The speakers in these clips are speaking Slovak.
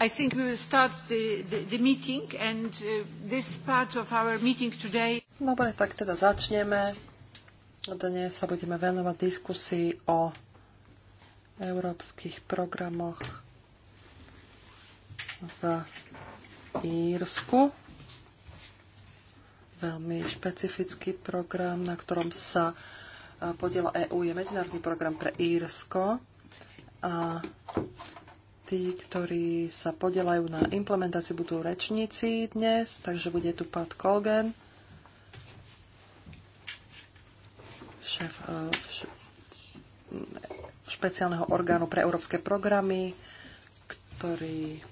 I think we will start the, the, the meeting and uh, this part of our meeting today. No, dobre, tak teda začneme. Dnes sa budeme venovať diskusii o európskych programoch v Írsku. Veľmi špecifický program, na ktorom sa podiela EÚ, je medzinárodný program pre Írsko. A tí, ktorí sa podelajú na implementáciu, budú rečníci dnes, takže bude tu Pat Colgan, šéf eh, špeciálneho orgánu pre európske programy, ktorý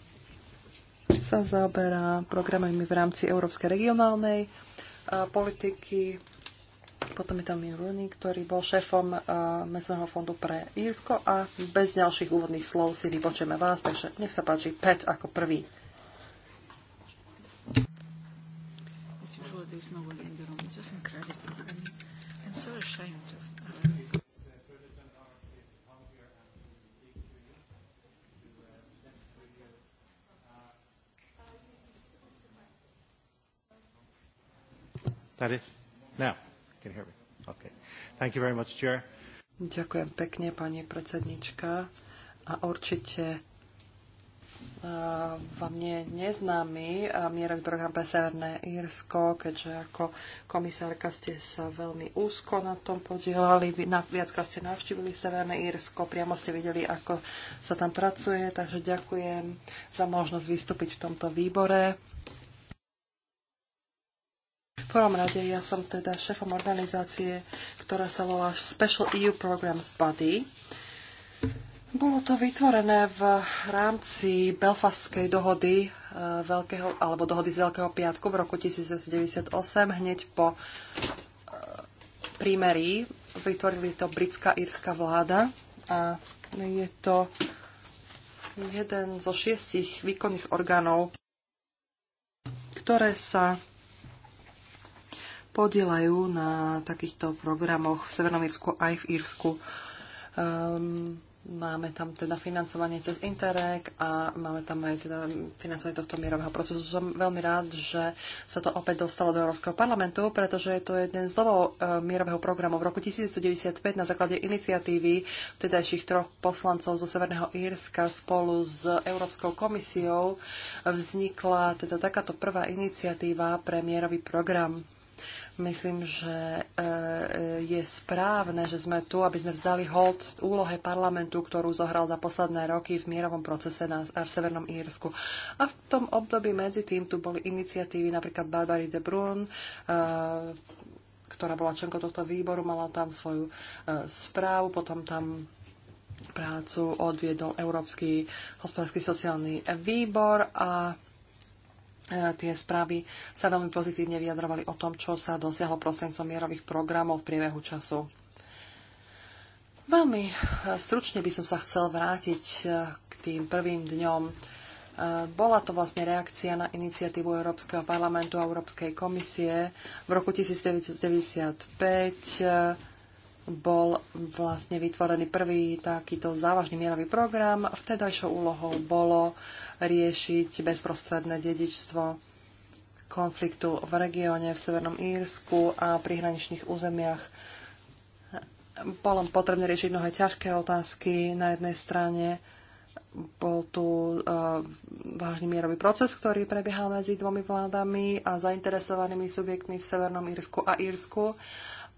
sa zaoberá programami v rámci európskej regionálnej eh, politiky potom je tam Mill Rooney, ktorý bol šéfom uh, Mestného fondu pre Írsko a bez ďalších úvodných slov si vypočujeme vás, takže nech sa páči Pet ako prvý. Now can hear me. Okay. Thank you very much, Chair. Ďakujem pekne, pani predsednička. A určite e, vám nie neznámy e, mierový program pre Severné Írsko, keďže ako komisárka ste sa veľmi úzko na tom podielali, na, viackrát ste navštívili Severné Írsko, priamo ste videli, ako sa tam pracuje, takže ďakujem za možnosť vystúpiť v tomto výbore prvom rade ja som teda šéfom organizácie, ktorá sa volá Special EU Programs Body. Bolo to vytvorené v rámci Belfastskej dohody e, veľkého, alebo dohody z Veľkého piatku v roku 1998 hneď po e, prímerí. Vytvorili to britská írska vláda a je to jeden zo šiestich výkonných orgánov, ktoré sa podielajú na takýchto programoch v Severnom Írsku aj v Írsku. Um, máme tam teda financovanie cez Interreg a máme tam aj teda financovanie tohto mierového procesu. Som veľmi rád, že sa to opäť dostalo do Európskeho parlamentu, pretože je to jeden z dlho e, mierového programu. V roku 1995 na základe iniciatívy vtedajších troch poslancov zo Severného Írska spolu s Európskou komisiou vznikla teda takáto prvá iniciatíva pre mierový program Myslím, že e, je správne, že sme tu, aby sme vzdali hold úlohe parlamentu, ktorú zohral za posledné roky v mierovom procese na, v Severnom Írsku. A v tom období medzi tým tu boli iniciatívy napríklad Barbary de Brun, e, ktorá bola členkou tohto výboru, mala tam svoju e, správu, potom tam prácu odviedol Európsky hospodársky sociálny výbor a E, tie správy sa veľmi pozitívne vyjadrovali o tom, čo sa dosiahlo prostredníctvom mierových programov v priebehu času. Veľmi e, stručne by som sa chcel vrátiť e, k tým prvým dňom. Bola to vlastne reakcia na iniciatívu Európskeho parlamentu a Európskej komisie. V roku 1995 bol vlastne vytvorený prvý takýto závažný mierový program. Vtedajšou úlohou bolo uh, riešiť bezprostredné dedičstvo konfliktu v regióne v Severnom Írsku a pri hraničných územiach. Bolo potrebné riešiť mnohé ťažké otázky. Na jednej strane bol tu uh, vážny mierový proces, ktorý prebiehal medzi dvomi vládami a zainteresovanými subjektmi v Severnom Írsku a Írsku.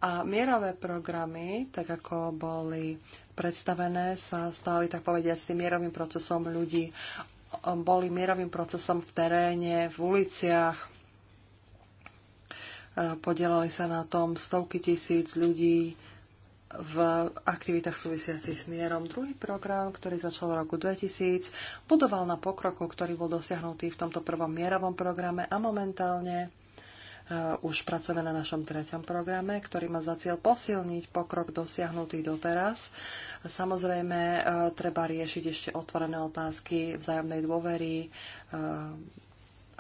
A mierové programy, tak ako boli predstavené, sa stali, tak povediať, s tým mierovým procesom ľudí boli mierovým procesom v teréne, v uliciach. E, podielali sa na tom stovky tisíc ľudí v aktivitách súvisiacich s mierom. Druhý program, ktorý začal v roku 2000, budoval na pokroku, ktorý bol dosiahnutý v tomto prvom mierovom programe a momentálne Eh, už pracujeme na našom treťom programe, ktorý má za cieľ posilniť pokrok dosiahnutý doteraz. Samozrejme, eh, treba riešiť ešte otvorené otázky vzájomnej dôvery eh,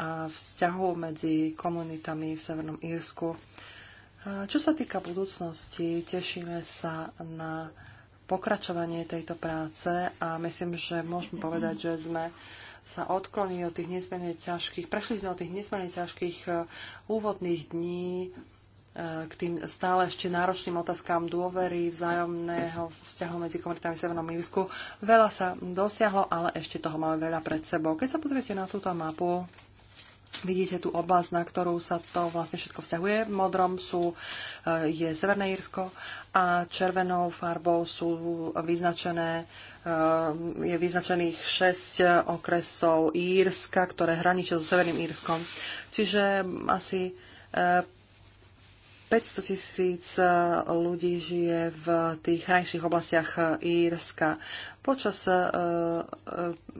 a vzťahu medzi komunitami v Severnom Írsku. Čo sa týka budúcnosti, tešíme sa na pokračovanie tejto práce a myslím, že môžeme povedať, že sme uh, sa odklonili od tých nesmierne ťažkých, prešli sme od tých nesmierne ťažkých e, úvodných dní e, k tým stále ešte náročným otázkám dôvery, vzájomného vzťahu medzi komunitami v Severnom Mírsku, Veľa sa dosiahlo, ale ešte toho máme veľa pred sebou. Keď sa pozriete na túto mapu, Vidíte tú oblasť, na ktorú sa to vlastne všetko vzťahuje. V modrom sú, eh, je Severné Írsko a červenou farbou sú vyznačené, eh, je vyznačených 6 okresov Írska, ktoré hraničia so Severným Írskom. Čiže asi eh, 500 tisíc e, ľudí žije v tých krajších oblastiach e, Írska. Počas e,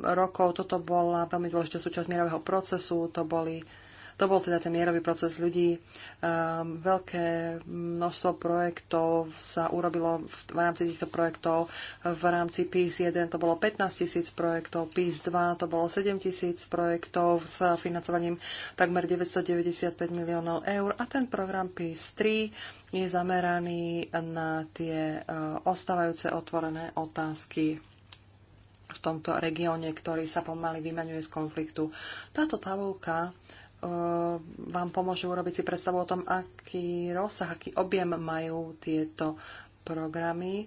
rokov toto bola veľmi dôležitá súčasť mierového procesu, to boli to bol teda ten mierový proces ľudí. Um, veľké množstvo projektov sa urobilo v, v rámci týchto projektov. V rámci PIS 1 to bolo 15 tisíc projektov, PIS 2 to bolo 7 tisíc projektov s financovaním takmer 995 miliónov eur a ten program PIS 3 je zameraný na tie uh, ostávajúce otvorené otázky v tomto regióne, ktorý sa pomaly vymaňuje z konfliktu. Táto tabulka E, vám pomôžu urobiť si predstavu o tom, aký rozsah, aký objem majú tieto programy. E,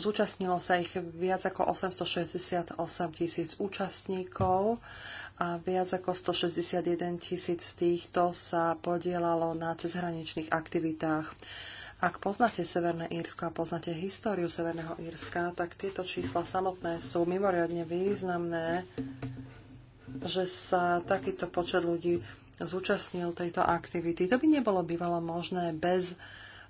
zúčastnilo sa ich viac ako 868 tisíc účastníkov a viac ako 161 tisíc týchto sa podielalo na cezhraničných aktivitách. Ak poznáte Severné Írsko a poznáte históriu Severného Írska, tak tieto čísla samotné sú mimoriadne významné že sa takýto počet ľudí zúčastnil tejto aktivity. To by nebolo bývalo možné bez uh,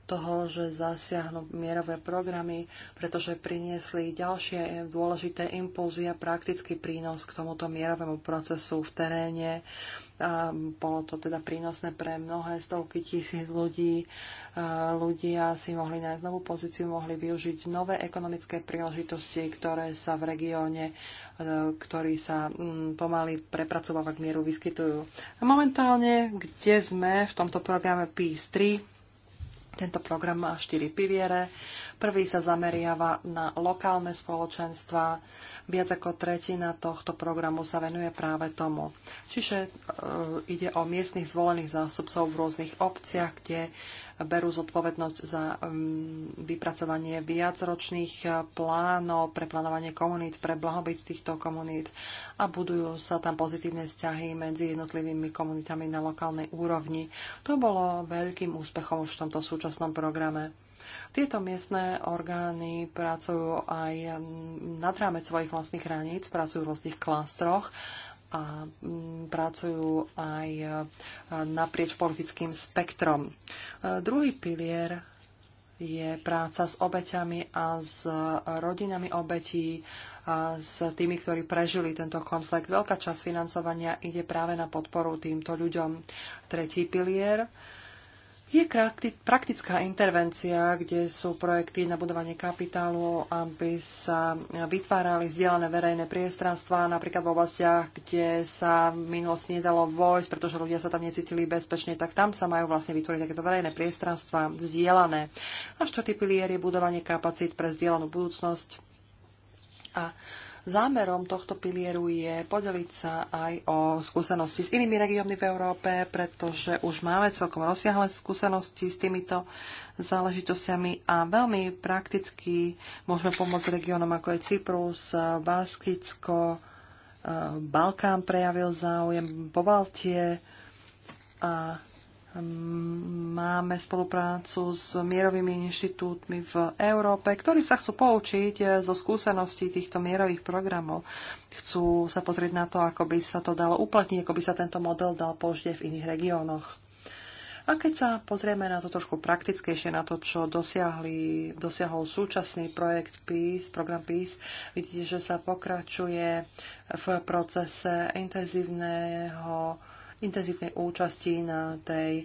toho, že zasiahnu mierové programy, pretože priniesli ďalšie dôležité impulzy a praktický prínos k tomuto mierovému procesu v teréne. A bolo to teda prínosné pre mnohé stovky tisíc ľudí. A ľudia si mohli nájsť novú pozíciu, mohli využiť nové ekonomické príležitosti, ktoré sa v regióne, e, ktorý sa mm, pomaly prepracováva k mieru, vyskytujú. A momentálne, kde sme v tomto programe PIS 3, tento program má štyri piliere. Prvý sa zameriava na lokálne spoločenstva. Viac ako tretina tohto programu sa venuje práve tomu. Čiže e, ide o miestnych zvolených zástupcov v rôznych obciach, kde berú zodpovednosť za um, vypracovanie viacročných uh, plánov pre plánovanie komunít, pre blahobyt týchto komunít a budujú sa tam pozitívne vzťahy medzi jednotlivými komunitami na lokálnej úrovni. To bolo veľkým úspechom už v tomto súčasnom programe. Tieto miestne orgány pracujú aj um, nad rámec svojich vlastných hraníc, pracujú v rôznych klastroch a mm, pracujú aj e, naprieč politickým spektrom. E, druhý pilier je práca s obeťami a s rodinami obetí a s tými, ktorí prežili tento konflikt. Veľká časť financovania ide práve na podporu týmto ľuďom. Tretí pilier je praktická intervencia, kde sú projekty na budovanie kapitálu, aby sa vytvárali zdieľané verejné priestranstva, napríklad v oblastiach, kde sa v minulosti nedalo vojsť, pretože ľudia sa tam necítili bezpečne, tak tam sa majú vlastne vytvoriť takéto verejné priestranstva vzdielané. A štvrtý pilier je budovanie kapacít pre vzdielanú budúcnosť. A Zámerom tohto pilieru je podeliť sa aj o skúsenosti s inými regiónmi v Európe, pretože už máme celkom rozsiahle skúsenosti s týmito záležitosťami a veľmi prakticky môžeme pomôcť regiónom ako je Cyprus, Baskicko, eh, Balkán prejavil záujem, Pobaltie a Máme spoluprácu s mierovými inštitútmi v Európe, ktorí sa chcú poučiť eh, zo skúseností týchto mierových programov. Chcú sa pozrieť na to, ako by sa to dalo uplatniť, ako by sa tento model dal použiť v iných regiónoch. A keď sa pozrieme na to trošku praktickejšie, na to, čo dosiahli, dosiahol súčasný projekt PIS, program PIS, vidíte, že sa pokračuje v procese intenzívneho intenzívnej účasti na tej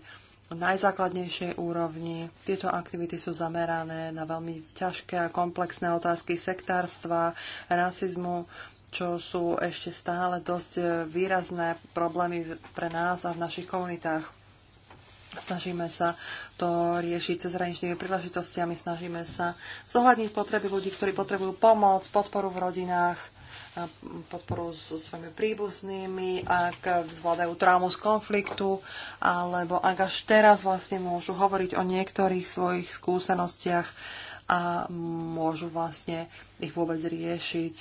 najzákladnejšej úrovni. Tieto aktivity sú zamerané na veľmi ťažké a komplexné otázky sektárstva, rasizmu, čo sú ešte stále dosť výrazné problémy pre nás a v našich komunitách. Snažíme sa to riešiť hraničnými príležitostiami, snažíme sa zohľadniť potreby ľudí, ktorí potrebujú pomoc, podporu v rodinách, podporu so svojimi príbuznými, ak zvládajú traumu z konfliktu, alebo ak až teraz vlastne môžu hovoriť o niektorých svojich skúsenostiach a môžu vlastne ich vôbec riešiť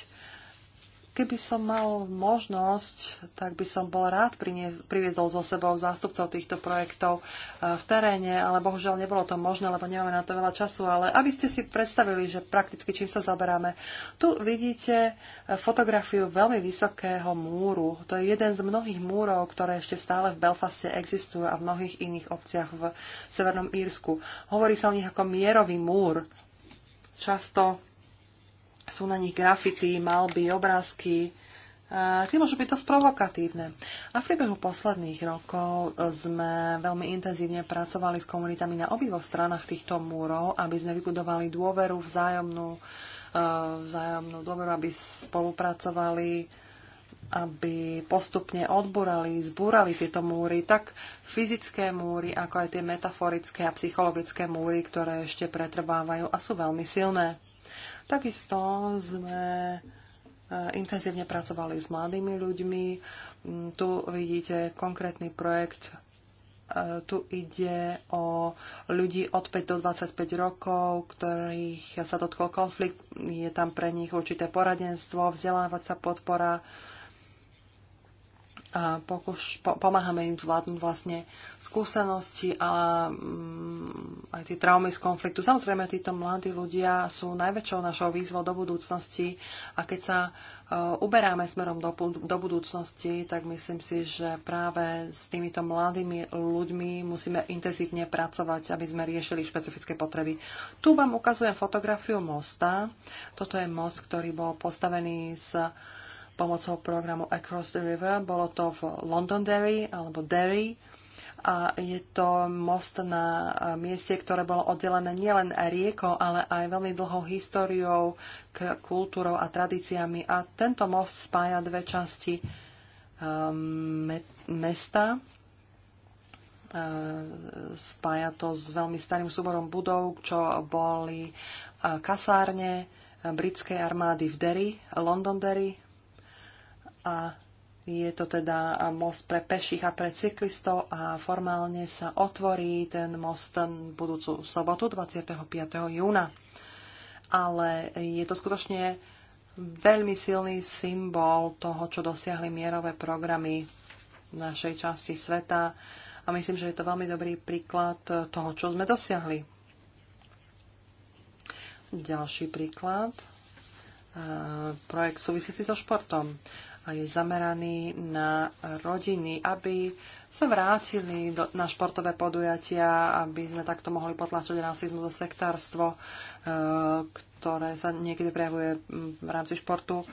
Keby som mal možnosť, tak by som bol rád priviedol so sebou zástupcov týchto projektov eh, v teréne, ale bohužiaľ nebolo to možné, lebo nemáme na to veľa času. Ale aby ste si predstavili, že prakticky čím sa zaberáme. Tu vidíte eh, fotografiu veľmi vysokého múru. To je jeden z mnohých múrov, ktoré ešte stále v Belfaste existujú a v mnohých iných obciach v Severnom Írsku. Hovorí sa o nich ako mierový múr. Často sú na nich grafity, malby, obrázky. Tie môžu byť dosť provokatívne. A v priebehu posledných rokov sme veľmi intenzívne pracovali s komunitami na obidvoch stranách týchto múrov, aby sme vybudovali dôveru vzájomnú, e, vzájomnú dôveru, aby spolupracovali aby postupne odburali, zbúrali tieto múry, tak fyzické múry, ako aj tie metaforické a psychologické múry, ktoré ešte pretrvávajú a sú veľmi silné. Takisto sme e, intenzívne pracovali s mladými ľuďmi. Mm, tu vidíte konkrétny projekt. E, tu ide o ľudí od 5 do 25 rokov, ktorých sa dotkol konflikt. Je tam pre nich určité poradenstvo, vzdelávacia podpora, a pokuš, po, pomáhame im zvládnuť vlastne skúsenosti a mm, aj tie traumy z konfliktu. Samozrejme, títo mladí ľudia sú najväčšou našou výzvou do budúcnosti a keď sa uh, uberáme smerom do, do budúcnosti, tak myslím si, že práve s týmito mladými ľuďmi musíme intenzívne pracovať, aby sme riešili špecifické potreby. Tu vám ukazujem fotografiu mosta. Toto je most, ktorý bol postavený z pomocou programu Across the River. Bolo to v Londonderry alebo Derry a je to most na e, mieste, ktoré bolo oddelené nielen riekou, ale aj veľmi dlhou históriou, kultúrou a tradíciami. A tento most spája dve časti um, mesta. Uh, spája to s veľmi starým súborom budov, čo boli uh, kasárne britskej armády v Derry, Londonderry, a je to teda most pre peších a pre cyklistov a formálne sa otvorí ten most budúcu sobotu 25. júna. Ale je to skutočne veľmi silný symbol toho, čo dosiahli mierové programy našej časti sveta a myslím, že je to veľmi dobrý príklad toho, čo sme dosiahli. Ďalší príklad eh, projekt súvisí so športom a je zameraný na rodiny, aby sa vrátili do, na športové podujatia, aby sme takto mohli potlačiť rasizmus a sektárstvo, e, ktoré sa niekedy prejavuje v rámci športu.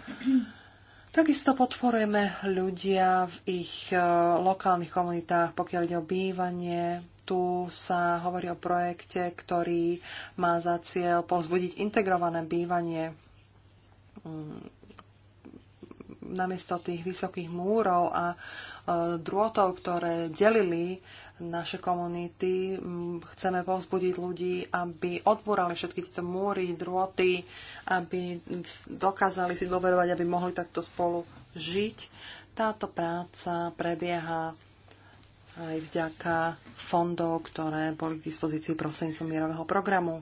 Takisto podporujeme ľudia v ich e, lokálnych komunitách, pokiaľ ide o bývanie. Tu sa hovorí o projekte, ktorý má za cieľ povzbudiť integrované bývanie mm, namiesto tých vysokých múrov a e, drôtov, ktoré delili naše komunity, chceme povzbudiť ľudí, aby odbúrali všetky tieto múry, drôty, aby dokázali si dôverovať, aby mohli takto spolu žiť. Táto práca prebieha aj vďaka fondov, ktoré boli k dispozícii prostredníctvom mierového programu.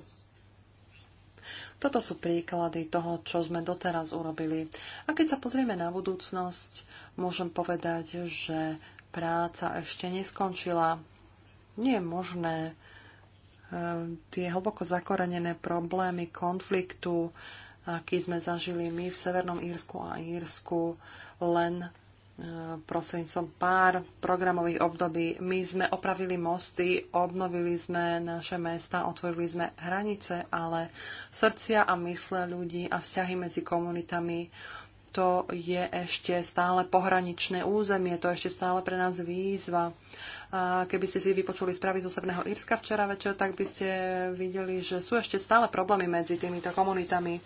Toto sú príklady toho, čo sme doteraz urobili. A keď sa pozrieme na budúcnosť, môžem povedať, že práca ešte neskončila. Nie je možné e, tie hlboko zakorenené problémy konfliktu, aký sme zažili my v Severnom Írsku a Írsku, len prostredníctvom pár programových období. My sme opravili mosty, obnovili sme naše mesta, otvorili sme hranice, ale srdcia a mysle ľudí a vzťahy medzi komunitami to je ešte stále pohraničné územie, to je ešte stále pre nás výzva. A keby ste si vypočuli správy zo Severného Írska včera večer, tak by ste videli, že sú ešte stále problémy medzi týmito komunitami.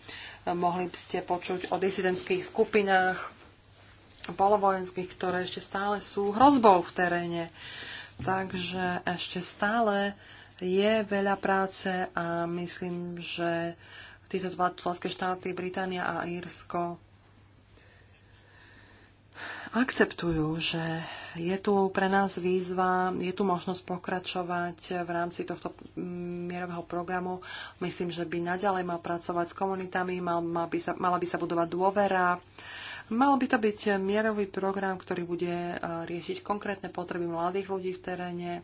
Mohli by ste počuť o disidentských skupinách, polovojenských, ktoré ešte stále sú hrozbou v teréne. Takže ešte stále je veľa práce a myslím, že tieto dva členské štáty, Británia a Írsko, akceptujú, že je tu pre nás výzva, je tu možnosť pokračovať v rámci tohto mm, mierového programu. Myslím, že by naďalej mal pracovať s komunitami, mal, mal by sa, mala by sa budovať dôvera Mal by to byť mierový program, ktorý bude e, riešiť konkrétne potreby mladých ľudí v teréne,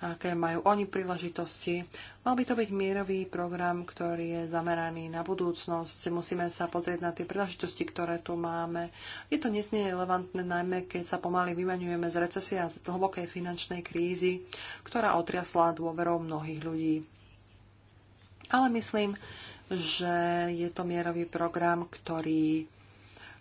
aké majú oni príležitosti. Mal by to byť mierový program, ktorý je zameraný na budúcnosť. Musíme sa pozrieť na tie príležitosti, ktoré tu máme. Je to nesmierne relevantné, najmä keď sa pomaly vymenujeme z recesie a z hlbokej finančnej krízy, ktorá otriasla dôverou mnohých ľudí. Ale myslím, že je to mierový program, ktorý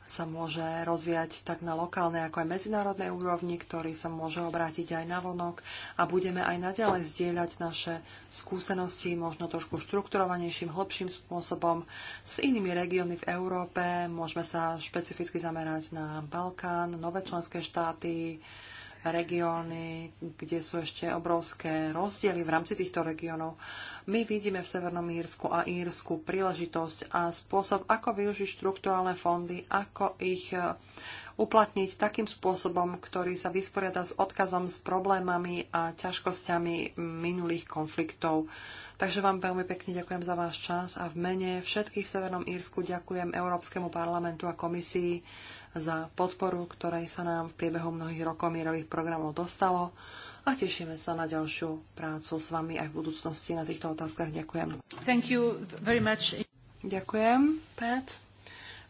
sa môže rozvíjať tak na lokálnej, ako aj medzinárodnej úrovni, ktorý sa môže obrátiť aj na vonok a budeme aj naďalej zdieľať naše skúsenosti možno trošku štrukturovanejším, hlbším spôsobom s inými regiónmi v Európe. Môžeme sa špecificky zamerať na Balkán, nové členské štáty, regióny, kde sú ešte obrovské rozdiely v rámci týchto regiónov. My vidíme v Severnom Írsku a Írsku príležitosť a spôsob, ako využiť štruktúrálne fondy, ako ich e, uplatniť takým spôsobom, ktorý sa vysporiada s odkazom s problémami a ťažkosťami minulých konfliktov. Takže vám veľmi pekne ďakujem za váš čas a v mene všetkých v Severnom Írsku ďakujem Európskemu parlamentu a komisii za podporu, ktorej sa nám v priebehu mnohých rokov mierových programov dostalo a tešíme sa na ďalšiu prácu s vami aj v budúcnosti na týchto otázkach. Ďakujem. Thank you very much. Ďakujem, Pat.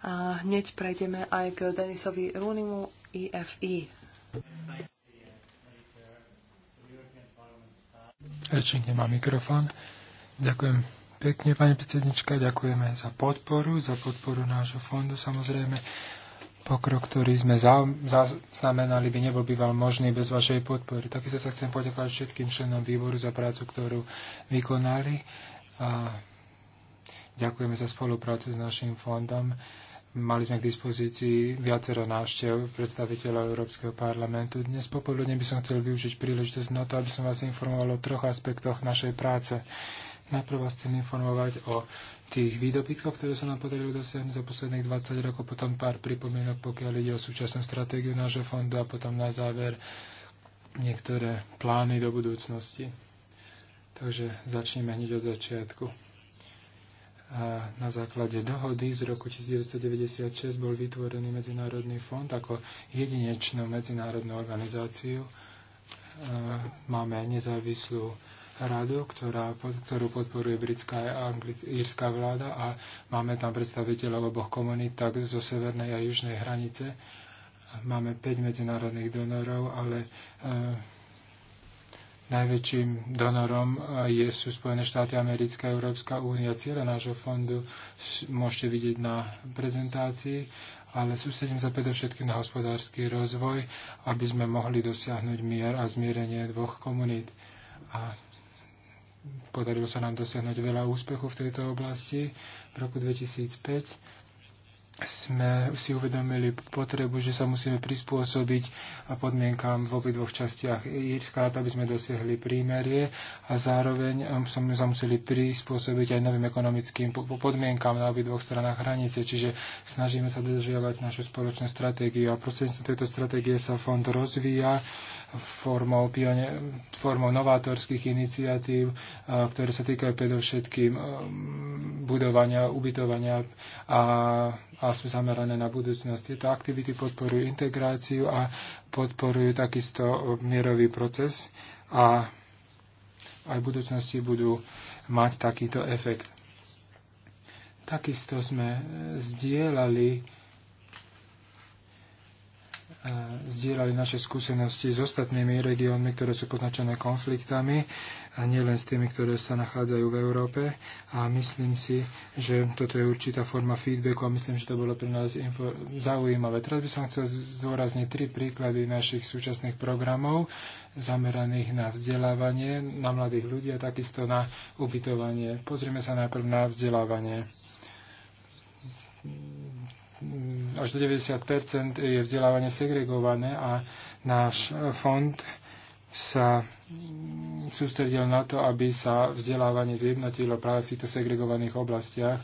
A hneď prejdeme aj k Denisovi Runimu EFE. E. Rečník nemá mikrofón. Ďakujem pekne, pani predsednička, ďakujeme za podporu, za podporu nášho fondu samozrejme pokrok, ktorý sme zaznamenali, by nebol býval možný bez vašej podpory. Takisto sa chcem poďakovať všetkým členom výboru za prácu, ktorú vykonali. A ďakujeme za spoluprácu s našim fondom. Mali sme k dispozícii viacero návštev predstaviteľov Európskeho parlamentu. Dnes popoludne by som chcel využiť príležitosť na to, aby som vás informoval o troch aspektoch našej práce. Najprv vás chcem informovať o tých výdobytkov, ktoré sa nám podarilo dosiahnuť za posledných 20 rokov, potom pár pripomienok, pokiaľ ide o súčasnú stratégiu nášho fondu a potom na záver niektoré plány do budúcnosti. Takže začneme hneď od začiatku. A na základe dohody z roku 1996 bol vytvorený Medzinárodný fond ako jedinečnú medzinárodnú organizáciu. Máme nezávislú radu, ktorá, ktorú podporuje britská a írska vláda a máme tam predstaviteľov oboch komunít, tak zo severnej a južnej hranice. Máme 5 medzinárodných donorov, ale e, Najväčším donorom eh, je, sú Spojené štáty americká a Európska únia. Cieľe nášho fondu môžete vidieť na prezentácii, ale sústredím sa predovšetkým na hospodársky rozvoj, aby sme mohli dosiahnuť mier a zmierenie dvoch komunít. A Podarilo sa nám dosiahnuť veľa úspechov v tejto oblasti. V roku 2005 sme si uvedomili potrebu, že sa musíme prispôsobiť podmienkám v dvoch častiach Írska, aby sme dosiahli prímerie a zároveň um, sme sa museli prispôsobiť aj novým ekonomickým podmienkám na dvoch stranách hranice, čiže snažíme sa dodržiavať našu spoločnú stratégiu a prostredníctvom tejto stratégie sa fond rozvíja formou, pione, formou novátorských iniciatív, ktoré sa týkajú predovšetkým um, budovania, ubytovania a, a sú zamerané na budúcnosť. Tieto aktivity podporujú integráciu a podporujú takisto um, mierový proces a aj v budúcnosti budú mať takýto efekt. Takisto sme eh, zdieľali zdieľali naše skúsenosti s ostatnými regiónmi, ktoré sú poznačené konfliktami a nielen s tými, ktoré sa nachádzajú v Európe. A myslím si, že toto je určitá forma feedbacku a myslím, že to bolo pre nás zaujímavé. Teraz by som chcel zdôrazniť tri príklady našich súčasných programov zameraných na vzdelávanie, na mladých ľudí a takisto na ubytovanie. Pozrieme sa najprv na vzdelávanie Mm, až do 90 je vzdelávanie segregované a náš e, fond sa mm, sústredil na to, aby sa vzdelávanie zjednotilo práve v týchto segregovaných oblastiach.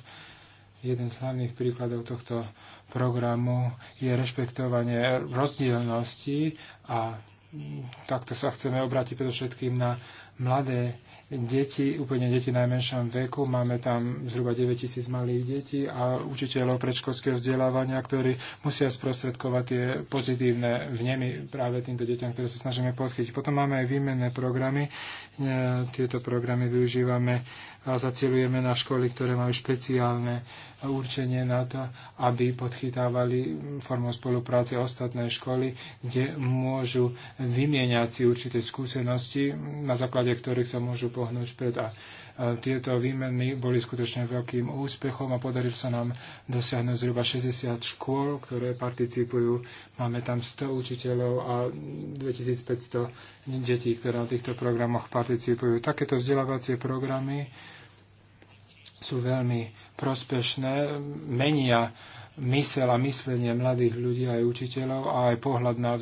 Jeden z hlavných príkladov tohto programu je rešpektovanie rozdielnosti a mm, takto sa chceme obrátiť predovšetkým na mladé deti, úplne deti v najmenšom veku. Máme tam zhruba 9 tisíc malých detí a učiteľov predškolského vzdelávania, ktorí musia sprostredkovať tie pozitívne vnemy práve týmto deťom, ktoré sa snažíme podchytiť. Potom máme aj výmenné programy. E, tieto programy využívame a zacielujeme na školy, ktoré majú špeciálne určenie na to, aby podchytávali formou spolupráce ostatné školy, kde môžu vymieňať si určité skúsenosti, na základe ktorých sa môžu pohnúť vpred. A tieto výmeny boli skutočne veľkým úspechom a podarilo sa nám dosiahnuť zhruba 60 škôl, ktoré participujú. Máme tam 100 učiteľov a 2500 detí, ktoré na týchto programoch participujú. Takéto vzdelávacie programy sú veľmi prospešné, menia mysel a myslenie mladých ľudí aj učiteľov a aj pohľad na,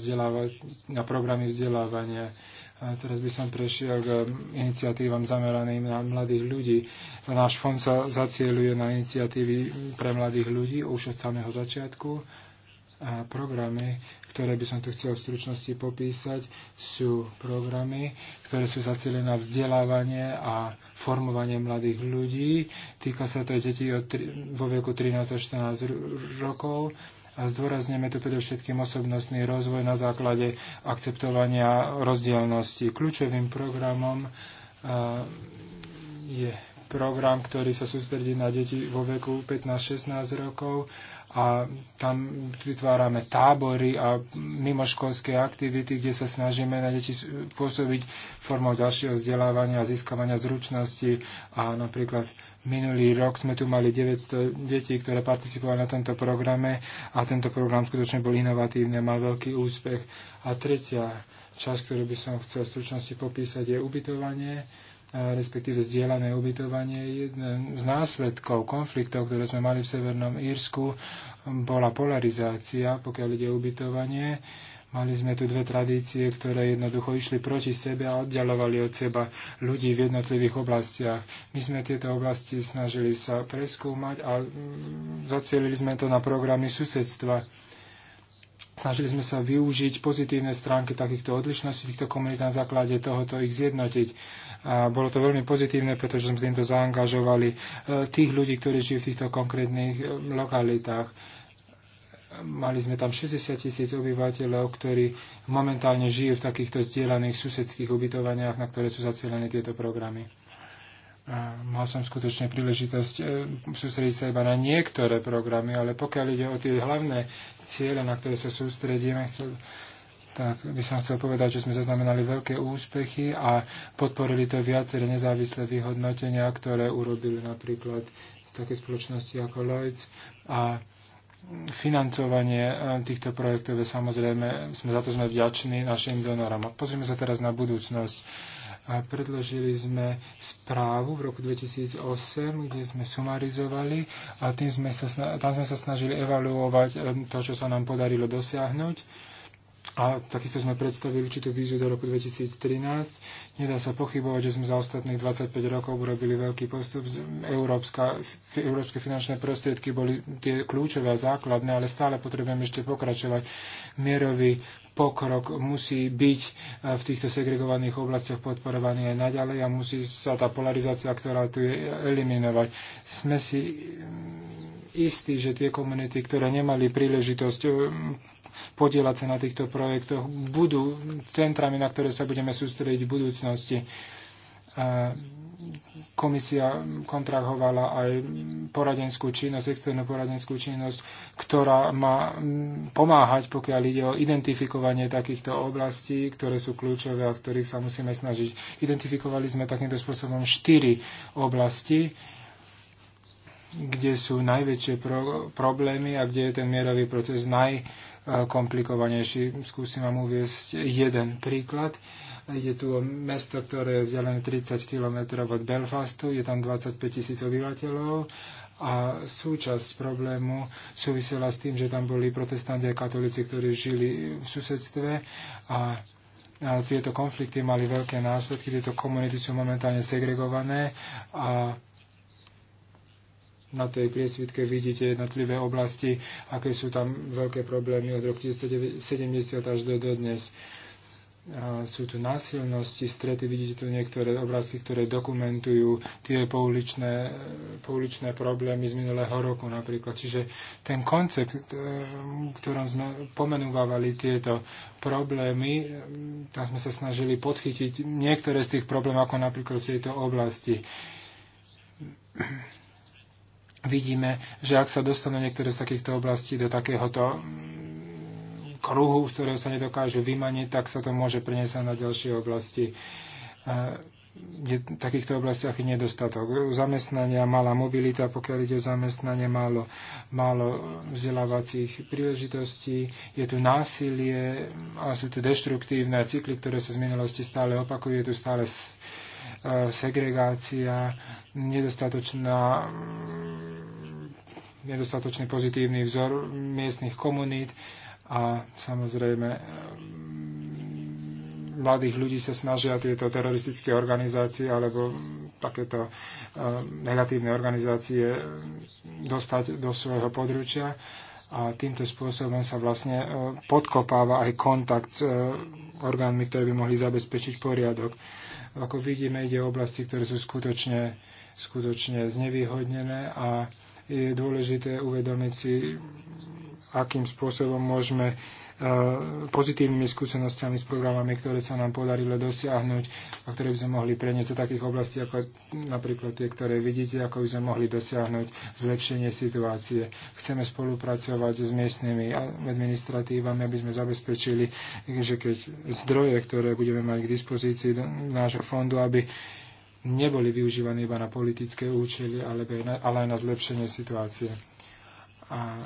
na programy vzdelávania. A teraz by som prešiel k iniciatívam zameraným na mladých ľudí. Náš fond sa zacieluje na iniciatívy pre mladých ľudí už od samého začiatku. A programy, ktoré by som tu chcel v stručnosti popísať, sú programy, ktoré sú zacielené na vzdelávanie a formovanie mladých ľudí. Týka sa to detí od, vo veku 13 až 14 rokov a zdôrazňujeme tu predovšetkým osobnostný rozvoj na základe akceptovania rozdielnosti. Kľúčovým programom je program, ktorý sa sústredí na deti vo veku 15-16 rokov a tam vytvárame tábory a mimoškolské aktivity, kde sa snažíme na deti pôsobiť formou ďalšieho vzdelávania a získavania zručnosti. A napríklad minulý rok sme tu mali 900 detí, ktoré participovali na tomto programe a tento program skutočne bol inovatívny a mal veľký úspech. A tretia časť, ktorú by som chcel v stručnosti popísať, je ubytovanie respektíve zdieľané ubytovanie. Jeden z následkov konfliktov, ktoré sme mali v Severnom Írsku, bola polarizácia, pokiaľ ide o ubytovanie. Mali sme tu dve tradície, ktoré jednoducho išli proti sebe a oddialovali od seba ľudí v jednotlivých oblastiach. My sme tieto oblasti snažili sa preskúmať a mm, zacielili sme to na programy susedstva. Snažili sme sa využiť pozitívne stránky takýchto odlišností, týchto komunít na základe tohoto ich zjednotiť. A bolo to veľmi pozitívne, pretože sme týmto zaangažovali e, tých ľudí, ktorí žijú v týchto konkrétnych e, lokalitách. Mali sme tam 60 tisíc obyvateľov, ktorí momentálne žijú v takýchto zdieľaných susedských ubytovaniach, na ktoré sú zacielené tieto programy. A mal som skutočne príležitosť e, sústrediť sa iba na niektoré programy, ale pokiaľ ide o tie hlavné ciele, na ktoré sa sústredíme, chcel, tak by som chcel povedať, že sme zaznamenali veľké úspechy a podporili to viaceré nezávislé vyhodnotenia, ktoré urobili napríklad také spoločnosti ako Lloyds a financovanie e, týchto projektov je samozrejme, sme za to sme vďační našim donorom. A pozrieme sa teraz na budúcnosť. A predložili sme správu v roku 2008, kde sme sumarizovali a tým sme sa, tam sme sa snažili evaluovať e, to, čo sa nám podarilo dosiahnuť a takisto sme predstavili určitú víziu do roku 2013. Nedá sa pochybovať, že sme za ostatných 25 rokov urobili veľký postup. Európska, európske finančné prostriedky boli tie kľúčové a základné, ale stále potrebujeme ešte pokračovať. Mierový pokrok musí byť e, v týchto segregovaných oblastiach podporovaný aj naďalej a musí sa tá polarizácia, ktorá tu je, eliminovať. Sme si mm, istí, že tie komunity, ktoré nemali príležitosť e, podielať sa na týchto projektoch, budú centrami, na ktoré sa budeme sústrediť v budúcnosti. Komisia kontrahovala aj poradenskú činnosť, externú poradenskú činnosť, ktorá má pomáhať, pokiaľ ide o identifikovanie takýchto oblastí, ktoré sú kľúčové a ktorých sa musíme snažiť. Identifikovali sme takýmto spôsobom štyri oblasti, kde sú najväčšie pro- problémy a kde je ten mierový proces naj, komplikovanejší. Skúsim vám uviesť jeden príklad. Ide tu o mesto, ktoré je vzdialené 30 km od Belfastu, je tam 25 tisíc obyvateľov a súčasť problému súvisela s tým, že tam boli protestanti a katolíci, ktorí žili v susedstve a tieto konflikty mali veľké následky, tieto komunity sú momentálne segregované a na tej priesvitke vidíte jednotlivé oblasti, aké sú tam veľké problémy od roku 1970 až do, do dnes. A sú tu násilnosti, strety, vidíte tu niektoré obrázky, ktoré dokumentujú tie pouličné, pouličné problémy z minulého roku napríklad. Čiže ten koncept, v e, ktorom sme pomenúvali tieto problémy, e, tam sme sa snažili podchytiť niektoré z tých problémov, ako napríklad v tejto oblasti vidíme, že ak sa dostanú niektoré z takýchto oblastí do takéhoto mm, kruhu, z ktorého sa nedokážu vymaniť, tak sa to môže preniesť na ďalšie oblasti. v takýchto oblastiach je nedostatok. Zamestnania, malá mobilita, pokiaľ ide o zamestnanie, málo, málo vzdelávacích príležitostí, je tu násilie a sú tu deštruktívne cykly, ktoré sa z minulosti stále opakujú, je tu stále E, segregácia, nedostatočná mm, nedostatočný pozitívny vzor miestnych komunít a samozrejme e, mm, mladých ľudí sa snažia tieto teroristické organizácie alebo takéto e, negatívne organizácie dostať do svojho područia a týmto spôsobom sa vlastne podkopáva aj kontakt s orgánmi, ktoré by mohli zabezpečiť poriadok. Ako vidíme, ide o oblasti, ktoré sú skutočne, skutočne znevýhodnené a je dôležité uvedomiť si, akým spôsobom môžeme pozitívnymi skúsenostiami s programami, ktoré sa nám podarilo dosiahnuť a ktoré by sme mohli preniesť do takých oblastí, ako napríklad tie, ktoré vidíte, ako by sme mohli dosiahnuť zlepšenie situácie. Chceme spolupracovať s miestnymi administratívami, aby sme zabezpečili, že keď zdroje, ktoré budeme mať k dispozícii nášho fondu, aby neboli využívané iba na politické účely, ale aj na, ale aj na zlepšenie situácie. A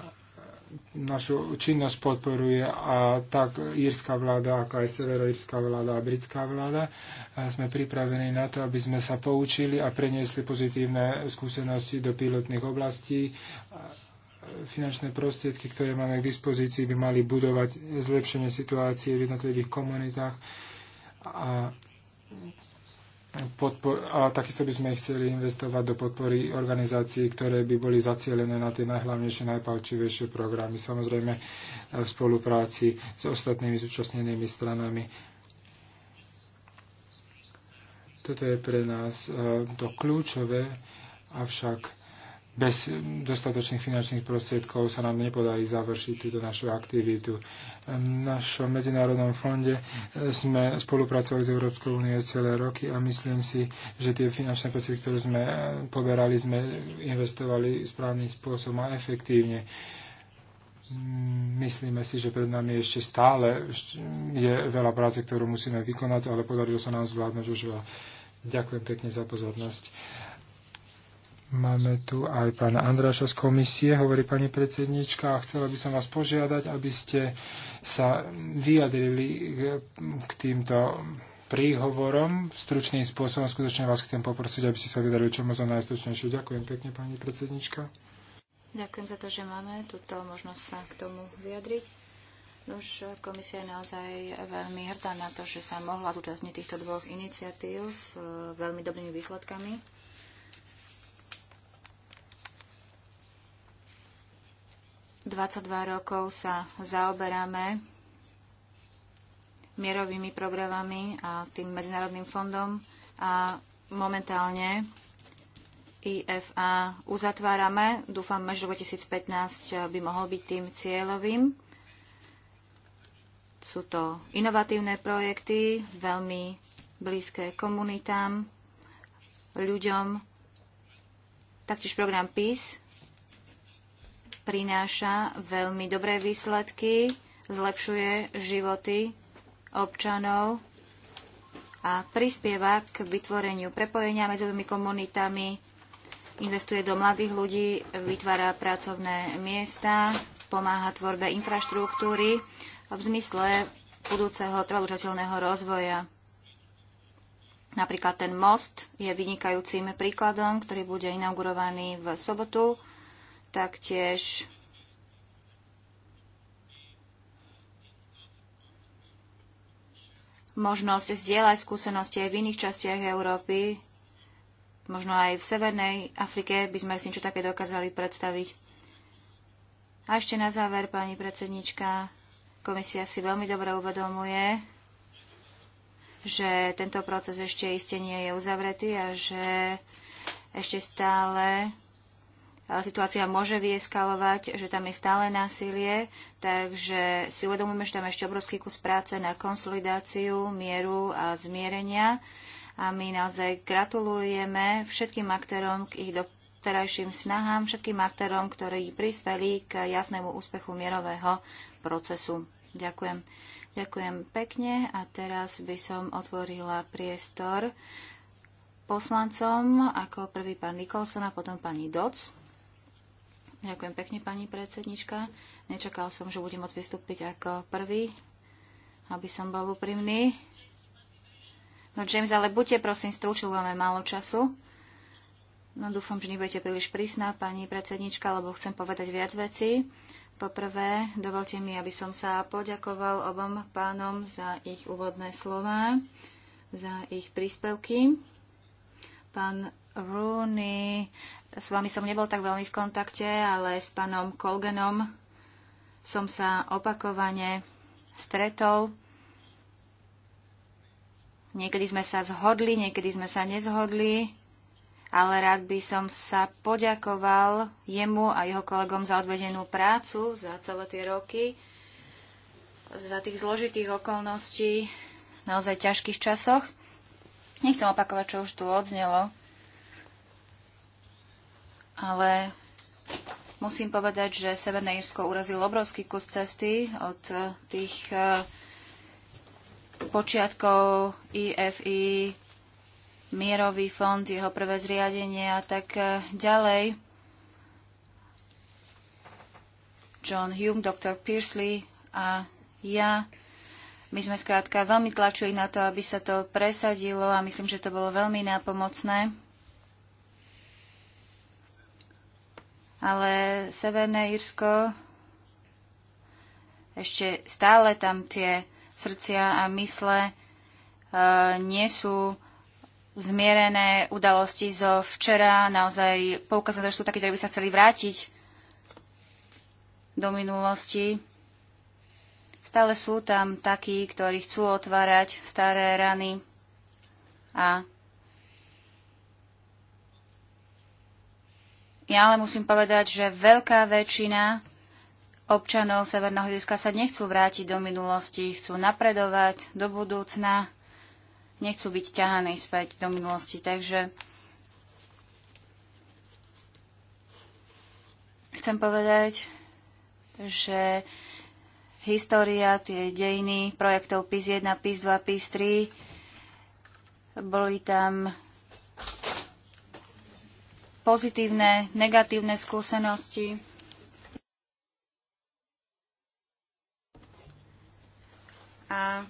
našu činnosť podporuje a tak írska vláda, ako aj severoírska vláda a britská vláda. A sme pripravení na to, aby sme sa poučili a preniesli pozitívne skúsenosti do pilotných oblastí. Finančné prostriedky, ktoré máme k dispozícii, by mali budovať zlepšenie situácie v jednotlivých komunitách a podpor- a takisto by sme chceli investovať do podpory organizácií, ktoré by boli zacielené na tie najhlavnejšie, najpalčivejšie programy, samozrejme v spolupráci s ostatnými zúčastnenými stranami. Toto je pre nás eh, to kľúčové, avšak bez mm, dostatočných finančných prostriedkov sa nám nepodarí završiť túto našu aktivitu. Ehm, v našom medzinárodnom fonde e, sme spolupracovali s Európskou úniou celé roky a myslím si, že tie finančné prostriedky, ktoré sme e, poberali, sme investovali správnym spôsobom a efektívne. Mm, myslíme si, že pred nami ešte stále je veľa práce, ktorú musíme vykonať, ale podarilo sa nám zvládnuť už veľa. Ďakujem pekne za pozornosť. Máme tu aj pána Andráša z komisie, hovorí pani predsednička, a chcela by som vás požiadať, aby ste sa vyjadrili k týmto príhovorom. Stručným spôsobom skutočne vás chcem poprosiť, aby ste sa vyjadrili čo možno najstručnejšie. Ďakujem pekne, pani predsednička. Ďakujem za to, že máme túto možnosť sa k tomu vyjadriť. Už komisia je naozaj veľmi hrdá na to, že sa mohla zúčastniť týchto dvoch iniciatív s e, veľmi dobrými výsledkami. 22 rokov sa zaoberáme mierovými programami a tým medzinárodným fondom a momentálne IFA uzatvárame. Dúfam, že 2015 by mohol byť tým cieľovým. Sú to inovatívne projekty, veľmi blízke komunitám, ľuďom. Taktiež program PIS prináša veľmi dobré výsledky, zlepšuje životy občanov a prispieva k vytvoreniu prepojenia medzi tými komunitami, investuje do mladých ľudí, vytvára pracovné miesta, pomáha tvorbe infraštruktúry v zmysle budúceho trvalúžateľného rozvoja. Napríklad ten most je vynikajúcim príkladom, ktorý bude inaugurovaný v sobotu taktiež možnosť zdieľať skúsenosti aj v iných častiach Európy. Možno aj v Severnej Afrike by sme si niečo také dokázali predstaviť. A ešte na záver, pani predsednička, komisia si veľmi dobre uvedomuje, že tento proces ešte iste nie je uzavretý a že ešte stále situácia môže vyeskalovať, že tam je stále násilie, takže si uvedomujeme, že tam je ešte obrovský kus práce na konsolidáciu, mieru a zmierenia. A my naozaj gratulujeme všetkým aktérom k ich doterajším snahám, všetkým aktérom, ktorí prispeli k jasnému úspechu mierového procesu. Ďakujem. Ďakujem pekne a teraz by som otvorila priestor poslancom, ako prvý pán Nikolson a potom pani Doc. Ďakujem pekne, pani predsednička. Nečakal som, že budem môcť vystúpiť ako prvý, aby som bol úprimný. No James, ale buďte prosím stručný, máme málo času. No dúfam, že nebudete príliš prísna, pani predsednička, lebo chcem povedať viac vecí. Poprvé, dovolte mi, aby som sa poďakoval obom pánom za ich úvodné slova, za ich príspevky. Pán Rooney s vami som nebol tak veľmi v kontakte, ale s pánom Kolgenom som sa opakovane stretol. Niekedy sme sa zhodli, niekedy sme sa nezhodli, ale rád by som sa poďakoval jemu a jeho kolegom za odvedenú prácu za celé tie roky, za tých zložitých okolností, naozaj ťažkých časoch. Nechcem opakovať, čo už tu odznelo ale musím povedať, že Severné Irsko urazilo obrovský kus cesty od eh, tých eh, počiatkov IFI, mierový fond, jeho prvé zriadenie a tak eh, ďalej. John Hume, doktor Pearsley a ja. My sme skrátka veľmi tlačili na to, aby sa to presadilo a myslím, že to bolo veľmi nápomocné. ale Severné Írsko ešte stále tam tie srdcia a mysle e, nie sú zmierené udalosti zo včera. Naozaj poukazujú, že sú takí, ktorí by sa chceli vrátiť do minulosti. Stále sú tam takí, ktorí chcú otvárať staré rany a Ja ale musím povedať, že veľká väčšina občanov Severného Hľadiska sa nechcú vrátiť do minulosti, chcú napredovať do budúcna, nechcú byť ťahaní späť do minulosti. Takže chcem povedať, že história, tie dejiny projektov PIS 1, PIS 2, PIS 3, boli tam pozitívne, negatívne skúsenosti. A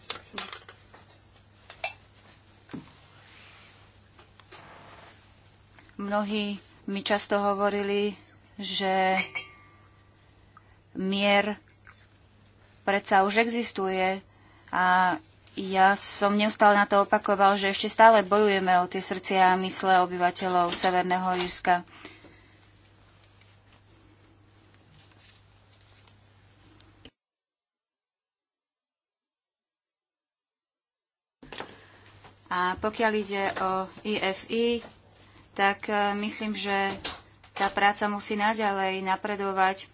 mnohí mi často hovorili, že mier predsa už existuje a ja som neustále na to opakoval, že ešte stále bojujeme o tie srdcia a mysle obyvateľov Severného Írska. A pokiaľ ide o IFI, tak e, myslím, že tá práca musí naďalej napredovať.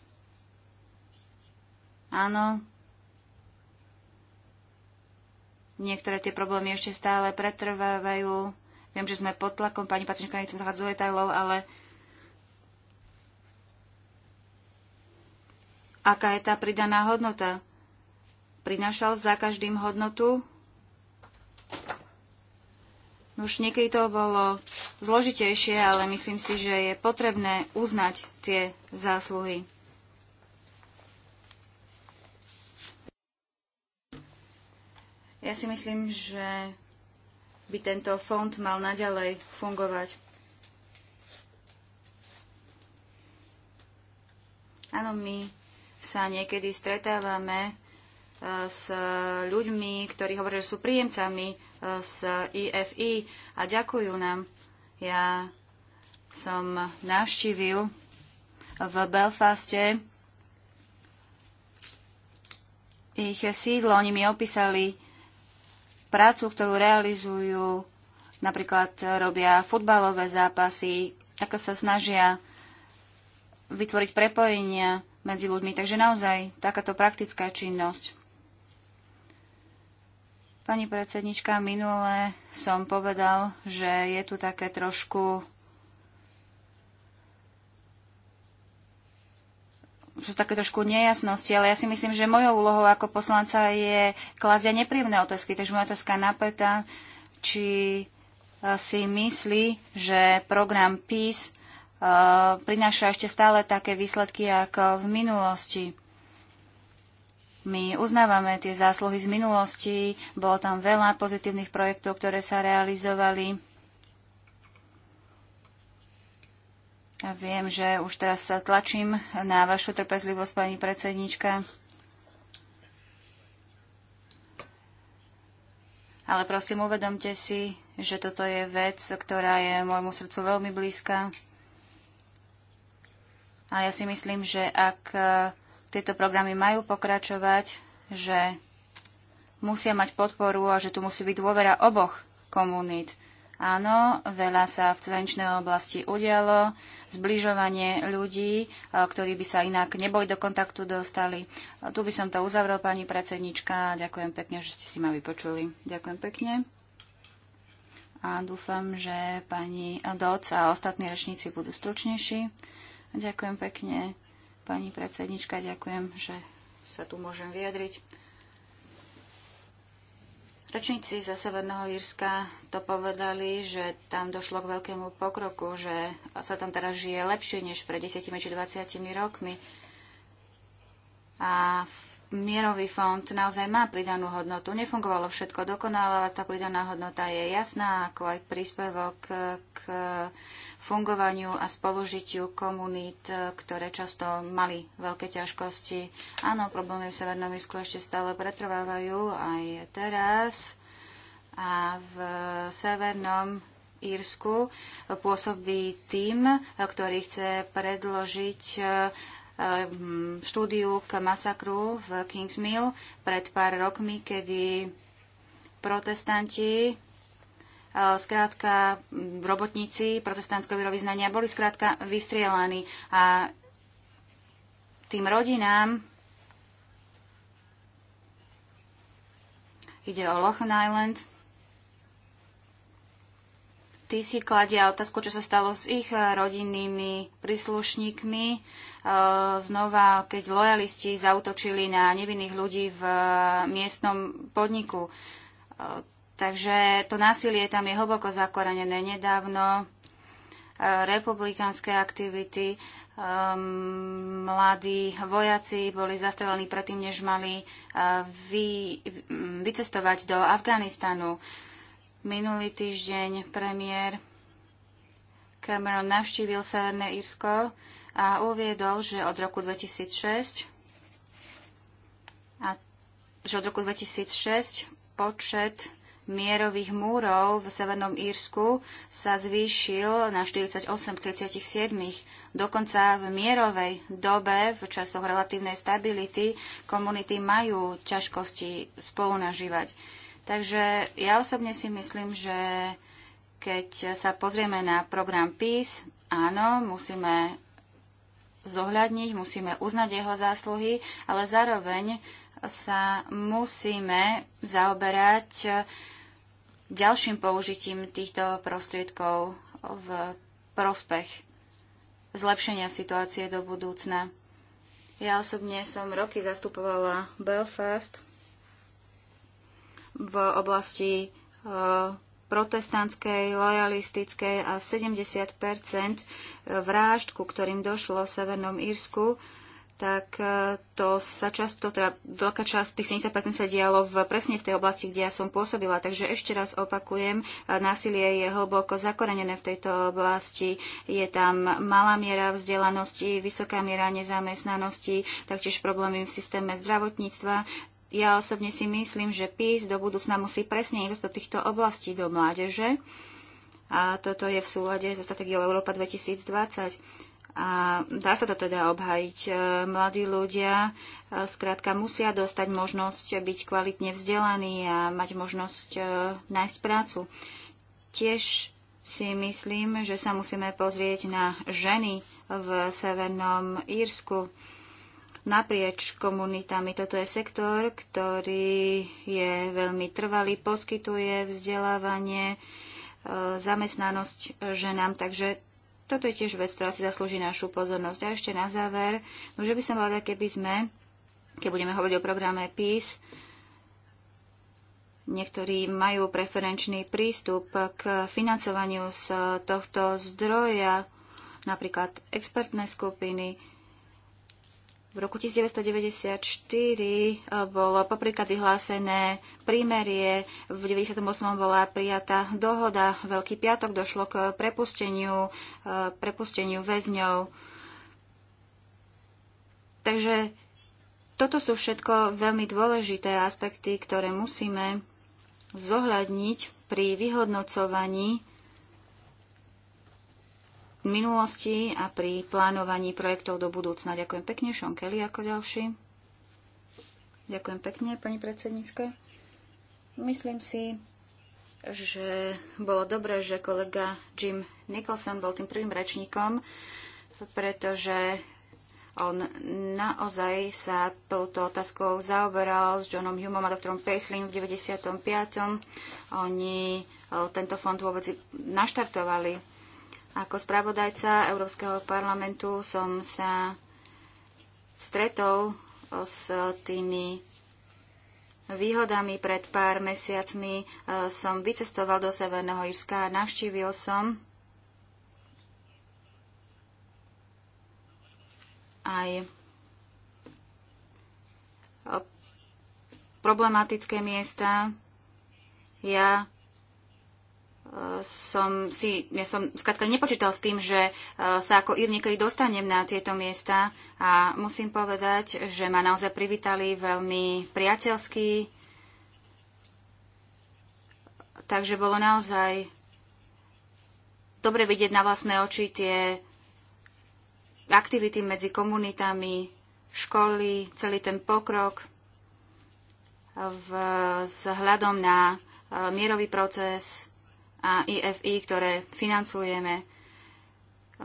Áno, Niektoré tie problémy ešte stále pretrvávajú. Viem, že sme pod tlakom, pani Patrička, nechcem zahádzať do detailov, ale aká je tá pridaná hodnota? Prinášal za každým hodnotu? No už niekedy to bolo zložitejšie, ale myslím si, že je potrebné uznať tie zásluhy. Ja si myslím, že by tento fond mal naďalej fungovať. Áno, my sa niekedy stretávame e, s ľuďmi, ktorí hovoria, že sú príjemcami z e, IFI a ďakujú nám. Ja som navštívil v Belfaste ich sídlo. Oni mi opísali prácu, ktorú realizujú, napríklad robia futbalové zápasy, ako sa snažia vytvoriť prepojenia medzi ľuďmi. Takže naozaj takáto praktická činnosť. Pani predsednička, minule som povedal, že je tu také trošku sú také trošku nejasnosti, ale ja si myslím, že mojou úlohou ako poslanca je klásť aj nepríjemné otázky. Takže moja otázka napätá, či eh, si myslí, že program PEACE eh, prináša ešte stále také výsledky ako v minulosti. My uznávame tie zásluhy v minulosti, bolo tam veľa pozitívnych projektov, ktoré sa realizovali viem, že už teraz sa tlačím na vašu trpezlivosť, pani predsednička. Ale prosím, uvedomte si, že toto je vec, ktorá je môjmu srdcu veľmi blízka. A ja si myslím, že ak e, tieto programy majú pokračovať, že musia mať podporu a že tu musí byť dôvera oboch komunít. Áno, veľa sa v zahraničnej oblasti udialo, zbližovanie ľudí, e, ktorí by sa inak neboli do kontaktu dostali. Tu by som to uzavrel, pani predsednička. Ďakujem pekne, že ste si ma vypočuli. Ďakujem pekne. A dúfam, že pani Doc a ostatní rečníci budú stručnejší. Ďakujem pekne, pani predsednička. Ďakujem, že sa tu môžem vyjadriť. Rečníci za Severného Írska to povedali, že tam došlo k veľkému pokroku, že sa tam teraz žije lepšie než pred 10 či 20 rokmi. A v mierový fond naozaj má pridanú hodnotu. Nefungovalo všetko dokonale, ale tá pridaná hodnota je jasná, ako aj príspevok k fungovaniu a spolužitiu komunít, ktoré často mali veľké ťažkosti. Áno, problémy v Severnom Isku ešte stále pretrvávajú aj teraz. A v Severnom Írsku pôsobí tým, ktorý chce predložiť Ehm, štúdiu k masakru v Kings Mill pred pár rokmi, kedy protestanti, e, skrátka robotníci protestantského vyznania boli skrátka vystrielaní a tým rodinám ide o Lochen Island, tí si kladia otázku, čo sa stalo s ich eh, rodinnými príslušníkmi. Eh, znova, keď lojalisti zautočili na nevinných ľudí v eh, miestnom podniku. Takže to násilie tam je hlboko zakorenené nedávno. Republikánske aktivity, mladí vojaci boli zastrelení predtým, než mali vy, vycestovať do Afganistanu. Minulý týždeň premiér Cameron navštívil Severné Írsko a uviedol, že od roku 2006 a že od roku 2006 počet mierových múrov v Severnom Írsku sa zvýšil na 48 z 37. Dokonca v mierovej dobe, v časoch relatívnej stability, komunity majú ťažkosti spolunažívať. Takže ja osobne si myslím, že keď sa pozrieme na program PIS, áno, musíme zohľadniť, musíme uznať jeho zásluhy, ale zároveň sa musíme zaoberať ďalším použitím týchto prostriedkov v prospech zlepšenia situácie do budúcna. Ja osobne som roky zastupovala Belfast v oblasti e, protestantskej, lojalistickej a 70 vrážd, ku ktorým došlo v Severnom Írsku, tak e, to sa často, teda veľká časť tých 70% sa dialo v, presne v tej oblasti, kde ja som pôsobila. Takže ešte raz opakujem, e, násilie je hlboko zakorenené v tejto oblasti. Je tam malá miera vzdelanosti, vysoká miera nezamestnanosti, taktiež problémy v systéme zdravotníctva, ja osobne si myslím, že PIS do budúcna musí presne investovať do týchto oblastí do mládeže. A toto je v súlade so stratégiou Európa 2020. A dá sa to teda obhajiť. E, mladí ľudia e, skrátka musia dostať možnosť byť kvalitne vzdelaní a mať možnosť e, nájsť prácu. Tiež si myslím, že sa musíme pozrieť na ženy v Severnom Írsku naprieč komunitami. Toto je sektor, ktorý je veľmi trvalý, poskytuje vzdelávanie, e, zamestnanosť ženám, takže toto je tiež vec, ktorá si zaslúži našu pozornosť. A ešte na záver, no, že by som rada, keby sme, keď budeme hovoriť o programe PIS, niektorí majú preferenčný prístup k financovaniu z tohto zdroja, napríklad expertné skupiny, v roku 1994 eh, bolo poprýklad vyhlásené prímerie, v 1998 bola prijatá dohoda, Veľký piatok došlo k prepusteniu, eh, prepusteniu väzňov. Takže toto sú všetko veľmi dôležité aspekty, ktoré musíme zohľadniť pri vyhodnocovaní minulosti a pri plánovaní projektov do budúcna. Ďakujem pekne, Sean Kelly ako ďalší. Ďakujem pekne, pani predsednička. Myslím si, že bolo dobré, že kolega Jim Nicholson bol tým prvým rečníkom, pretože on naozaj sa touto otázkou zaoberal s Johnom Humom a doktorom Paisleym v 95. Oni eh, tento fond vôbec naštartovali ako spravodajca Európskeho parlamentu som sa stretol s tými výhodami. Pred pár mesiacmi e, som vycestoval do Severného Irska a navštívil som aj e, problematické miesta. Ja som si, ja som skrátka nepočítal s tým, že e, sa ako Ir niekedy dostanem na tieto miesta a musím povedať, že ma naozaj privítali veľmi priateľsky, takže bolo naozaj dobre vidieť na vlastné oči tie aktivity medzi komunitami, školy, celý ten pokrok v, s hľadom na e, mierový proces, a IFI, ktoré financujeme.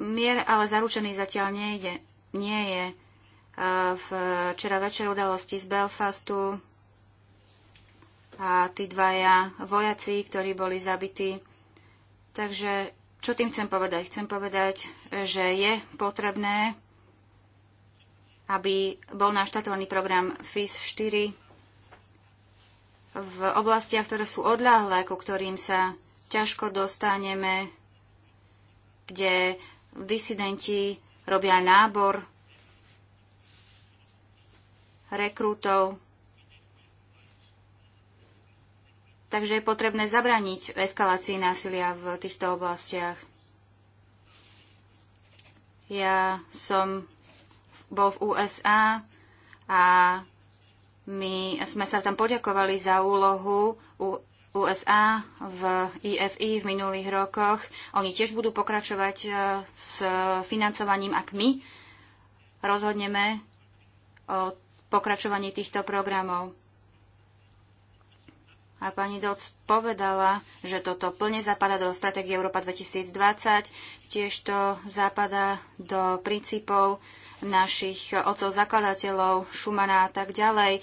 Mier ale zaručený zatiaľ nejde, nie je. Včera večer udalosti z Belfastu a tí dvaja vojaci, ktorí boli zabití. Takže čo tým chcem povedať? Chcem povedať, že je potrebné, aby bol naštatovaný program FIS 4 v oblastiach, ktoré sú odľahlé, ku ktorým sa ťažko dostaneme, kde disidenti robia nábor rekrútov. Takže je potrebné zabraniť eskalácii násilia v týchto oblastiach. Ja som bol v USA a my sme sa tam poďakovali za úlohu USA v IFI v minulých rokoch. Oni tiež budú pokračovať e, s financovaním, ak my rozhodneme o pokračovaní týchto programov. A pani Doc povedala, že toto plne zapada do stratégie Európa 2020, tiež to zapada do princípov našich otcov zakladateľov, Šumana a tak ďalej, e,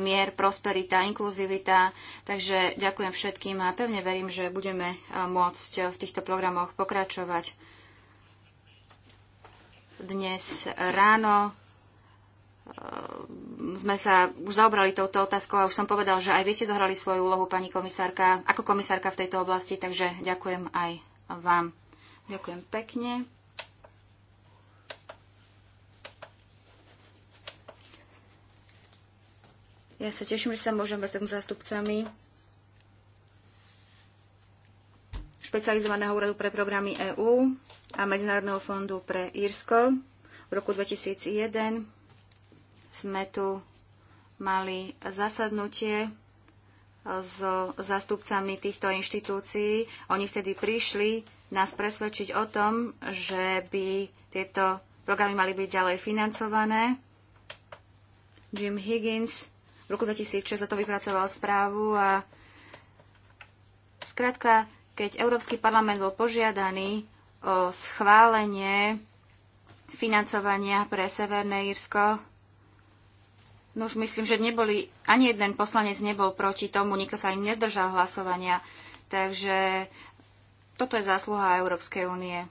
mier, prosperita, inkluzivita. Takže ďakujem všetkým a pevne verím, že budeme e, môcť v týchto programoch pokračovať. Dnes ráno e, sme sa už zaobrali touto otázkou a už som povedal, že aj vy ste zohrali svoju úlohu, pani komisárka, ako komisárka v tejto oblasti, takže ďakujem aj vám. Ďakujem pekne. Ja sa teším, že sa môžem vás s zástupcami špecializovaného úradu pre programy EÚ a Medzinárodného fondu pre Írsko. V roku 2001 sme tu mali zasadnutie so zástupcami týchto inštitúcií. Oni vtedy prišli nás presvedčiť o tom, že by tieto programy mali byť ďalej financované. Jim Higgins v roku 2006 za to vypracoval správu a zkrátka, keď Európsky parlament bol požiadaný o schválenie financovania pre Severné Írsko, no už myslím, že neboli, ani jeden poslanec nebol proti tomu, nikto sa ani nezdržal hlasovania. Takže toto je zásluha Európskej únie.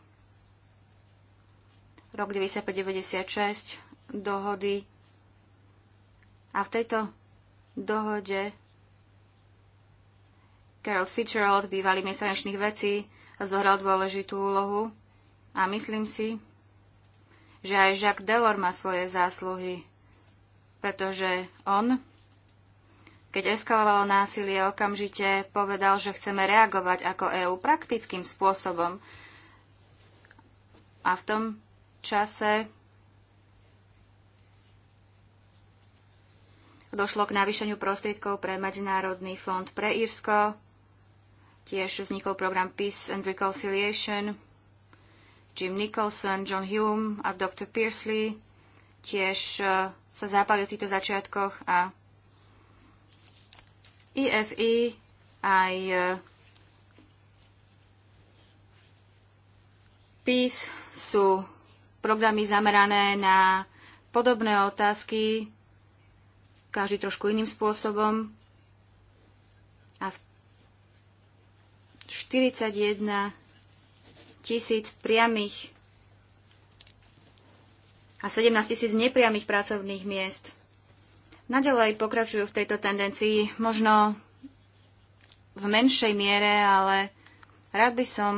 Rok 95-96, dohody. A v tejto dohode Carol Fitzgerald, bývalý mesačných vecí, zohral dôležitú úlohu a myslím si, že aj Jacques Delors má svoje zásluhy, pretože on, keď eskalovalo násilie, okamžite povedal, že chceme reagovať ako EÚ praktickým spôsobom. A v tom čase došlo k navýšeniu prostriedkov pre Medzinárodný fond pre Írsko, tiež vznikol program Peace and Reconciliation, Jim Nicholson, John Hume a Dr. Pearsley tiež eh, sa zapali v týchto začiatkoch a IFI e e aj eh, PIS sú programy zamerané na podobné otázky, každý trošku iným spôsobom. A 41 tisíc priamých a 17 tisíc nepriamých pracovných miest. Naďalej pokračujú v tejto tendencii, možno v menšej miere, ale rád by som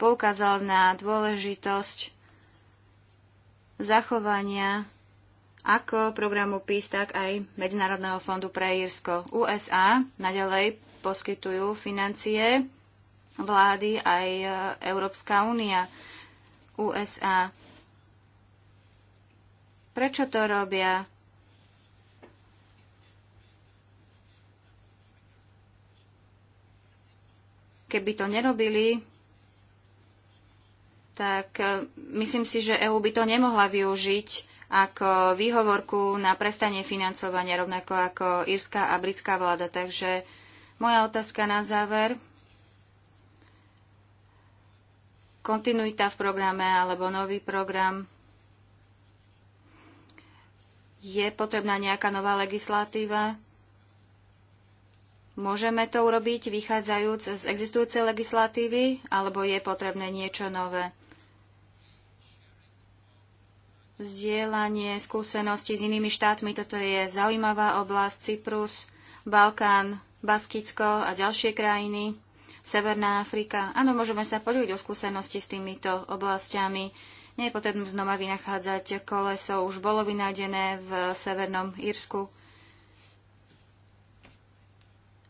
poukázal na dôležitosť zachovania ako programu PIS, tak aj Medzinárodného fondu pre Írsko. USA naďalej poskytujú financie vlády aj e, Európska únia, USA. Prečo to robia? Keby to nerobili, tak e, myslím si, že EU by to nemohla využiť ako výhovorku na prestanie financovania, rovnako ako írska a britská vláda. Takže moja otázka na záver. Kontinuita v programe alebo nový program. Je potrebná nejaká nová legislatíva? Môžeme to urobiť vychádzajúc z existujúcej legislatívy, alebo je potrebné niečo nové? Zdieľanie skúseností s inými štátmi, toto je zaujímavá oblasť. Cyprus, Balkán, Baskicko a ďalšie krajiny, Severná Afrika. Áno, môžeme sa podeliť o skúsenosti s týmito oblastiami. Nie je potrebné znova vynachádzať koleso, už bolo vynájdené v Severnom Írsku.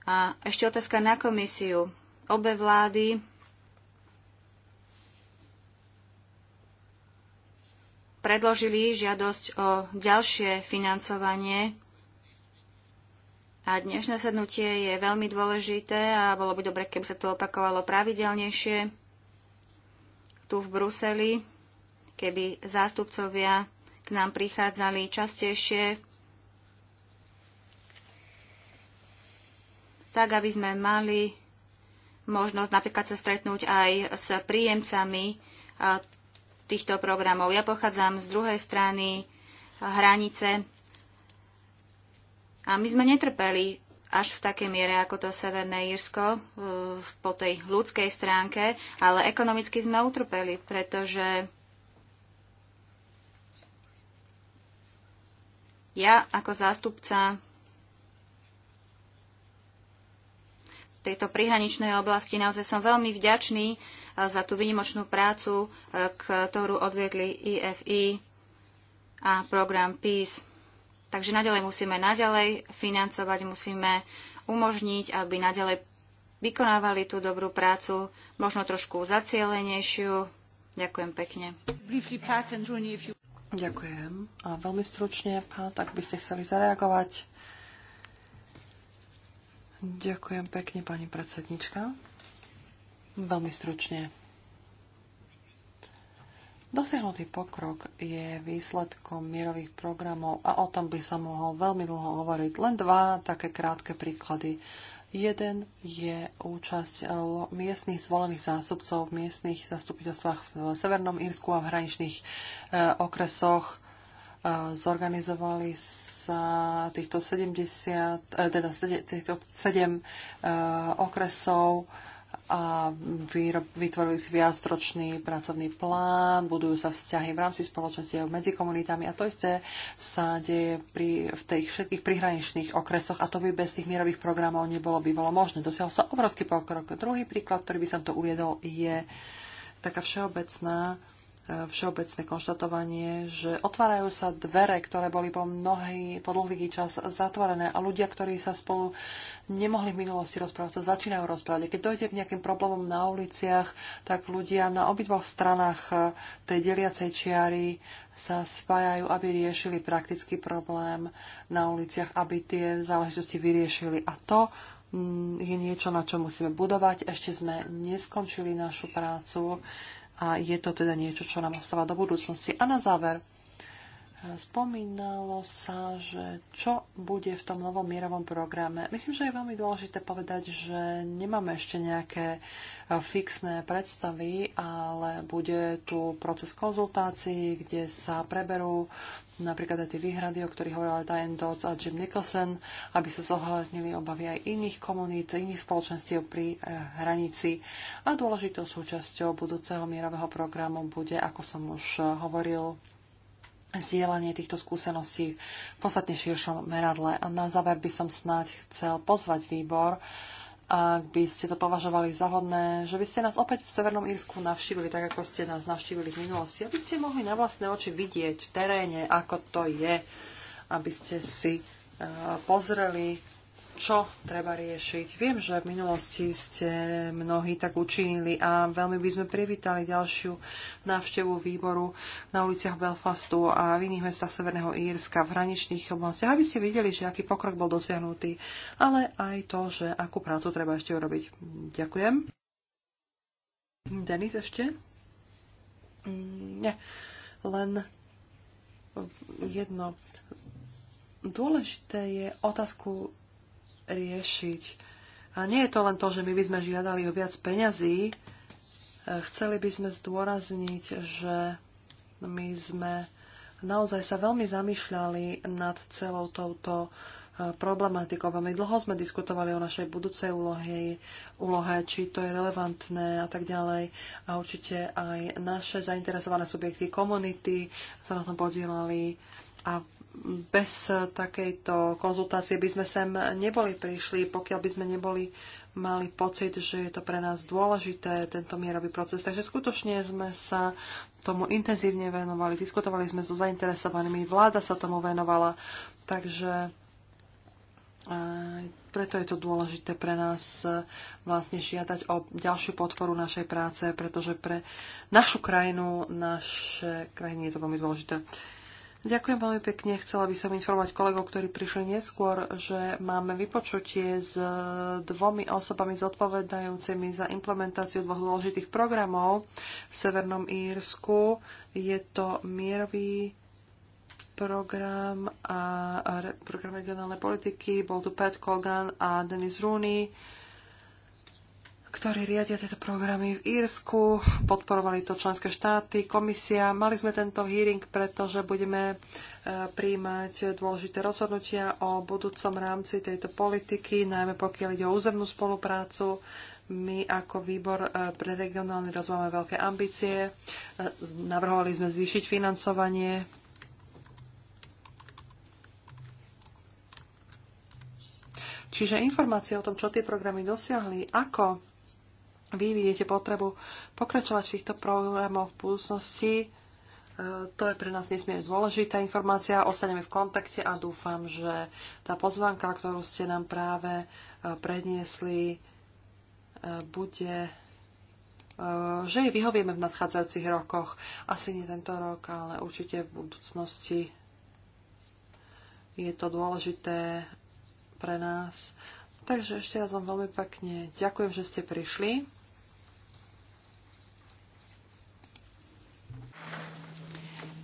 A ešte otázka na komisiu. Obe vlády predložili žiadosť o ďalšie financovanie a dnešné sednutie je veľmi dôležité a bolo by dobre, keby sa to opakovalo pravidelnejšie tu v Bruseli, keby zástupcovia k nám prichádzali častejšie, tak aby sme mali možnosť napríklad sa stretnúť aj s príjemcami týchto programov. Ja pochádzam z druhej strany hranice a my sme netrpeli až v takej miere ako to Severné Írsko e, po tej ľudskej stránke, ale ekonomicky sme utrpeli, pretože ja ako zástupca tejto prihraničnej oblasti naozaj som veľmi vďačný za tú vynimočnú prácu, e, ktorú odviedli IFI e a program PEACE. Takže naďalej musíme naďalej financovať, musíme umožniť, aby naďalej vykonávali tú dobrú prácu, možno trošku zacielenejšiu. Ďakujem pekne. Ďakujem. A veľmi stručne, pán, tak by ste chceli zareagovať. Ďakujem pekne, pani predsednička. Veľmi stručne. Dosiahnutý pokrok je výsledkom mierových programov a o tom by sa mohol veľmi dlho hovoriť. Len dva také krátke príklady. Jeden je účasť eh, miestných zvolených zástupcov v miestnych zastupiteľstvách v Severnom Írsku a v hraničných eh, okresoch. Eh, zorganizovali sa týchto 70, teda týchto 7 okresov a vytvorili si viacročný pracovný plán, budujú sa vzťahy v rámci spoločnosti medzi komunitami a to isté sa deje pri, v tých všetkých prihraničných okresoch a to by bez tých mierových programov nebolo by bolo možné. Dosiahol sa obrovský pokrok. Druhý príklad, ktorý by som to uviedol, je taká všeobecná uh, všeobecné konštatovanie, že otvárajú sa dvere, ktoré boli po, mnohý, po dlhý čas zatvorené a ľudia, ktorí sa spolu nemohli v minulosti rozprávať, sa začínajú rozprávať. keď dojde k nejakým problémom na uliciach, tak ľudia na obidvoch stranách eh, tej deliacej čiary sa spájajú, aby riešili praktický problém na uliciach, aby tie záležitosti vyriešili. A to mm, je niečo, na čo musíme budovať. Ešte sme neskončili našu prácu a je to teda niečo, čo nám ostáva do budúcnosti. A na záver, spomínalo sa, že čo bude v tom novom mierovom programe. Myslím, že je veľmi dôležité povedať, že nemáme ešte nejaké eh, fixné predstavy, ale bude tu proces konzultácií, kde sa preberú napríklad aj tie výhrady, o ktorých hovorila Diane Dodds a Jim Nicholson, aby sa zohľadnili obavy aj iných komunít, iných spoločenstiev pri e, hranici. A dôležitou súčasťou budúceho mierového programu bude, ako som už eh, hovoril, zdieľanie týchto skúseností v podstatne širšom meradle. A na záver by som snáď chcel pozvať výbor, ak by ste to považovali za hodné, že by ste nás opäť v Severnom Írsku navštívili tak, ako ste nás navštívili v minulosti, aby ste mohli na vlastné oči vidieť v teréne, ako to je, aby ste si eh, pozreli čo treba riešiť. Viem, že v minulosti ste mnohí tak učinili a veľmi by sme privítali ďalšiu návštevu výboru na uliciach Belfastu a v iných mestách Severného Írska v hraničných oblastiach, aby ste videli, že aký pokrok bol dosiahnutý, ale aj to, že akú prácu treba ešte urobiť. Ďakujem. Denis ešte? Mm, nie, len jedno. Dôležité je otázku riešiť. A nie je to len to, že my by sme žiadali o viac peňazí. E, chceli by sme zdôrazniť, že my sme naozaj sa veľmi zamýšľali nad celou touto e, problematikou. Veľmi dlho sme diskutovali o našej budúcej úlohe, úlohe, či to je relevantné a tak ďalej. A určite aj naše zainteresované subjekty, komunity sa na tom podielali. A bez takejto konzultácie by sme sem neboli prišli, pokiaľ by sme neboli mali pocit, že je to pre nás dôležité, tento mierový proces. Takže skutočne sme sa tomu intenzívne venovali, diskutovali sme so zainteresovanými, vláda sa tomu venovala, takže preto je to dôležité pre nás e, vlastne žiadať o ďalšiu podporu našej práce, pretože pre našu krajinu, naše krajiny je to veľmi dôležité. Uh, Ďakujem veľmi pekne. Chcela by som informovať kolegov, ktorí prišli neskôr, že máme vypočutie s e, dvomi osobami zodpovedajúcimi za implementáciu dvoch dôležitých programov v Severnom Írsku. Je to mierový program a, program regionálnej politiky. Bol tu Pat Colgan a Denis Rooney ktorí riadia tieto programy v Írsku, podporovali to členské štáty, komisia. Mali sme tento hearing, pretože budeme e, príjmať dôležité rozhodnutia o budúcom rámci tejto politiky, najmä pokiaľ ide o územnú spoluprácu. My ako výbor e, pre regionálny rozvoj máme veľké ambície. E, navrhovali sme zvýšiť financovanie Čiže informácie o tom, čo tie programy dosiahli, ako vy vidíte potrebu pokračovať v týchto programoch v budúcnosti. E, to je pre nás nesmierne dôležitá informácia. Ostaneme v kontakte a dúfam, že tá pozvanka, ktorú ste nám práve e, predniesli, e, bude že jej vyhovieme v nadchádzajúcich rokoch. Asi nie tento rok, ale určite v budúcnosti je to dôležité pre nás. Takže ešte raz vám veľmi pekne ďakujem, že ste prišli.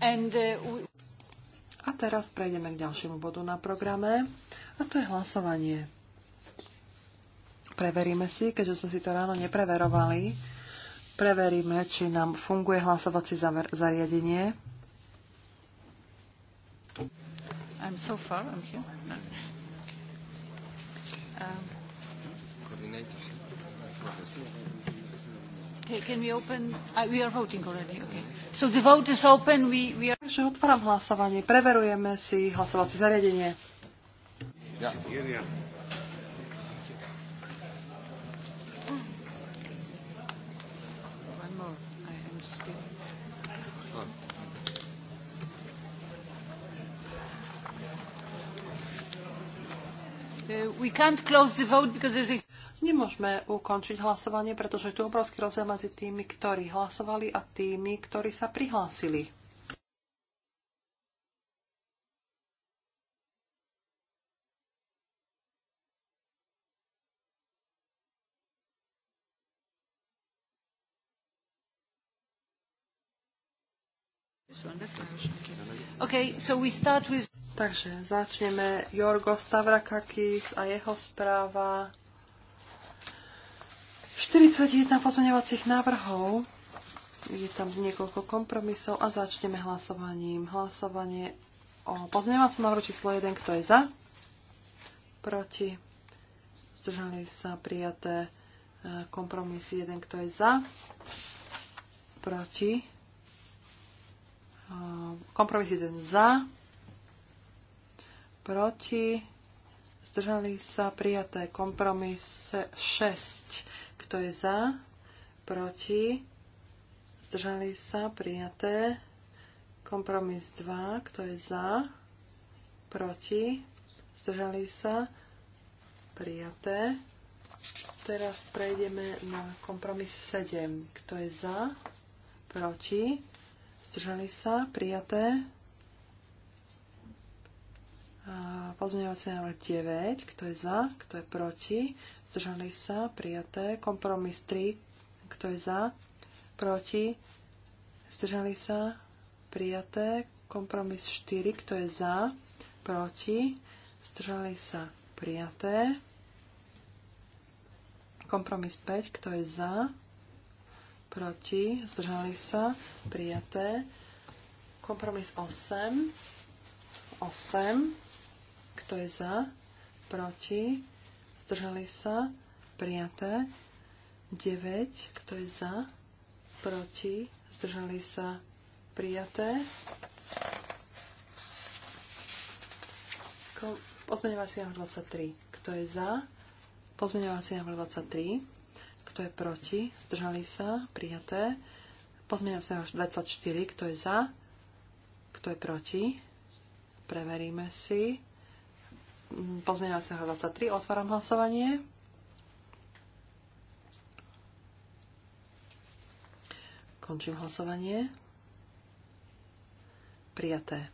Uh, a teraz prejdeme k ďalšiemu bodu na programe a to je hlasovanie. Preveríme si, keďže sme si to ráno nepreverovali, preveríme, či nám funguje hlasovací zariadenie. I'm so far, I'm here. Um, can we open? Uh, we are voting already, okay. So the vote is open. We, we are... Takže otváram hlasovanie. Preverujeme si hlasovacie zariadenie. Yeah. Yeah, yeah. Uh, we can't close the vote because there's a... Nemôžeme ukončiť hlasovanie, pretože je tu obrovský rozdiel medzi tými, ktorí hlasovali a tými, ktorí sa prihlásili. Okay, so with... Takže začneme Jorgo Stavrakakis a jeho správa 41 pozorňovacích návrhov. Je tam niekoľko kompromisov a začneme hlasovaním. Hlasovanie o pozorňovacom návrhu číslo 1. Kto je za? Proti? Zdržali sa prijaté e, kompromisy 1. Kto je za? Proti? E, kompromis 1 za? Proti? Zdržali sa prijaté kompromis 6 kto je za? Proti? Zdržali sa? Prijaté. Kompromis 2. Kto je za? Proti? Zdržali sa? Prijaté. Teraz prejdeme na kompromis 7. Kto je za? Proti? Zdržali sa? Prijaté. Pozmeňovací návrh 9. Kto je za? Kto je proti? zdržali sa, prijaté. Kompromis 3, kto je za, proti, zdržali sa, prijaté. Kompromis 4, kto je za, proti, zdržali sa, prijaté. Kompromis 5, kto je za, proti, zdržali sa, prijaté. Kompromis 8, 8, kto je za, proti, zdržali sa, prijaté. 9, kto je za, proti, zdržali sa, prijaté. Pozmeňovací návrh 23. Kto je za? Pozmeňovací návrh 23. Kto je proti? Zdržali sa? Prijaté. Pozmeňovací návrh 24. Kto je za? Kto je proti? Preveríme si pozmeňovacieho 23. Otváram hlasovanie. Končím hlasovanie. Prijaté.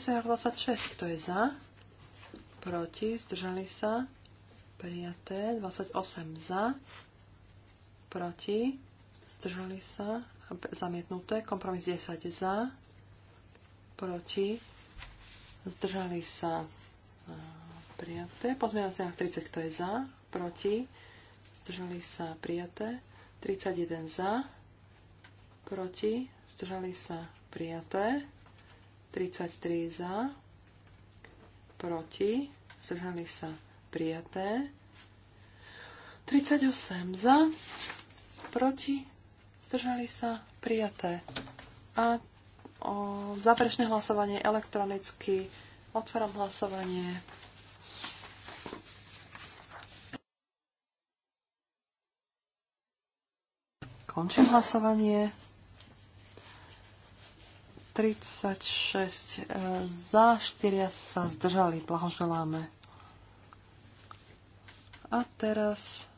sa 26. Kto je za? Proti? Zdržali sa? Prijaté. 28 za. Proti? Zdržali sa? Zamietnuté. Kompromis 10 za proti, zdržali sa e, prijaté. Pozmeňujem sa 30, kto je za, proti, zdržali sa prijaté. 31 za, proti, zdržali sa prijaté. 33 za, proti, zdržali sa prijaté. 38 za, proti, zdržali sa prijaté. A o záverečné hlasovanie elektronicky. Otváram hlasovanie. Končím hlasovanie. 36 e, za, 4 sa zdržali. Blahoželáme. A teraz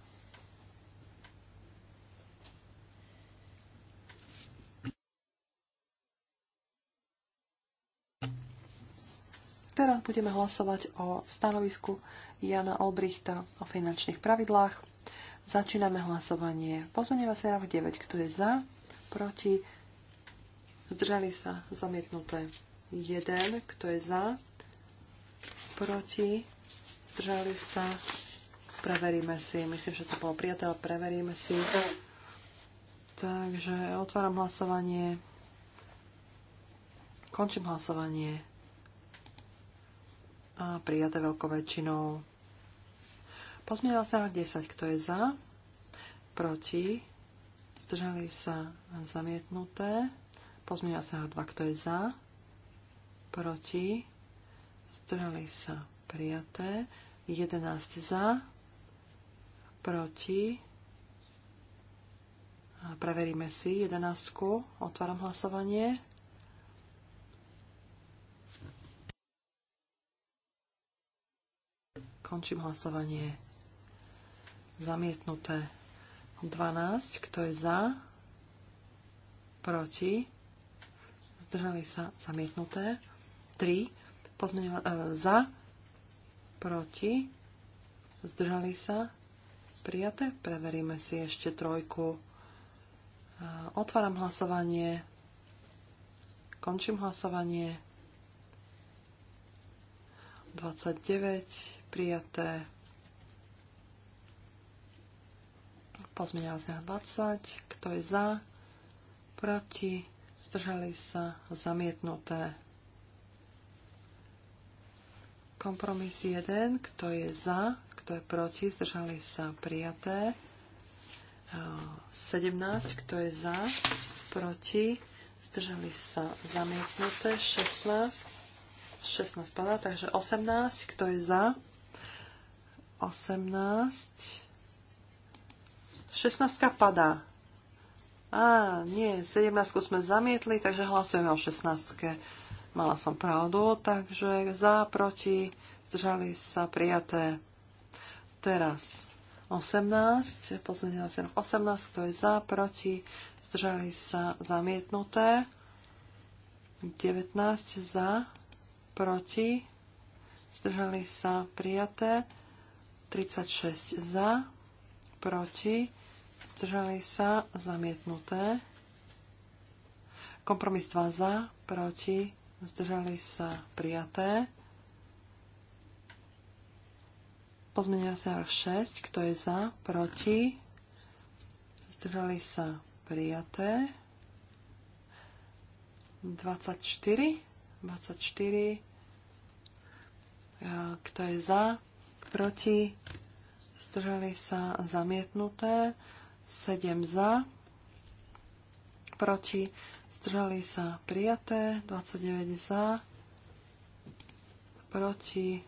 Teraz budeme hlasovať o stanovisku Jana Olbrichta o finančných pravidlách. Začíname hlasovanie. Pozmeňovací v 9. Kto je za? Proti? Zdržali sa? Zamietnuté. 1. Kto je za? Proti? Zdržali sa? Preveríme si. Myslím, že to bolo priateľ. preveríme si. Takže otváram hlasovanie. Končím hlasovanie a prijaté veľkou väčšinou. Pozmieva sa 10, kto je za, proti, zdržali sa zamietnuté. Pozmieva sa 2, kto je za, proti, zdržali sa prijaté. 11 za, proti, preveríme si 11, otváram hlasovanie. Končím hlasovanie. Zamietnuté. 12. Kto je za? Proti? Zdržali sa? Zamietnuté. 3. Pozmeňova- e, za? Proti? Zdržali sa? Prijaté? Preveríme si ešte trojku. E, otváram hlasovanie. Končím hlasovanie. 29 prijaté. Pozmeňovací 20. Kto je za? Proti? Zdržali sa? Zamietnuté. Kompromis 1. Kto je za? Kto je proti? Zdržali sa? Prijaté. 17. Kto je za? Proti? Zdržali sa? Zamietnuté. 16. 16 padá, takže 18. Kto je za? 18. 16 padá. Á, nie, 17 sme zamietli, takže hlasujeme o 16. Mala som pravdu, takže za, proti, zdržali sa prijaté. Teraz 18, pozmeňte na 18, to je za, proti, zdržali sa zamietnuté. 19 za, proti, zdržali sa prijaté. 36 za, proti, zdržali sa, zamietnuté. Kompromis 2 za, proti, zdržali sa, prijaté. Pozmenia sa 6, kto je za, proti, zdržali sa, prijaté. 24, 24, e, kto je za, proti, zdržali sa zamietnuté, 7 za, proti, zdržali sa prijaté, 29 za, proti,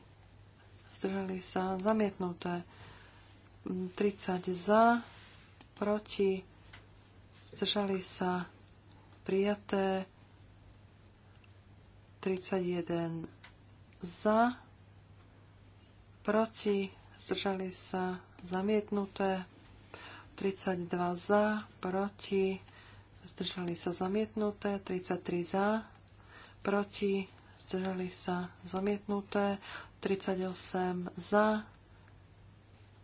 zdržali sa zamietnuté, 30 za, proti, zdržali sa prijaté, 31 za, proti, zdržali sa zamietnuté, 32 za, proti, zdržali sa zamietnuté, 33 za, proti, zdržali sa zamietnuté, 38 za,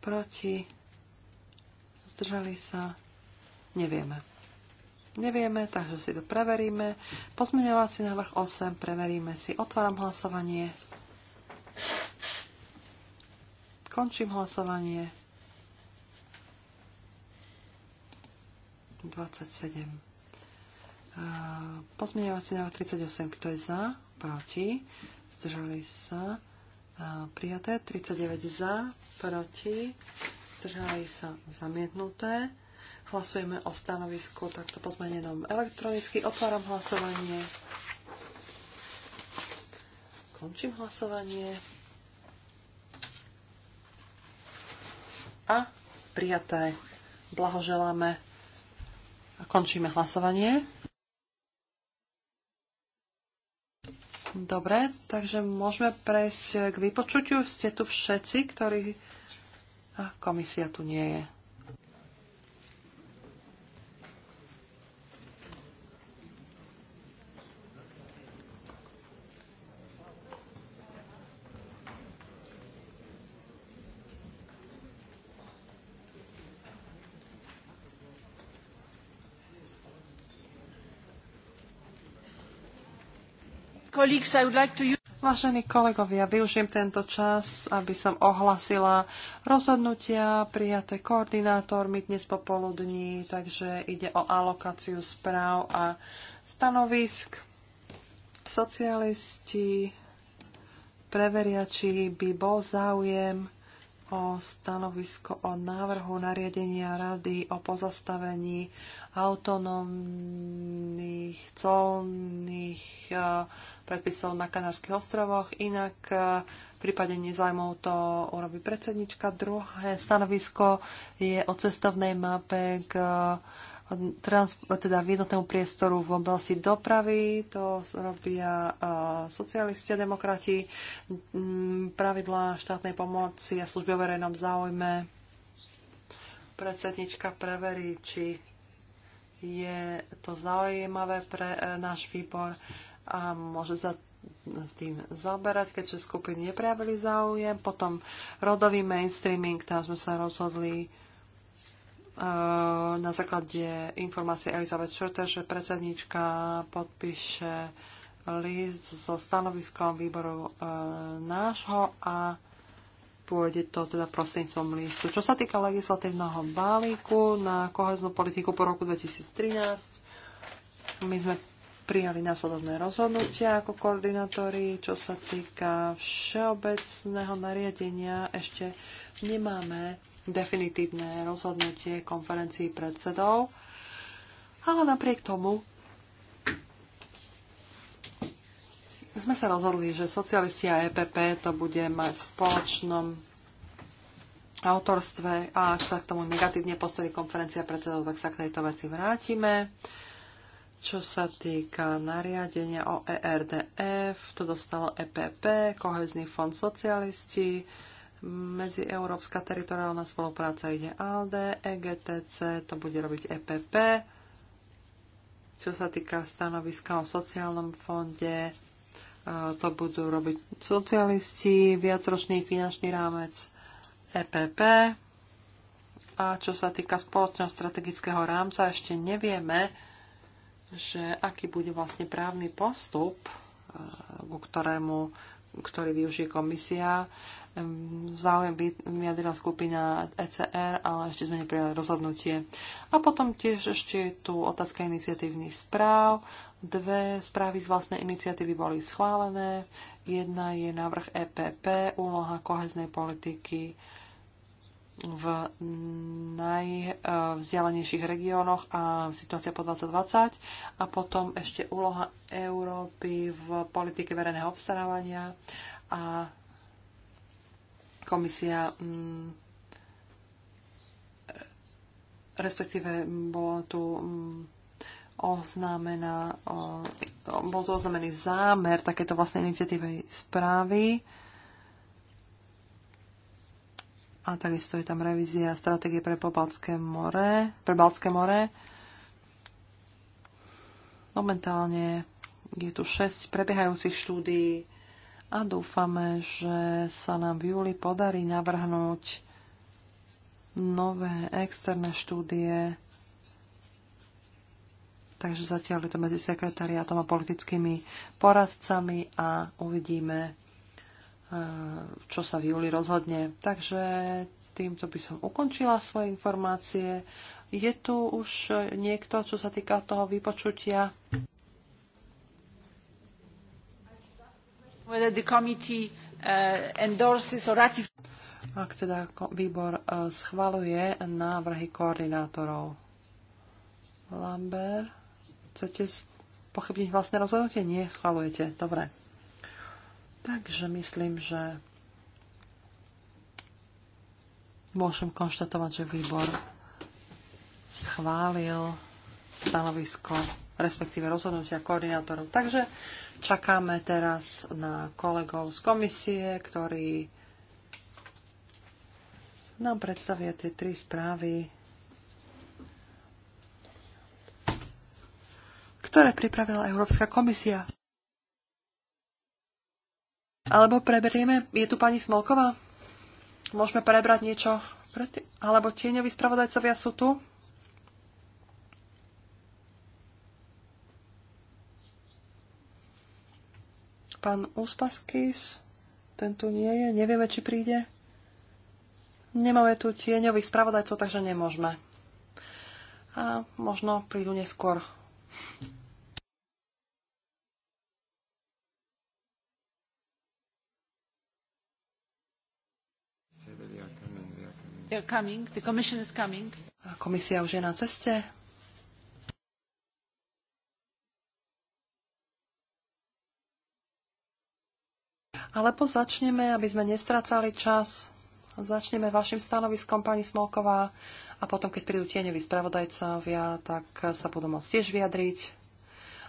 proti, zdržali sa, nevieme. Nevieme, takže si to preveríme. Pozmeňovací návrh 8 preveríme si. Otváram hlasovanie. Končím hlasovanie. 27. Pozmeňovací návrh 38. Kto je za? Proti. Zdržali sa. Prijaté. 39 za. Proti. Zdržali sa. Zamietnuté. Hlasujeme o stanovisku takto pozmenenom elektronicky. Otváram hlasovanie. Končím hlasovanie. a prijaté. Blahoželáme a končíme hlasovanie. Dobre, takže môžeme prejsť k vypočutiu. Ste tu všetci, ktorí... A komisia tu nie je. Vážení kolegovia, využijem tento čas, aby som ohlasila rozhodnutia prijaté koordinátormi dnes popoludní, takže ide o alokáciu správ a stanovisk. Socialisti preveria, či by bol záujem o stanovisko o návrhu nariadenia Rady o pozastavení autonómnych colných e, predpisov na Kanárskych ostrovoch. Inak e, v prípade nezájmov to urobí predsednička. Druhé stanovisko je o cestovnej mape k trans, teda v jednotnému priestoru v oblasti dopravy, to robia socialisti a demokrati, mm, pravidlá štátnej pomoci a služby o verejnom záujme. Predsednička preverí, či je to zaujímavé pre e, náš výbor a môže sa s tým zaoberať, keďže skupiny neprejavili záujem. Potom rodový mainstreaming, tam sme sa rozhodli na základe informácie Elizabeth Schroeder, že predsedníčka podpíše list so stanoviskom výboru e, nášho a pôjde to teda prostredníctvom listu. Čo sa týka legislatívneho balíku na koheznú politiku po roku 2013, my sme prijali následovné rozhodnutia ako koordinátori. Čo sa týka všeobecného nariadenia, ešte nemáme definitívne rozhodnutie konferencii predsedov. Ale napriek tomu sme sa rozhodli, že socialisti a EPP to bude mať v spoločnom autorstve a ak sa k tomu negatívne postaví konferencia predsedov, tak sa k tejto veci vrátime. Čo sa týka nariadenia o ERDF, to dostalo EPP, Kohezný fond socialisti, Medzieurópska teritoriálna spolupráca ide ALDE, EGTC, to bude robiť EPP. Čo sa týka stanoviska o sociálnom fonde, e, to budú robiť socialisti, viacročný finančný rámec EPP. A čo sa týka spoločného strategického rámca, ešte nevieme, že aký bude vlastne právny postup, e, ku ktorému, ktorý využije komisia Ehm, záujem vyjadrila skupina ECR, ale ešte sme neprijali rozhodnutie. A potom tiež ešte je tu otázka iniciatívnych správ. Dve správy z vlastnej iniciatívy boli schválené. Jedna je návrh EPP, úloha koheznej politiky v najvzdialenejších e, regiónoch a situácia po 2020 a potom ešte úloha Európy v politike verejného obstarávania a komisia mm, respektíve bolo tu mm, oznámená, bol tu oznámený zámer takéto vlastnej iniciatívy správy. A takisto je tam revízia stratégie pre Pobaltské more, pre Baltské more. Momentálne je tu 6 prebiehajúcich štúdií a dúfame, že sa nám v júli podarí navrhnúť nové externé štúdie. Takže zatiaľ je to medzi sekretariátom a politickými poradcami a uvidíme, e, čo sa v júli rozhodne. Takže týmto by som ukončila svoje informácie. Je tu už niekto, čo sa týka toho vypočutia? Uh, Ak teda výbor uh, schvaluje návrhy koordinátorov. Lambert, chcete pochybniť vlastné rozhodnutie? Nie, schvalujete. Dobre. Takže myslím, že môžem konštatovať, že výbor schválil stanovisko, respektíve rozhodnutia koordinátorov. Takže Čakáme teraz na kolegov z komisie, ktorí nám predstavia tie tri správy, ktoré pripravila Európska komisia. Alebo preberieme, je tu pani Smolková? Môžeme prebrať niečo? Alebo tieňoví spravodajcovia sú tu? Pán Uspaskis, ten tu nie je, nevieme, či príde. Nemáme tu tieňových spravodajcov, takže nemôžeme. A možno prídu neskôr. Coming. The commission is coming. Komisia už je na ceste. Alebo začneme, aby sme nestracali čas, začneme vašim stanoviskom, pani Smolková, a potom, keď prídu tieňoví spravodajcovia, tak sa budú môcť tiež vyjadriť,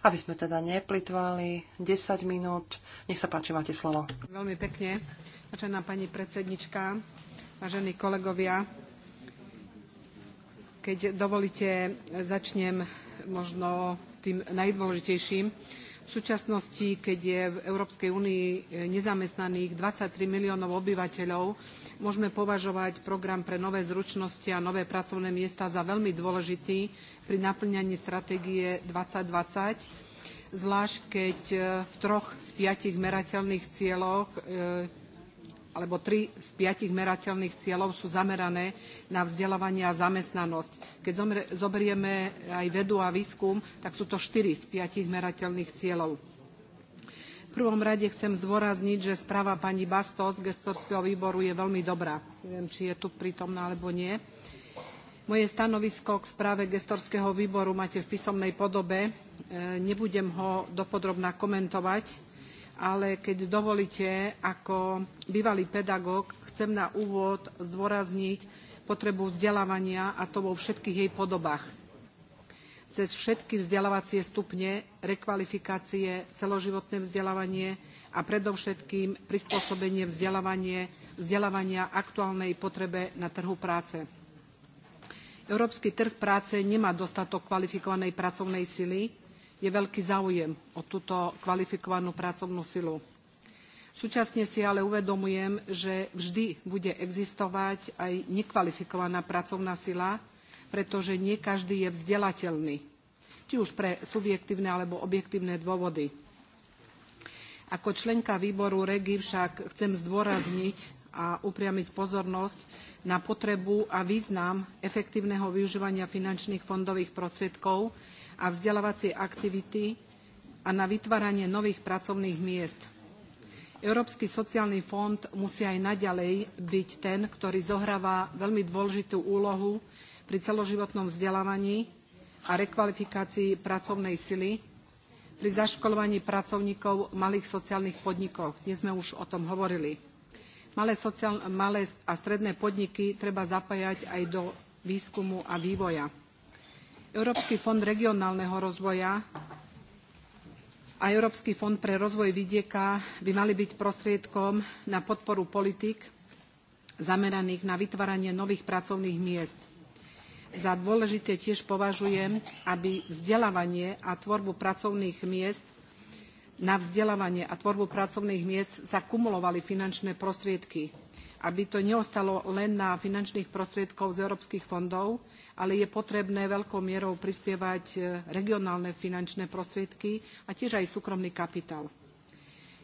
aby sme teda neplitvali 10 minút. Nech sa páči, máte slovo. Veľmi pekne, vážená pani predsednička, vážení kolegovia. Keď dovolíte, začnem možno tým najdôležitejším v súčasnosti, keď je v Európskej únii e, nezamestnaných 23 miliónov obyvateľov, môžeme považovať program pre nové zručnosti a nové pracovné miesta za veľmi dôležitý pri naplňaní stratégie 2020, zvlášť keď e, v troch z piatich merateľných cieľoch e, alebo tri z piatich merateľných cieľov sú zamerané na vzdelávanie a zamestnanosť. Keď zoberieme aj vedu a výskum, tak sú to štyri z piatich merateľných cieľov. V prvom rade chcem zdôrazniť, že správa pani Bastos z gestorského výboru je veľmi dobrá. Neviem, či je tu prítomná alebo nie. Moje stanovisko k správe gestorského výboru máte v písomnej podobe. E, nebudem ho dopodrobná komentovať ale keď dovolíte, ako bývalý pedagóg chcem na úvod zdôrazniť potrebu vzdelávania a to vo všetkých jej podobách. Cez všetky vzdelávacie stupne, rekvalifikácie, celoživotné vzdelávanie a predovšetkým prispôsobenie vzdelávania aktuálnej potrebe na trhu práce. Európsky trh práce nemá dostatok kvalifikovanej pracovnej sily, je veľký záujem o túto kvalifikovanú pracovnú silu. Súčasne si ale uvedomujem, že vždy bude existovať aj nekvalifikovaná pracovná sila, pretože nie každý je vzdelateľný, či už pre subjektívne alebo objektívne dôvody. Ako členka výboru REGI však chcem zdôrazniť a upriamiť pozornosť na potrebu a význam efektívneho využívania finančných fondových prostriedkov a vzdelávacie aktivity a na vytváranie nových pracovných miest. Európsky sociálny fond musí aj naďalej byť ten, ktorý zohráva veľmi dôležitú úlohu pri celoživotnom vzdelávaní a rekvalifikácii pracovnej sily, pri zaškolovaní pracovníkov malých sociálnych podnikov. Dnes sme už o tom hovorili. Malé, sociál... Malé a stredné podniky treba zapájať aj do výskumu a vývoja Európsky fond regionálneho rozvoja a Európsky fond pre rozvoj vidieka by mali byť prostriedkom na podporu politík zameraných na vytváranie nových pracovných miest. Za dôležité tiež považujem, aby vzdelávanie a tvorbu pracovných miest na vzdelávanie a tvorbu pracovných miest sa kumulovali finančné prostriedky, aby to neostalo len na finančných prostriedkov z európskych fondov, ale je potrebné veľkou mierou prispievať e, regionálne finančné prostriedky a tiež aj súkromný kapitál.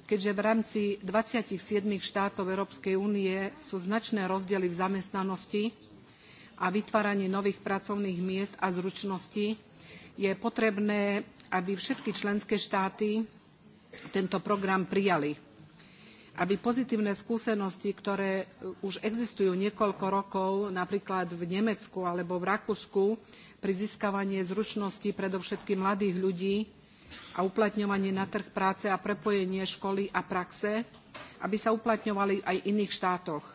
Keďže v rámci 27 štátov Európskej únie sú značné rozdiely v zamestnanosti a vytváraní nových pracovných miest a zručností, je potrebné, aby všetky členské štáty tento program prijali aby pozitívne skúsenosti, ktoré uh, už existujú niekoľko rokov, napríklad v Nemecku alebo v Rakúsku, pri získavanie zručnosti predovšetkým mladých ľudí a uplatňovanie na trh práce a prepojenie školy a praxe, aby sa uplatňovali aj v iných štátoch.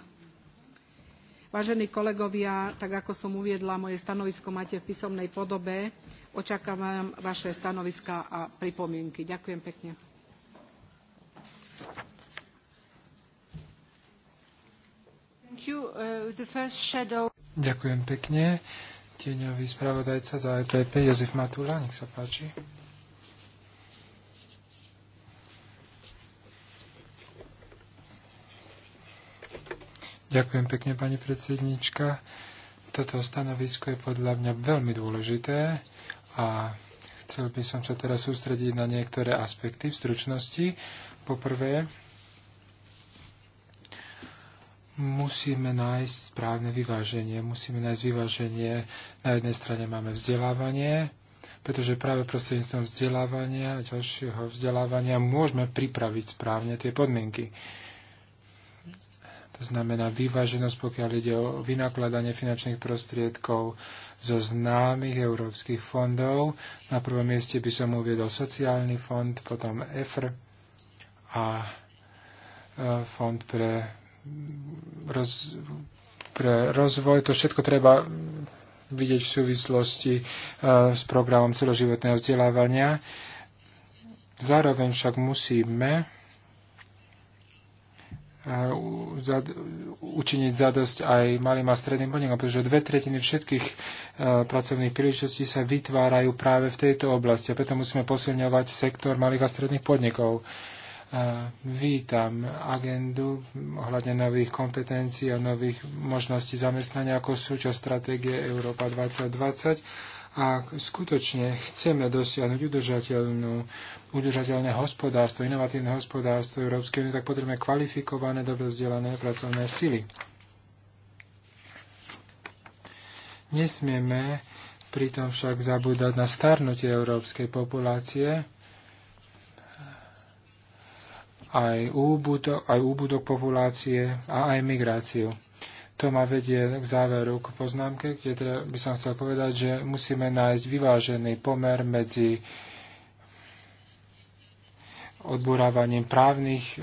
Vážení kolegovia, tak ako som uviedla, moje stanovisko máte v písomnej podobe. Očakávam vaše stanoviska a pripomienky. Ďakujem pekne. Uh, Ďakujem pekne. Tieňový spravodajca za EPP Jozef Matula, nech sa páči. Ďakujem pekne, pani predsednička. Toto stanovisko je podľa mňa veľmi dôležité a chcel by som sa teraz sústrediť na niektoré aspekty v stručnosti. Poprvé, musíme nájsť správne vyváženie. Musíme nájsť vyváženie. Na jednej strane máme vzdelávanie, pretože práve prostredníctvom vzdelávania a ďalšieho vzdelávania môžeme pripraviť správne tie podmienky. To znamená vyváženosť, pokiaľ ide o vynakladanie finančných prostriedkov zo známych európskych fondov. Na prvom mieste by som uviedol sociálny fond, potom EFR a e, fond pre roz, pre rozvoj. To všetko treba vidieť v súvislosti e, s programom celoživotného vzdelávania. Zároveň však musíme e, učiniť zadosť aj malým a stredným podnikom, pretože dve tretiny všetkých e, pracovných príležitostí sa vytvárajú práve v tejto oblasti a preto musíme posilňovať sektor malých a stredných podnikov. Vítam agendu ohľadne nových kompetencií a nových možností zamestnania ako súčasť stratégie Európa 2020 A skutočne chceme dosiahnuť udržateľnú, udržateľné hospodárstvo, inovatívne hospodárstvo Európskej únie, tak potrebujeme kvalifikované, dobre vzdelané pracovné sily. Nesmieme pritom však zabúdať na starnutie európskej populácie aj úbudok, aj úbudok populácie a aj migráciu. To ma vedie k záveru, k poznámke, kde teda by som chcel povedať, že musíme nájsť vyvážený pomer medzi odburávaním právnych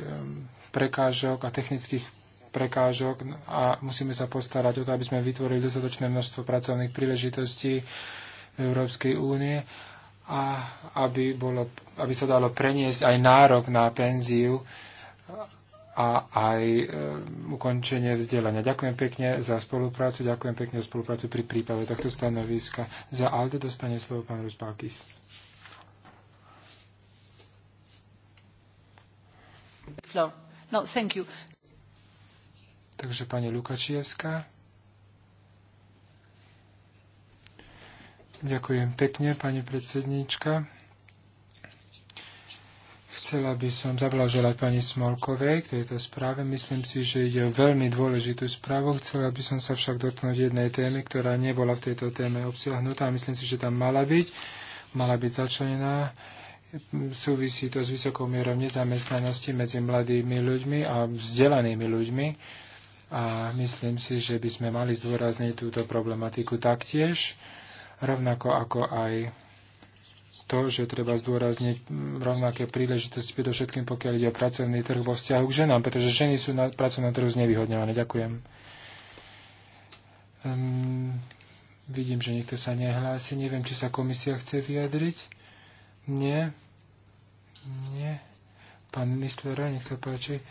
prekážok a technických prekážok a musíme sa postarať o to, aby sme vytvorili dostatočné množstvo pracovných príležitostí v Európskej únie a aby, bolo, aby sa dalo preniesť aj nárok na penziu a aj e, ukončenie vzdelania. Ďakujem pekne za spoluprácu, ďakujem pekne za spoluprácu pri príprave tohto stanoviska. Za ALDE dostane slovo pán Ruspalkis. No, Takže pani Lukačievská. Ďakujem pekne, pani predsedníčka. Chcela by som zablaželať pani Smolkovej k tejto správe. Myslím si, že ide o veľmi dôležitú správu. Chcela by som sa však dotknúť jednej témy, ktorá nebola v tejto téme obsiahnutá. Myslím si, že tam mala byť. Mala byť začlenená. Súvisí to s vysokou mierou nezamestnanosti medzi mladými ľuďmi a vzdelanými ľuďmi. A myslím si, že by sme mali zdôrazniť túto problematiku taktiež rovnako ako aj to, že treba zdôrazniť rovnaké príležitosti, predovšetkým pokiaľ ide o pracovný trh vo vzťahu k ženám, pretože ženy sú na pracovnom trhu znevýhodňované. Ďakujem. Um, vidím, že niekto sa nehlási. Neviem, či sa komisia chce vyjadriť. Nie. Nie. Pán minister, nech sa páči.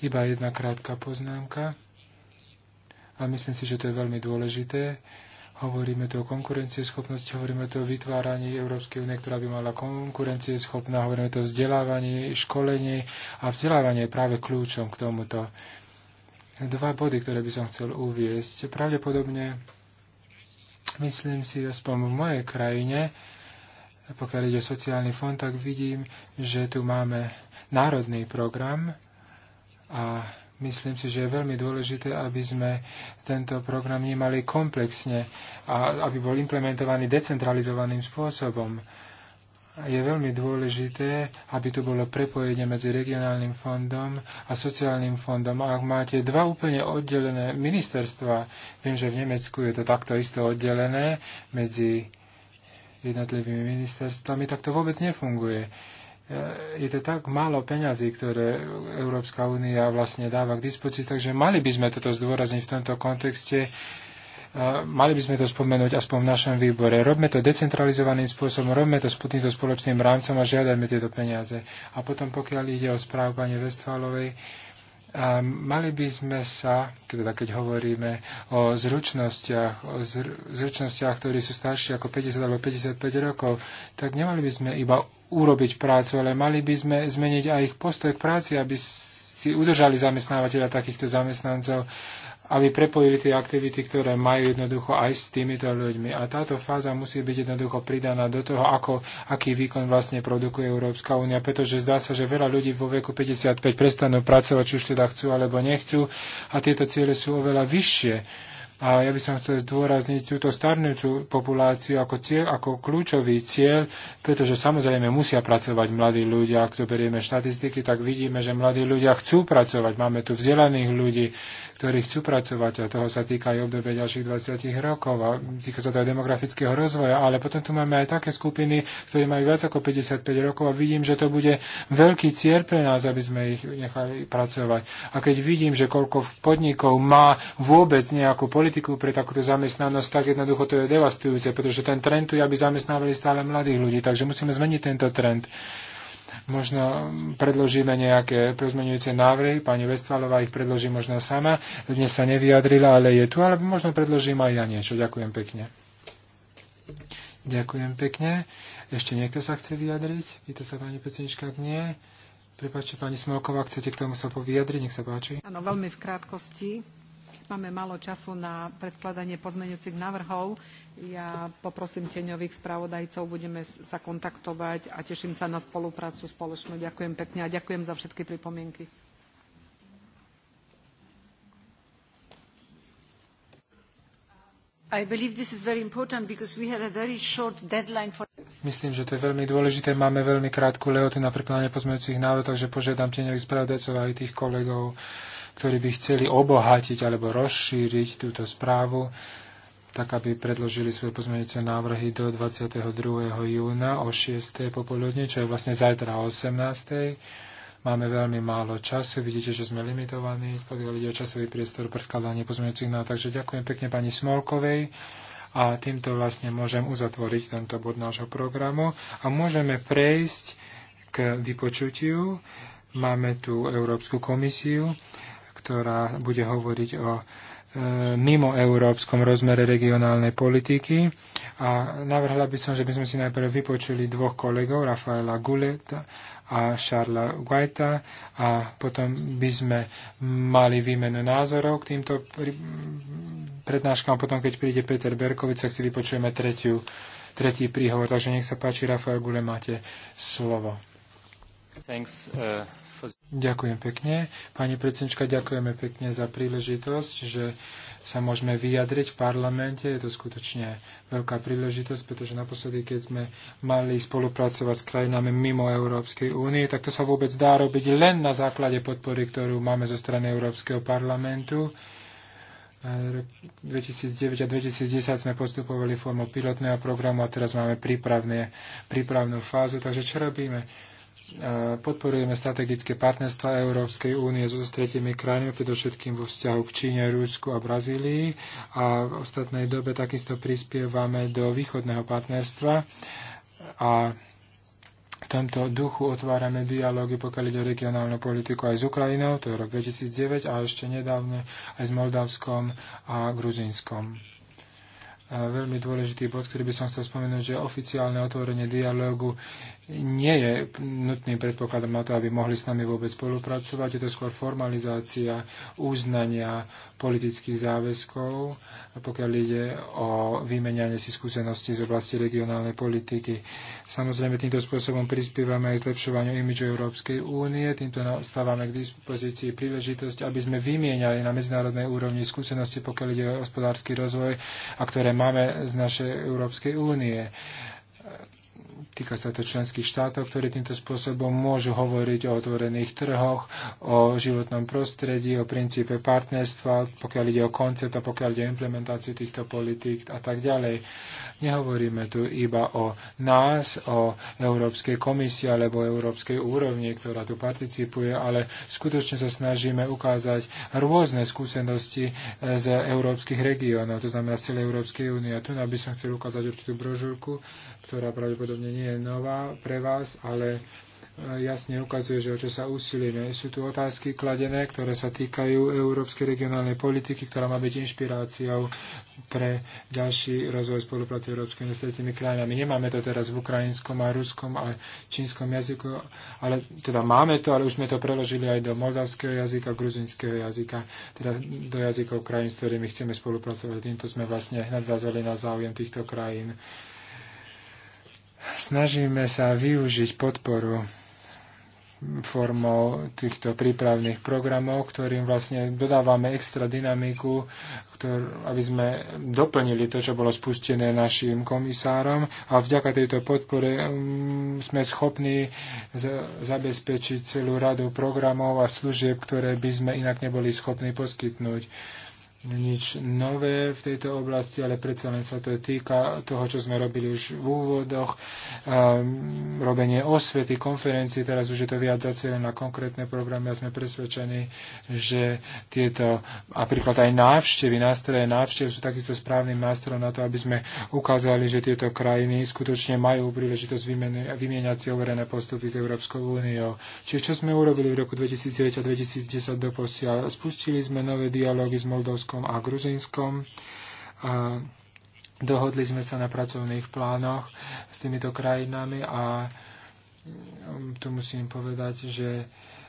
Iba jedna krátka poznámka. A myslím si, že to je veľmi dôležité. Hovoríme tu o konkurencieschopnosti, hovoríme tu o vytváraní Európskej únie, ktorá by mala konkurencieschopná, hovoríme tu o vzdelávaní, školení a vzdelávanie je práve kľúčom k tomuto. Dva body, ktoré by som chcel uviesť. Pravdepodobne, myslím si, aspoň v mojej krajine, pokiaľ ide sociálny fond, tak vidím, že tu máme národný program a Myslím si, že je veľmi dôležité, aby sme tento program nemali komplexne a aby bol implementovaný decentralizovaným spôsobom. Je veľmi dôležité, aby tu bolo prepojenie medzi regionálnym fondom a sociálnym fondom. A ak máte dva úplne oddelené ministerstva, viem, že v Nemecku je to takto isto oddelené medzi jednotlivými ministerstvami, tak to vôbec nefunguje. E, je to tak málo peňazí, ktoré Európska únia vlastne dáva k dispozícii, takže mali by sme toto zdôrazniť v tomto kontexte. E, mali by sme to spomenúť aspoň v našom výbore. Robme to decentralizovaným spôsobom, robme to s týmto spoločným rámcom a žiadajme tieto peniaze. A potom, pokiaľ ide o správu pani Westfálovej, Mali by sme sa, teda keď hovoríme o zručnostiach, o zručnostiach, ktorí sú starší ako 50 alebo 55 rokov, tak nemali by sme iba urobiť prácu, ale mali by sme zmeniť aj ich postoj k práci, aby si udržali zamestnávateľa takýchto zamestnancov aby prepojili tie aktivity, ktoré majú jednoducho aj s týmito ľuďmi. A táto fáza musí byť jednoducho pridaná do toho, ako, aký výkon vlastne produkuje Európska únia, pretože zdá sa, že veľa ľudí vo veku 55 prestanú pracovať, či už teda chcú alebo nechcú a tieto ciele sú oveľa vyššie. A ja by som chcel zdôrazniť túto starnúcu populáciu ako, cieľ, ako kľúčový cieľ, pretože samozrejme musia pracovať mladí ľudia. Ak to berieme štatistiky, tak vidíme, že mladí ľudia chcú pracovať. Máme tu vzdelaných ľudí, ktorí chcú pracovať a toho sa týka aj obdobie ďalších 20 rokov a týka sa to aj demografického rozvoja, ale potom tu máme aj také skupiny, ktorí majú viac ako 55 rokov a vidím, že to bude veľký cieľ pre nás, aby sme ich nechali pracovať. A keď vidím, že koľko podnikov má vôbec nejakú politiku pre takúto zamestnanosť, tak jednoducho to je devastujúce, pretože ten trend tu je, aby zamestnávali stále mladých ľudí, takže musíme zmeniť tento trend. Možno predložíme nejaké pozmenujúce návrhy, pani Vestvalová ich predloží možno sama. Dnes sa nevyjadrila, ale je tu, ale možno predložím aj ja niečo. Ďakujem pekne. Ďakujem pekne. Ešte niekto sa chce vyjadriť? Víte sa, pani Pecnička, ak nie. Prepačte, pani Smolková, chcete k tomu sa povyjadriť? Nech sa páči. Áno, veľmi v krátkosti. Máme málo času na predkladanie pozmeňujúcich návrhov. Ja poprosím tieňových spravodajcov, budeme sa kontaktovať a teším sa na spoluprácu spoločnú. Ďakujem pekne a ďakujem za všetky pripomienky. Myslím, že to je veľmi dôležité. Máme veľmi krátku lehotu na prekladanie pozmeňujúcich návrhov, takže požiadam tieňových spravodajcov aj tých kolegov, ktorí by chceli obohatiť alebo rozšíriť túto správu, tak aby predložili svoje pozmeňujúce návrhy do 22. júna o 6. popoludne, čo je vlastne zajtra o 18. Máme veľmi málo času, vidíte, že sme limitovaní, pokiaľ ide o časový priestor predkladanie pozmeňujúcich návrhov. Takže ďakujem pekne pani Smolkovej a týmto vlastne môžem uzatvoriť tento bod nášho programu a môžeme prejsť k vypočutiu. Máme tu Európsku komisiu ktorá bude hovoriť o e, mimo európskom rozmere regionálnej politiky. A navrhla by som, že by sme si najprv vypočuli dvoch kolegov, Rafaela Guleta a Šarla Guaita a potom by sme mali výmenu názorov k týmto prednáškam. Potom, keď príde Peter Berkovic, tak si vypočujeme tretiu, tretí príhovor. Takže nech sa páči, Rafael Gule, máte slovo. Thanks, uh... Ďakujem pekne. Pani predsednička, ďakujeme pekne za príležitosť, že sa môžeme vyjadriť v parlamente. Je to skutočne veľká príležitosť, pretože naposledy, keď sme mali spolupracovať s krajinami mimo Európskej únie, tak to sa vôbec dá robiť len na základe podpory, ktorú máme zo strany Európskeho parlamentu. 2009 a 2010 sme postupovali formou pilotného programu a teraz máme prípravné, prípravnú fázu. Takže čo robíme? podporujeme strategické partnerstva Európskej únie so tretimi krajinami, predovšetkým vo vzťahu k Číne, Rusku a Brazílii. A v ostatnej dobe takisto prispievame do východného partnerstva a v tomto duchu otvárame dialógy, pokiaľ ide o regionálnu politiku aj s Ukrajinou, to je rok 2009 a ešte nedávne aj s Moldavskom a Gruzínskom veľmi dôležitý bod, ktorý by som chcel spomenúť, že oficiálne otvorenie dialógu nie je nutným predpokladom na to, aby mohli s nami vôbec spolupracovať. Je to skôr formalizácia uznania politických záväzkov, pokiaľ ide o vymenianie si skúseností z oblasti regionálnej politiky. Samozrejme, týmto spôsobom prispievame aj zlepšovaniu imidžu Európskej únie. Týmto stávame k dispozícii príležitosť, aby sme vymieniali na medzinárodnej úrovni skúsenosti, pokiaľ ide o hospodársky rozvoj a ktoré máme z našej Európskej únie Týka sa to členských štátov, ktorí týmto spôsobom môžu hovoriť o otvorených trhoch, o životnom prostredí, o princípe partnerstva, pokiaľ ide o koncept a pokiaľ ide o implementáciu týchto politík a tak ďalej. Nehovoríme tu iba o nás, o Európskej komisii alebo Európskej úrovni, ktorá tu participuje, ale skutočne sa snažíme ukázať rôzne skúsenosti e, z európskych regiónov, to znamená z celej Európskej únie. A tu by som chcel ukázať určitú brožúrku, ktorá pravdepodobne nie je nová pre vás, ale e, jasne ukazuje, že o čo sa usilíme. Sú tu otázky kladené, ktoré sa týkajú európskej regionálnej politiky, ktorá má byť inšpiráciou pre ďalší rozvoj spolupráce Európskej s tretími krajinami. Nemáme to teraz v ukrajinskom a ruskom a čínskom jazyku, ale teda máme to, ale už sme to preložili aj do moldavského jazyka, gruzinského jazyka, teda do jazykov krajín, s ktorými chceme spolupracovať. Týmto sme vlastne nadviazali na záujem týchto krajín Snažíme sa využiť podporu formou týchto prípravných programov, ktorým vlastne dodávame extra dynamiku, ktor, aby sme doplnili to, čo bolo spustené našim komisárom a vďaka tejto podpore um, sme schopní zabezpečiť celú radu programov a služieb, ktoré by sme inak neboli schopní poskytnúť nič nové v tejto oblasti, ale predsa len sa to týka toho, čo sme robili už v úvodoch, um, robenie osvety, konferencie, teraz už je to viac zacielené na konkrétne programy a sme presvedčení, že tieto, napríklad aj návštevy, nástroje návštev sú takisto správnym nástrojom na to, aby sme ukázali, že tieto krajiny skutočne majú príležitosť vymieňať si overené postupy s Európskou úniou. Čiže čo sme urobili v roku 2009 a 2010 do posiaľ? Spustili sme nové dialógy s Moldovskou Slovenskom a Gruzinskom. dohodli sme sa na pracovných plánoch s týmito krajinami a mm, tu musím povedať, že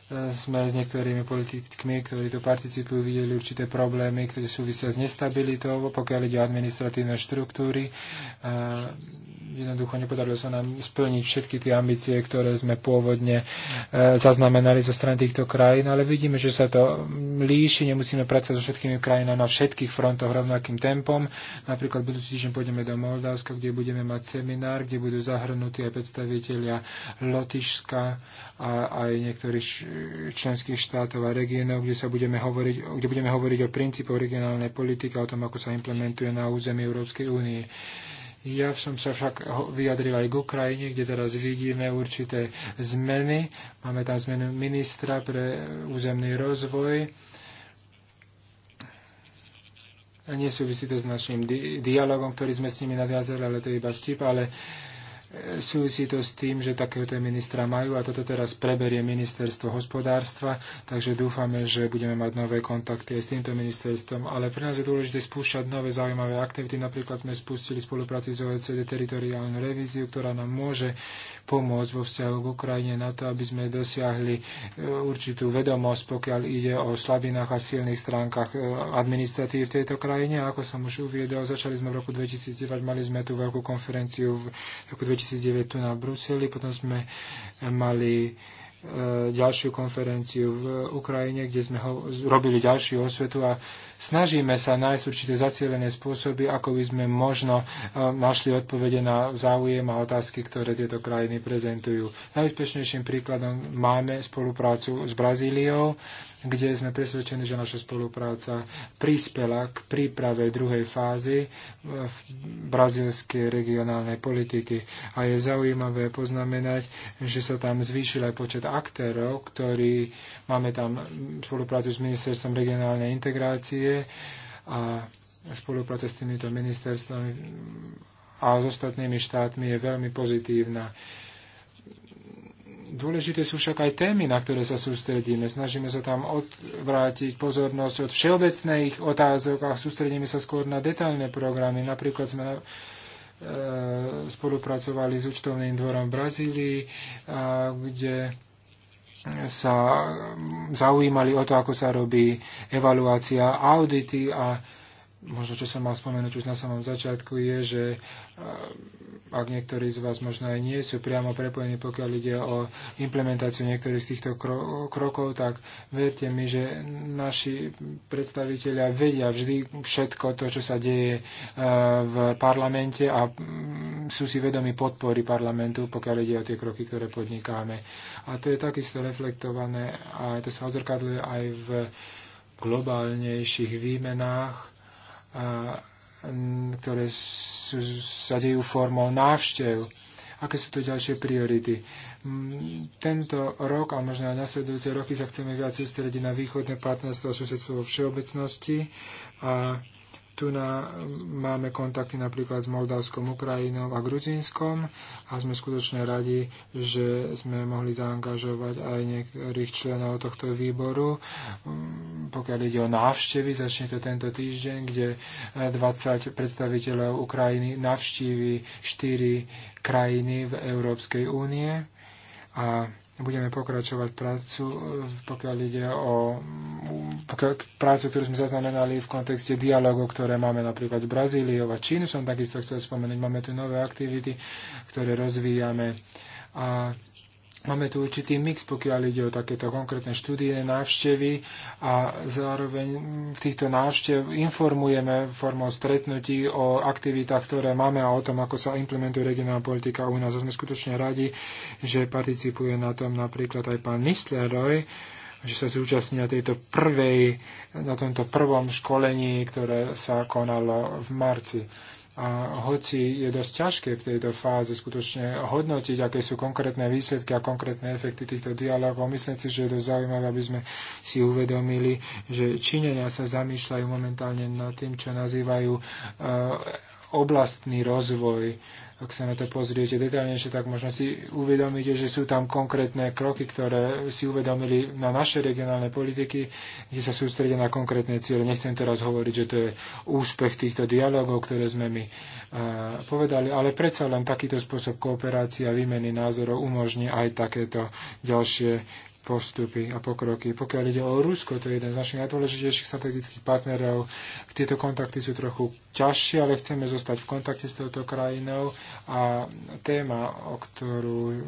e, sme s niektorými politikmi, ktorí tu participujú, videli určité problémy, ktoré súvisia s nestabilitou, pokiaľ ide o administratívne štruktúry jednoducho nepodarilo sa nám splniť všetky tie ambície, ktoré sme pôvodne e, zaznamenali zo strany týchto krajín, ale vidíme, že sa to líši, nemusíme pracovať so všetkými krajinami na všetkých frontoch rovnakým tempom. Napríklad budúci týždeň pôjdeme do Moldavska, kde budeme mať seminár, kde budú zahrnutí aj predstavitelia Lotyšska a aj niektorých členských štátov a regiónov, kde, sa budeme hovoriť, kde budeme hovoriť o princípoch regionálnej politiky, o tom, ako sa implementuje na území Európskej únie. Ja som sa však vyjadril aj k Ukrajine, kde teraz vidíme určité zmeny. Máme tam zmenu ministra pre územný rozvoj. A nesúvisí to s našim di- dialogom, ktorý sme s nimi nadviazali, ale to je iba vtip, ale uh, Súvisí to s tým, že takéhoto ministra majú a toto teraz preberie ministerstvo hospodárstva, takže dúfame, že budeme mať nové kontakty aj s týmto ministerstvom. Ale pre nás je dôležité spúšťať nové zaujímavé aktivity. Napríklad sme spustili spolupráci s OECD teritoriálnu revíziu, ktorá nám môže pomôcť vo vzťahu k Ukrajine na to, aby sme dosiahli e, určitú vedomosť, pokiaľ ide o slabinách a silných stránkach e, administratívy v tejto krajine. A ako som už uviedol, začali sme v roku 2009, mali sme tú veľkú konferenciu v roku 2009 2009 tu na Bruseli, potom sme mali E, ďalšiu konferenciu v Ukrajine, kde sme ho, robili ďalšiu osvetu a snažíme sa nájsť určité zacielené spôsoby, ako by sme možno e, našli odpovede na záujem a otázky, ktoré tieto krajiny prezentujú. Najúspešnejším príkladom máme spoluprácu s Brazíliou, kde sme presvedčení, že naša spolupráca prispela k príprave druhej fázy e, v brazílskej regionálnej politiky. A je zaujímavé poznamenať, že sa tam zvýšil aj počet aktérov, ktorí máme tam spoluprácu s Ministerstvom regionálnej integrácie a spolupráca s týmito ministerstvami a s ostatnými štátmi je veľmi pozitívna. Dôležité sú však aj témy, na ktoré sa sústredíme. Snažíme sa tam odvrátiť pozornosť od všeobecných otázok a sústredíme sa skôr na detailné programy. Napríklad sme e, spolupracovali s účtovným dvorom v Brazílii, kde sa mm, zaujímali o to, ako sa robí evaluácia audity a možno, čo som mal spomenúť už na samom začiatku, je, že ak niektorí z vás možno aj nie sú priamo prepojení, pokiaľ ide o implementáciu niektorých z týchto kro- krokov, tak verte mi, že naši predstavitelia vedia vždy všetko to, čo sa deje e, v parlamente a mm, sú si vedomi podpory parlamentu, pokiaľ ide o tie kroky, ktoré podnikáme. A to je takisto reflektované a to sa odzrkadluje aj v globálnejších výmenách ktoré sú, sa dejú formou návštev. Aké sú to ďalšie priority? Tento rok a možno aj nasledujúce roky sa chceme viac sústrediť na východné partnerstvo a susedstvo vo všeobecnosti a tu na, máme kontakty napríklad s Moldavskom, Ukrajinou a Gruzínskom a sme skutočne radi, že sme mohli zaangažovať aj niektorých členov tohto výboru. Pokiaľ ide o návštevy, začne to tento týždeň, kde 20 eh, predstaviteľov Ukrajiny navštívi 4 krajiny v Európskej únie a budeme pokračovať prácu, pokiaľ ide o pokiaľ, prácu, ktorú sme zaznamenali v kontexte dialogu, ktoré máme napríklad s Brazíliou a Čínu, som takisto chcel spomenúť. Máme tu nové aktivity, ktoré rozvíjame a Máme tu určitý mix, pokiaľ ide o takéto konkrétne štúdie, návštevy a zároveň v týchto návštev informujeme formou stretnutí o aktivitách, ktoré máme a o tom, ako sa implementuje regionálna politika u nás. A sme skutočne radi, že participuje na tom napríklad aj pán Nisleroj, že sa zúčastní na, tejto prvej, na tomto prvom školení, ktoré sa konalo v marci. A hoci je dosť ťažké v tejto fáze skutočne hodnotiť, aké sú konkrétne výsledky a konkrétne efekty týchto dialogov, myslím si, že je dosť zaujímavé, aby sme si uvedomili, že čínenia sa zamýšľajú momentálne nad tým, čo nazývajú eh, oblastný rozvoj ak sa na to pozriete detaľnejšie, tak možno si uvedomíte, že sú tam konkrétne kroky, ktoré si uvedomili na naše regionálne politiky, kde sa sústredia na konkrétne ciele. Nechcem teraz hovoriť, že to je úspech týchto dialogov, ktoré sme my uh, povedali, ale predsa len takýto spôsob kooperácie a výmeny názorov umožní aj takéto ďalšie postupy a pokroky. Pokiaľ ide o Rusko, to je jeden z našich najdôležitejších strategických partnerov. Tieto kontakty sú trochu ťažšie, ale chceme zostať v kontakte s touto krajinou a téma, o ktorú,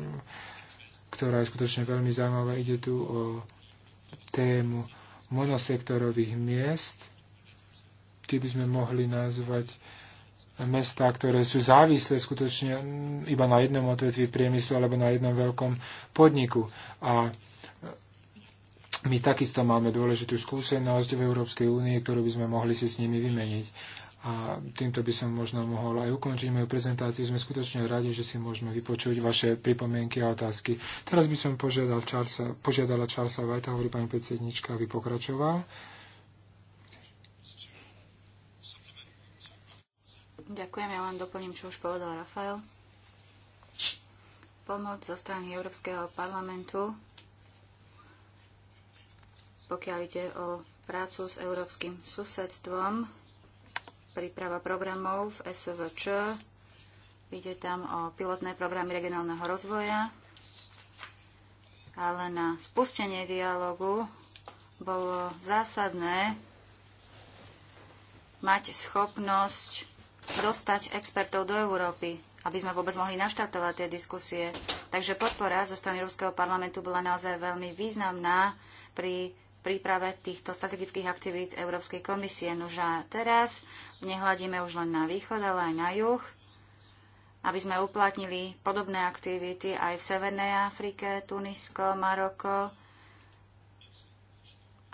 ktorá je skutočne veľmi zaujímavá, ide tu o tému monosektorových miest. Ty by sme mohli nazvať mesta, ktoré sú závislé skutočne iba na jednom odvetví priemyslu alebo na jednom veľkom podniku. A my takisto máme dôležitú skúsenosť v Európskej únie, ktorú by sme mohli si s nimi vymeniť. A týmto by som možno mohol aj ukončiť moju prezentáciu. Sme skutočne radi, že si môžeme vypočuť vaše pripomienky a otázky. Teraz by som požiadal Charlesa, požiadala Charlesa Vajta, hovorí pani predsednička, aby pokračoval. Ďakujem, ja len doplním, čo už povedal Rafael. Pomoc zo strany Európskeho parlamentu pokiaľ ide o prácu s európskym susedstvom, príprava programov v SVČ, ide tam o pilotné programy regionálneho rozvoja, ale na spustenie dialogu bolo zásadné mať schopnosť dostať expertov do Európy, aby sme vôbec mohli naštartovať tie diskusie. Takže podpora zo strany Európskeho parlamentu bola naozaj veľmi významná pri príprave týchto strategických aktivít Európskej komisie. Nož a teraz nehľadíme už len na východ, ale aj na juh, aby sme uplatnili podobné aktivity aj v Severnej Afrike, Tunisko, Maroko.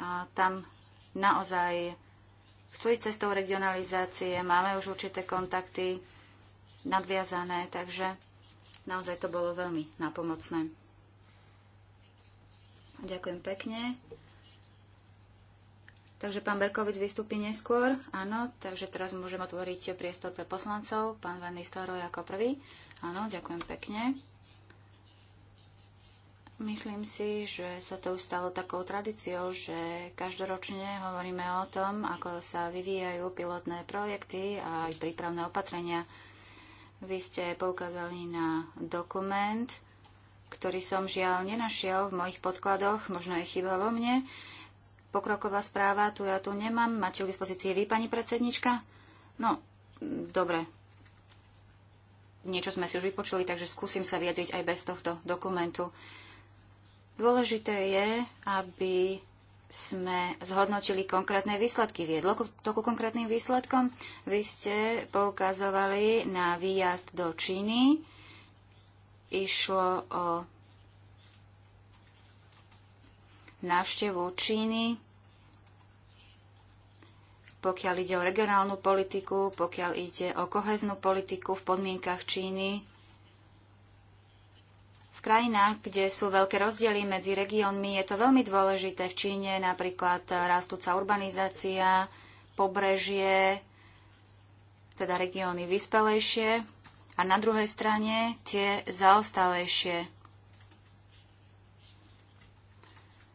A tam naozaj chcú ísť cestou regionalizácie, máme už určité kontakty nadviazané, takže naozaj to bolo veľmi napomocné. Ďakujem pekne. Takže pán Berkovic vystúpi neskôr, áno, takže teraz môžem otvoriť priestor pre poslancov. Pán Van Nistelrooy ako prvý. Áno, ďakujem pekne. Myslím si, že sa to už stalo takou tradíciou, že každoročne hovoríme o tom, ako sa vyvíjajú pilotné projekty a aj prípravné opatrenia. Vy ste poukázali na dokument, ktorý som žiaľ nenašiel v mojich podkladoch, možno je chyba vo mne pokroková správa, tu ja tu nemám. Máte ju k dispozícii vy, pani predsednička? No, dobre. Niečo sme si už vypočuli, takže skúsim sa vyjadriť aj bez tohto dokumentu. Dôležité je, aby sme zhodnotili konkrétne výsledky. Viedlo to ku konkrétnym výsledkom? Vy ste poukazovali na výjazd do Číny. Išlo o návštevu Číny pokiaľ ide o regionálnu politiku, pokiaľ ide o koheznú politiku v podmienkach Číny, V krajinách, kde sú veľké rozdiely medzi regiónmi, je to veľmi dôležité. V Číne napríklad rastúca urbanizácia, pobrežie, teda regióny vyspelejšie a na druhej strane tie zaostalejšie.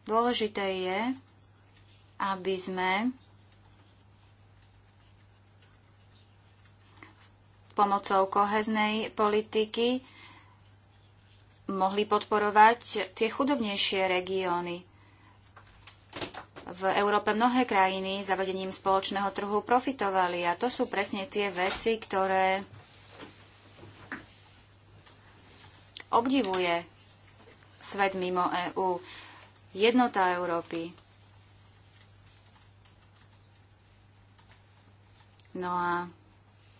Dôležité je, aby sme pomocou koheznej politiky mohli podporovať tie chudobnejšie regióny. V Európe mnohé krajiny zavedením spoločného trhu profitovali a to sú presne tie veci, ktoré obdivuje svet mimo EÚ. Jednota Európy. No a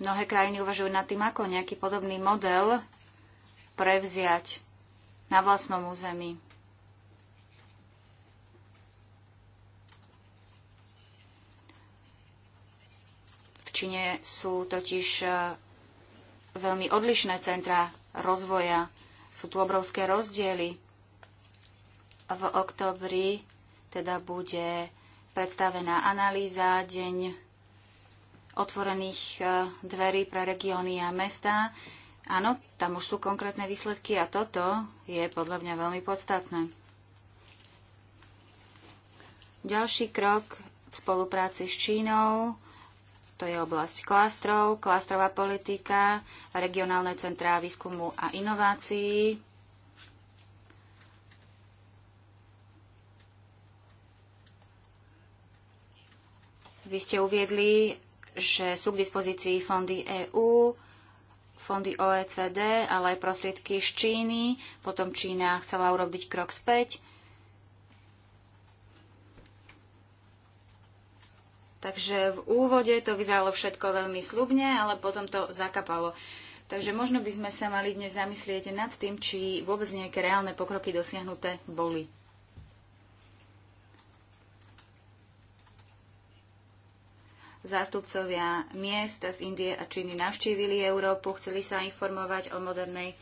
Mnohé krajiny uvažujú nad tým, ako nejaký podobný model prevziať na vlastnom území. V Číne sú totiž e, veľmi odlišné centra rozvoja. Sú tu obrovské rozdiely. V oktobri teda bude predstavená analýza deň otvorených e, dverí pre regióny a mesta. Áno, tam už sú konkrétne výsledky a toto je podľa mňa veľmi podstatné. Ďalší krok v spolupráci s Čínou, to je oblasť klástrov, klastrová politika, regionálne centrá výskumu a inovácií. Vy ste uviedli, že sú k dispozícii fondy EÚ, fondy OECD, ale aj prostriedky z Číny. Potom Čína chcela urobiť krok späť. Takže v úvode to vyzeralo všetko veľmi slubne, ale potom to zakapalo. Takže možno by sme sa mali dnes zamyslieť nad tým, či vôbec nejaké reálne pokroky dosiahnuté boli. Zástupcovia miest z Indie a Číny navštívili Európu, chceli sa informovať o modernej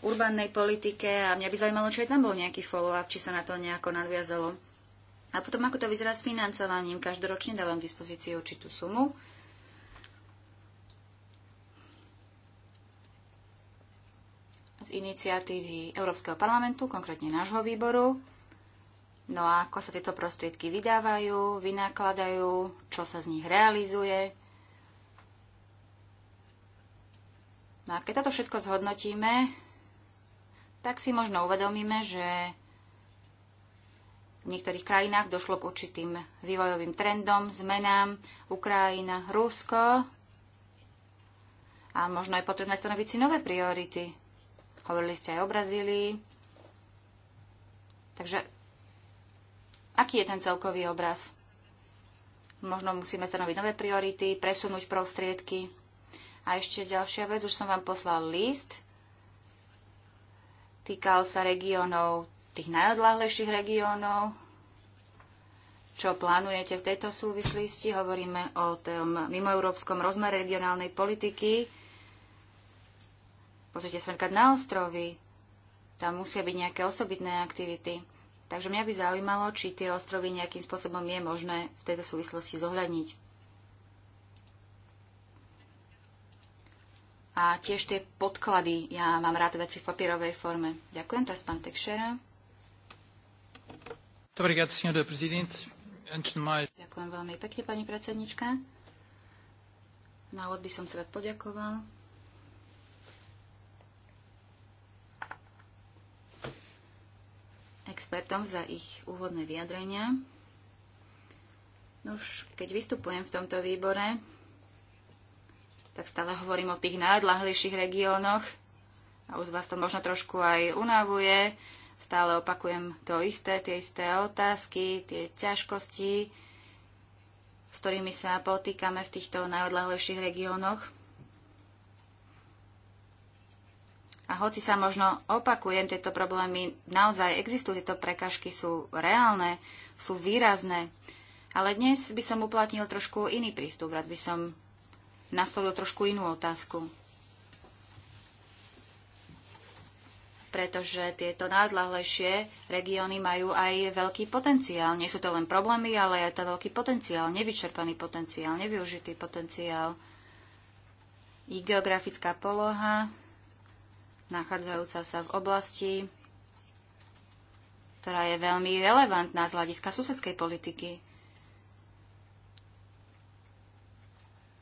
urbannej politike a mňa by zaujímalo, či aj tam bol nejaký follow-up, či sa na to nejako nadviazalo. A potom, ako to vyzerá s financovaním, každoročne dávam k dispozícii určitú sumu. Z iniciatívy Európskeho parlamentu, konkrétne nášho výboru. No a ako sa tieto prostriedky vydávajú, vynakladajú, čo sa z nich realizuje. No a keď toto všetko zhodnotíme, tak si možno uvedomíme, že v niektorých krajinách došlo k určitým vývojovým trendom, zmenám. Ukrajina, Rusko. A možno je potrebné stanoviť si nové priority. Hovorili ste aj o Brazílii. Takže Aký je ten celkový obraz? Možno musíme stanoviť nové priority, presunúť prostriedky. A ešte ďalšia vec, už som vám poslal list. Týkal sa regiónov, tých najodláhlejších regiónov. Čo plánujete v tejto súvislosti? Hovoríme o tom mimoeurópskom rozmere regionálnej politiky. Pozrite sa na ostrovy. Tam musia byť nejaké osobitné aktivity. Takže mňa by zaujímalo, či tie ostrovy nejakým spôsobom je možné v tejto súvislosti zohľadniť. A tiež tie podklady, ja mám rád veci v papierovej forme. Ďakujem, to je pán Tekšera. Ďakujem veľmi pekne, pani predsednička. Na úvod by som sa rád poďakoval expertom za ich úvodné vyjadrenia. No už keď vystupujem v tomto výbore, tak stále hovorím o tých najodlahlejších regiónoch a už vás to možno trošku aj unavuje. Stále opakujem to isté, tie isté otázky, tie ťažkosti, s ktorými sa potýkame v týchto najodlahlejších regiónoch. A hoci sa možno opakujem, tieto problémy naozaj existujú, tieto prekažky sú reálne, sú výrazné. Ale dnes by som uplatnil trošku iný prístup, rád by som nastavil trošku inú otázku. Pretože tieto najodlahlejšie regióny majú aj veľký potenciál. Nie sú to len problémy, ale aj to veľký potenciál, nevyčerpaný potenciál, nevyužitý potenciál. Ich geografická poloha, nachádzajúca sa v oblasti, ktorá je veľmi relevantná z hľadiska susedskej politiky.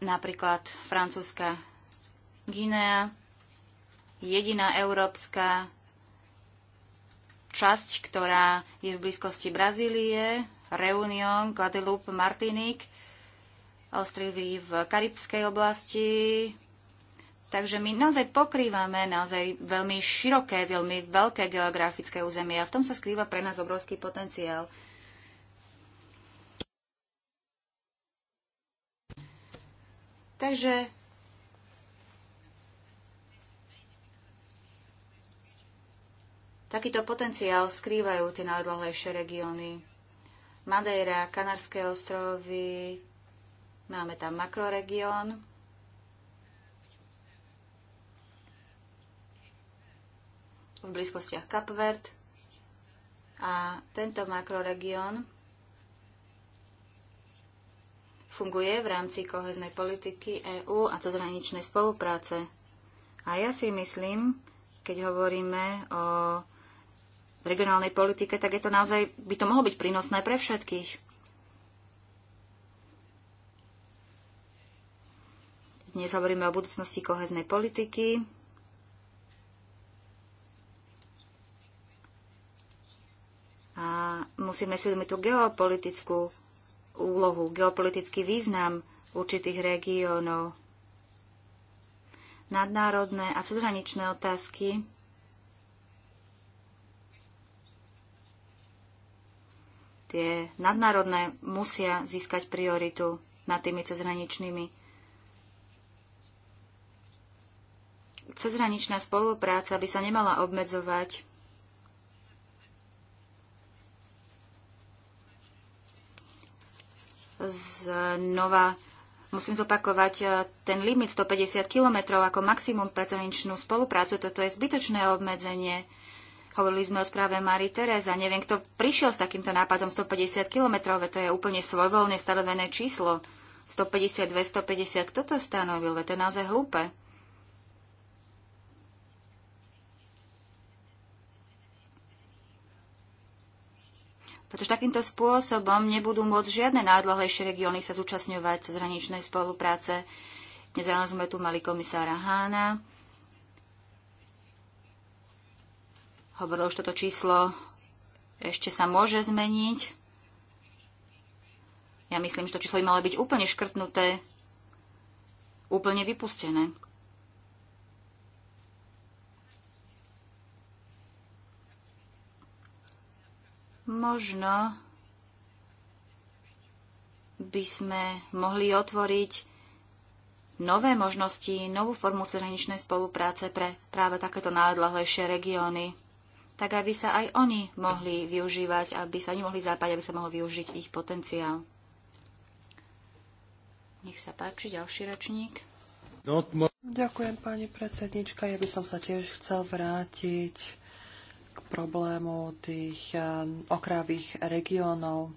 Napríklad francúzska Guinea, jediná európska časť, ktorá je v blízkosti Brazílie, Reunion, Guadeloupe, Martinique, ostrovy v Karibskej oblasti, Takže my naozaj pokrývame naozaj veľmi široké, veľmi veľké geografické územie a v tom sa skrýva pre nás obrovský potenciál. Takže takýto potenciál skrývajú tie najodlahlejšie regióny. Madeira, Kanárske ostrovy, máme tam makroregión, v blízkostiach Kapvert. A tento makroregión funguje v rámci koheznej politiky EÚ a cezhraničnej spolupráce. A ja si myslím, keď hovoríme o regionálnej politike, tak je to naozaj, by to mohlo byť prínosné pre všetkých. Dnes hovoríme o budúcnosti koheznej politiky. A musíme si uvedomiť tú geopolitickú úlohu, geopolitický význam určitých regiónov. Nadnárodné a cezhraničné otázky tie nadnárodné musia získať prioritu nad tými cezhraničnými. Cezhraničná spolupráca by sa nemala obmedzovať znova musím zopakovať e, ten limit 150 kilometrov ako maximum pre ceničnú spoluprácu. Toto je zbytočné obmedzenie. Hovorili sme o správe Marie Tereza. Neviem, kto prišiel s takýmto nápadom 150 kilometrov, to je úplne svojvoľne stanovené číslo. 150, 250, kto to stanovil? To je naozaj hlúpe. pretože takýmto spôsobom nebudú môcť žiadne najodlahlejšie regióny sa zúčastňovať hraničnej spolupráce. Dnes ráno sme tu mali komisára Hána. Hovoril už toto číslo ešte sa môže zmeniť. Ja myslím, že to číslo by malo byť úplne škrtnuté, úplne vypustené. Možno by sme mohli otvoriť nové možnosti, novú formu cezhraničnej spolupráce pre práve takéto najodlahlejšie regióny, tak aby sa aj oni mohli využívať, aby sa oni mohli zápať, aby sa mohol využiť ich potenciál. Nech sa páči, ďalší ročník. Ďakujem, pani predsednička. Ja by som sa tiež chcel vrátiť problému tých eh, okrajových regiónov.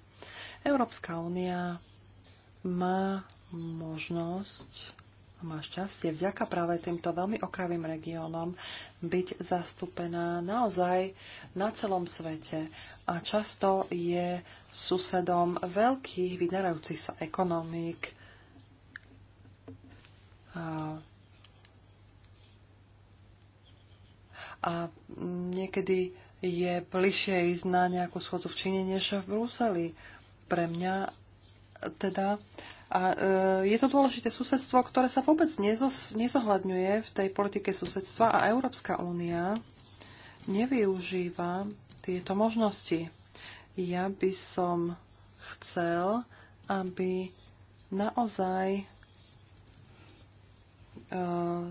Európska únia má možnosť má šťastie vďaka práve týmto veľmi okravým regiónom byť zastúpená naozaj na celom svete a často je susedom veľkých vydarajúcich sa ekonomík, a niekedy je bližšie ísť na nejakú schodzu v Číne než v Bruseli. Pre mňa teda. A e, je to dôležité susedstvo, ktoré sa vôbec nezos, nezohľadňuje v tej politike susedstva a Európska únia nevyužíva tieto možnosti. Ja by som chcel, aby naozaj e,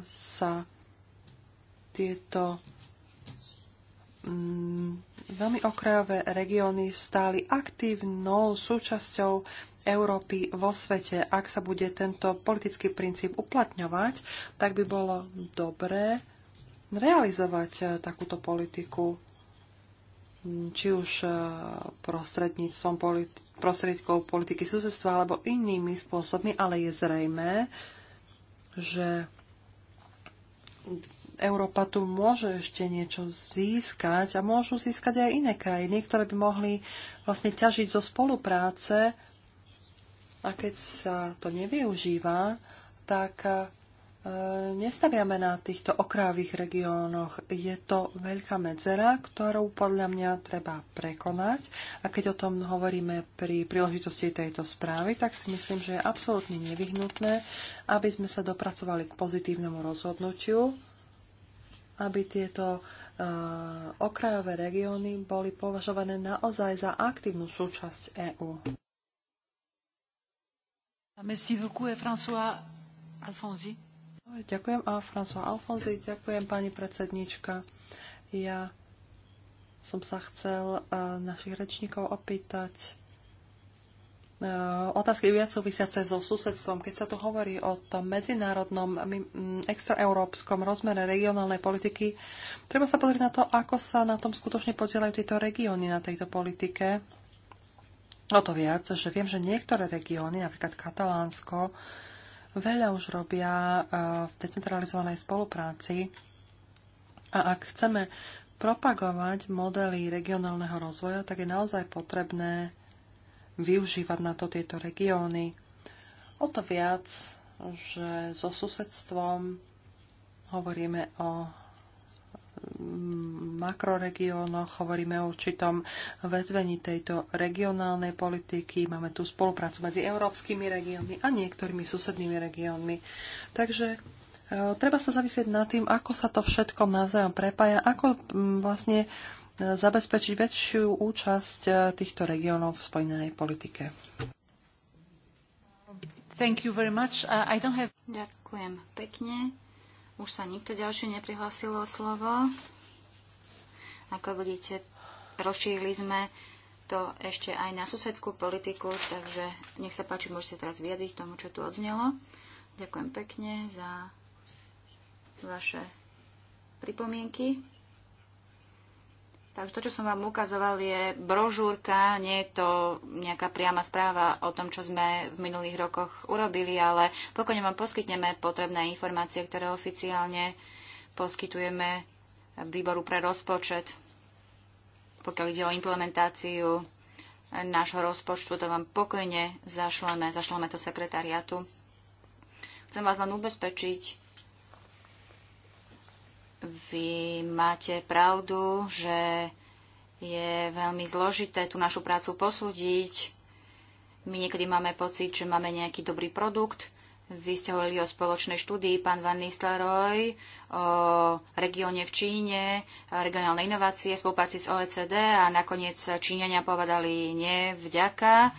sa tieto Mm, veľmi okrajové regióny stali aktívnou súčasťou Európy vo svete. Ak sa bude tento politický princíp uplatňovať, tak by bolo dobré realizovať eh, takúto politiku mm, či už eh, prostredníctvom politi- prostriedkov politiky susedstva alebo inými spôsobmi, ale je zrejmé, že Európa tu môže ešte niečo získať a môžu získať aj iné krajiny, ktoré by mohli vlastne ťažiť zo spolupráce a keď sa to nevyužíva, tak e, nestaviame na týchto okrávých regiónoch. Je to veľká medzera, ktorú podľa mňa treba prekonať. A keď o tom hovoríme pri príležitosti tejto správy, tak si myslím, že je absolútne nevyhnutné, aby sme sa dopracovali k pozitívnemu rozhodnutiu aby tieto e, okrajové regióny boli považované naozaj za aktívnu súčasť EÚ. Eh, ďakujem a François Alfonzi, ďakujem pani predsednička. Ja som sa chcel e, našich rečníkov opýtať, Eh, otázky viac súvisiace so susedstvom. Keď sa tu hovorí o tom medzinárodnom, mm, extraeurópskom rozmere regionálnej politiky, treba sa pozrieť na to, ako sa na tom skutočne podielajú tieto regióny na tejto politike. O to viac, že viem, že niektoré regióny, napríklad Katalánsko, veľa už robia eh, v decentralizovanej spolupráci. A ak chceme propagovať modely regionálneho rozvoja, tak je naozaj potrebné využívať na to tieto regióny. O to viac, že so susedstvom hovoríme o mm, makroregiónoch, hovoríme o určitom vedvení tejto regionálnej politiky, máme tu spoluprácu medzi európskymi regiónmi a niektorými susednými regiónmi. Takže e, treba sa zavisieť nad tým, ako sa to všetko navzájom prepája, ako mm, vlastne zabezpečiť väčšiu účasť eh, týchto regiónov v spojnej politike. Thank you very much. Uh, I don't have... Ďakujem pekne. Už sa nikto ďalšie neprihlásilo o slovo. Ako vidíte, rozšírili sme to ešte aj na susedskú politiku, takže nech sa páči, môžete teraz vyjadriť tomu, čo tu odznelo. Ďakujem pekne za vaše pripomienky. Takže to, čo som vám ukazoval, je brožúrka, nie je to nejaká priama správa o tom, čo sme v minulých rokoch urobili, ale pokojne vám poskytneme potrebné informácie, ktoré oficiálne poskytujeme výboru pre rozpočet, pokiaľ ide o implementáciu nášho rozpočtu, to vám pokojne zašleme, zašleme to sekretariatu. Chcem vás len ubezpečiť, vy máte pravdu, že je veľmi zložité tú našu prácu posúdiť. My niekedy máme pocit, že máme nejaký dobrý produkt. Vy ste hovorili o spoločnej štúdii, pán Van Nistelrooy, o regióne v Číne, regionálne inovácie, spolupráci s OECD a nakoniec Číňania povedali nie, vďaka.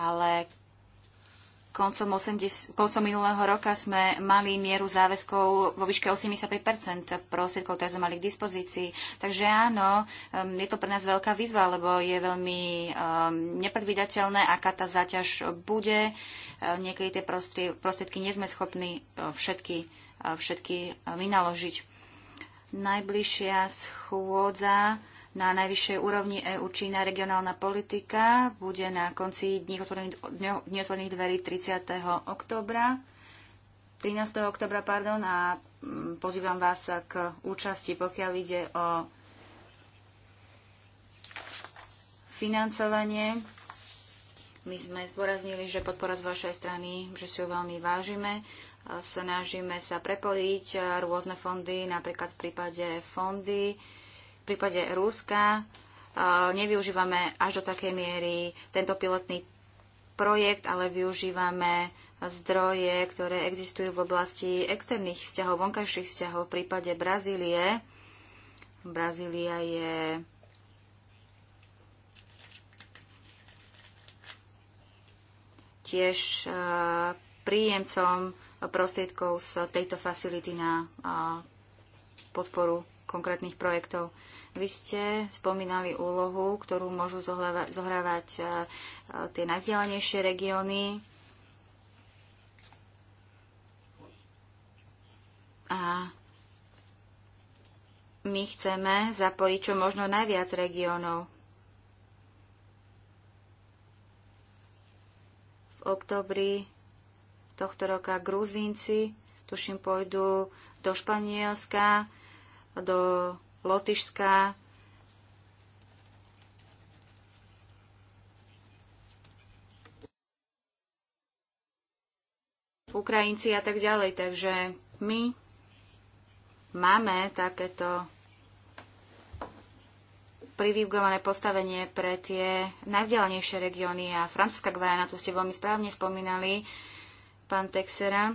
Ale koncom, 80, koncom minulého roka sme mali mieru záväzkov vo výške 85 prostriedkov, ktoré sme mali k dispozícii. Takže áno, um, je to pre nás veľká výzva, lebo je veľmi um, nepredvídateľné, aká tá záťaž bude. Uh, niekedy tie prostriedky nie sme schopní uh, všetky, uh, všetky vynaložiť. Najbližšia schôdza na najvyššej úrovni EÚ Čína regionálna politika bude na konci dní otvorených, dverí 30. oktobra. 13. oktobra, pardon, a mm, pozývam vás k účasti, pokiaľ ide o financovanie. My sme zdôraznili, že podpora z vašej strany, že si ju veľmi vážime. Snažíme sa prepojiť e, rôzne fondy, napríklad v prípade fondy v prípade Ruska e, nevyužívame až do takej miery tento pilotný projekt, ale využívame zdroje, ktoré existujú v oblasti externých vzťahov, vonkajších vzťahov. V prípade Brazílie, Brazília je tiež e, príjemcom prostriedkov z tejto facility na e, podporu konkrétnych projektov. Vy ste spomínali úlohu, ktorú môžu zohrávať e, e, tie najzdelanejšie regióny. A my chceme zapojiť čo možno najviac regiónov. V oktobri tohto roka Gruzínci, tuším, pôjdu do Španielska, do Lotyšská, Ukrajinci a tak ďalej. Takže my máme takéto privilegované postavenie pre tie najzdelanejšie regióny a francúzska Gvajana, tu ste veľmi správne spomínali, pán Texera.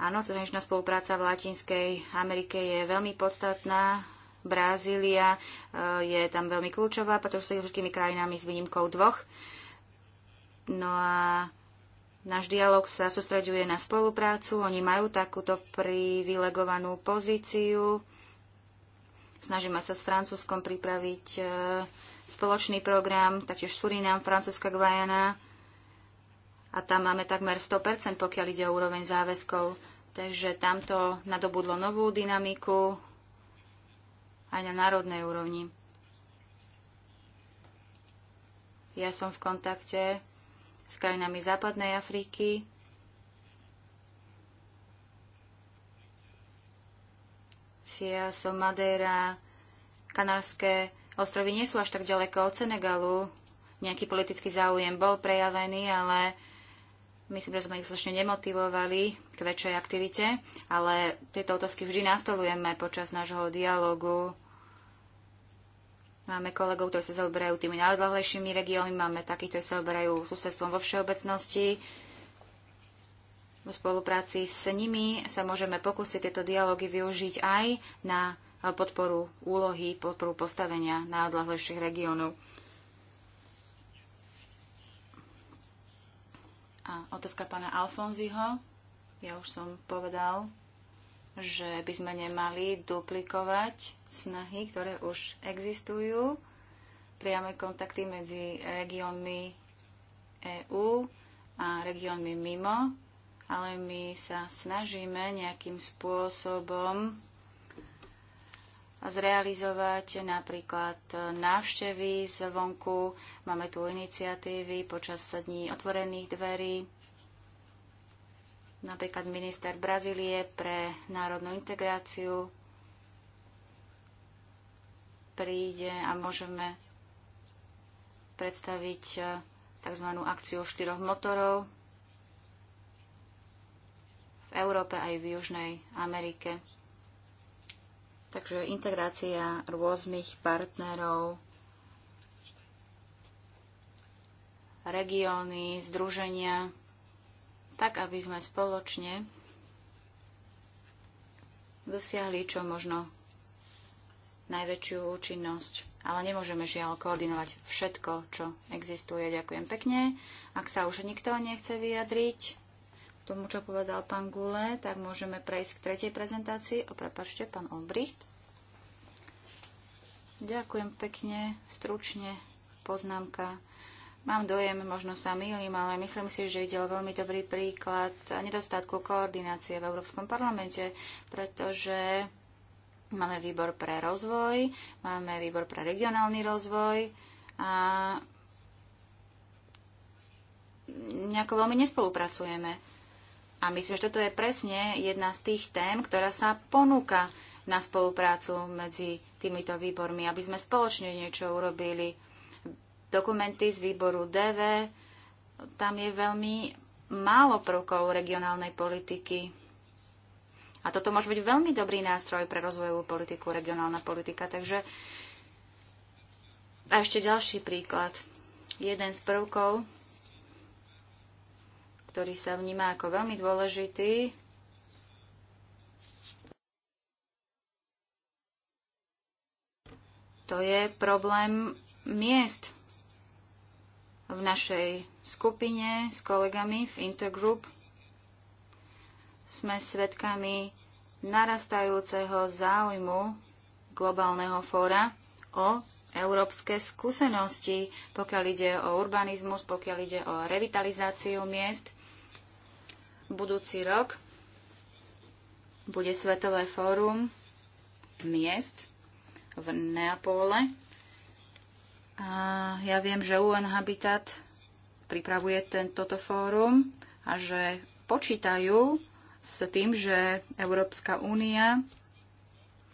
Áno, cezhraničná spolupráca v Latinskej Amerike je veľmi podstatná. Brazília e, je tam veľmi kľúčová, pretože sú všetkými krajinami s výnimkou dvoch. No a Náš dialog sa sústreďuje na spoluprácu, oni majú takúto privilegovanú pozíciu. Snažíme sa s Francúzskom pripraviť e, spoločný program, taktiež Surinam, Francúzska Guajana a tam máme takmer 100%, pokiaľ ide o úroveň záväzkov. Takže tamto nadobudlo novú dynamiku aj na národnej úrovni. Ja som v kontakte s krajinami západnej Afriky, Sia, som Madeira, Kanárske ostrovy nie sú až tak ďaleko od Senegalu. Nejaký politický záujem bol prejavený, ale Myslím, že sme ich slušne nemotivovali k väčšej aktivite, ale tieto otázky vždy nastolujeme počas nášho dialogu. Máme kolegov, ktorí sa zaoberajú tými najodlahlejšími regiónmi, máme takých, ktorí sa zaoberajú susedstvom vo všeobecnosti. V spolupráci s nimi sa môžeme pokúsiť tieto dialógy využiť aj na podporu úlohy, podporu postavenia najodlahlejších regiónov. A otázka pána Alfonziho. Ja už som povedal, že by sme nemali duplikovať snahy, ktoré už existujú. Priame kontakty medzi regiónmi EÚ a regiónmi mimo, ale my sa snažíme nejakým spôsobom zrealizovať napríklad e, návštevy zvonku. Máme tu iniciatívy počas dní otvorených dverí. Napríklad minister Brazílie pre národnú integráciu príde a môžeme predstaviť e, tzv. akciu štyroch motorov v Európe aj v Južnej Amerike. Takže integrácia rôznych partnerov, regióny, združenia, tak aby sme spoločne dosiahli čo možno najväčšiu účinnosť. Ale nemôžeme žiaľ koordinovať všetko, čo existuje. Ďakujem pekne. Ak sa už nikto nechce vyjadriť, tomu, čo povedal pán Gule, tak môžeme prejsť k tretej prezentácii. O, prepačte, pán Olbricht. Ďakujem pekne, stručne, poznámka. Mám dojem, možno sa mýlim, ale myslím si, že ide o veľmi dobrý príklad nedostatku koordinácie v Európskom parlamente, pretože máme výbor pre rozvoj, máme výbor pre regionálny rozvoj a nejako veľmi nespolupracujeme. A myslím, že toto je presne jedna z tých tém, ktorá sa ponúka na spoluprácu medzi týmito výbormi, aby sme spoločne niečo urobili. Dokumenty z výboru DV, tam je veľmi málo prvkov regionálnej politiky. A toto môže byť veľmi dobrý nástroj pre rozvojovú politiku, regionálna politika. Takže a ešte ďalší príklad. Jeden z prvkov, ktorý sa vníma ako veľmi dôležitý. To je problém miest v našej skupine s kolegami v Intergroup. Sme svedkami narastajúceho záujmu globálneho fóra o európske skúsenosti, pokiaľ ide o urbanizmus, pokiaľ ide o revitalizáciu miest budúci rok bude Svetové fórum miest v Neapole. A ja viem, že UN Habitat pripravuje ten, toto fórum a že počítajú s tým, že Európska únia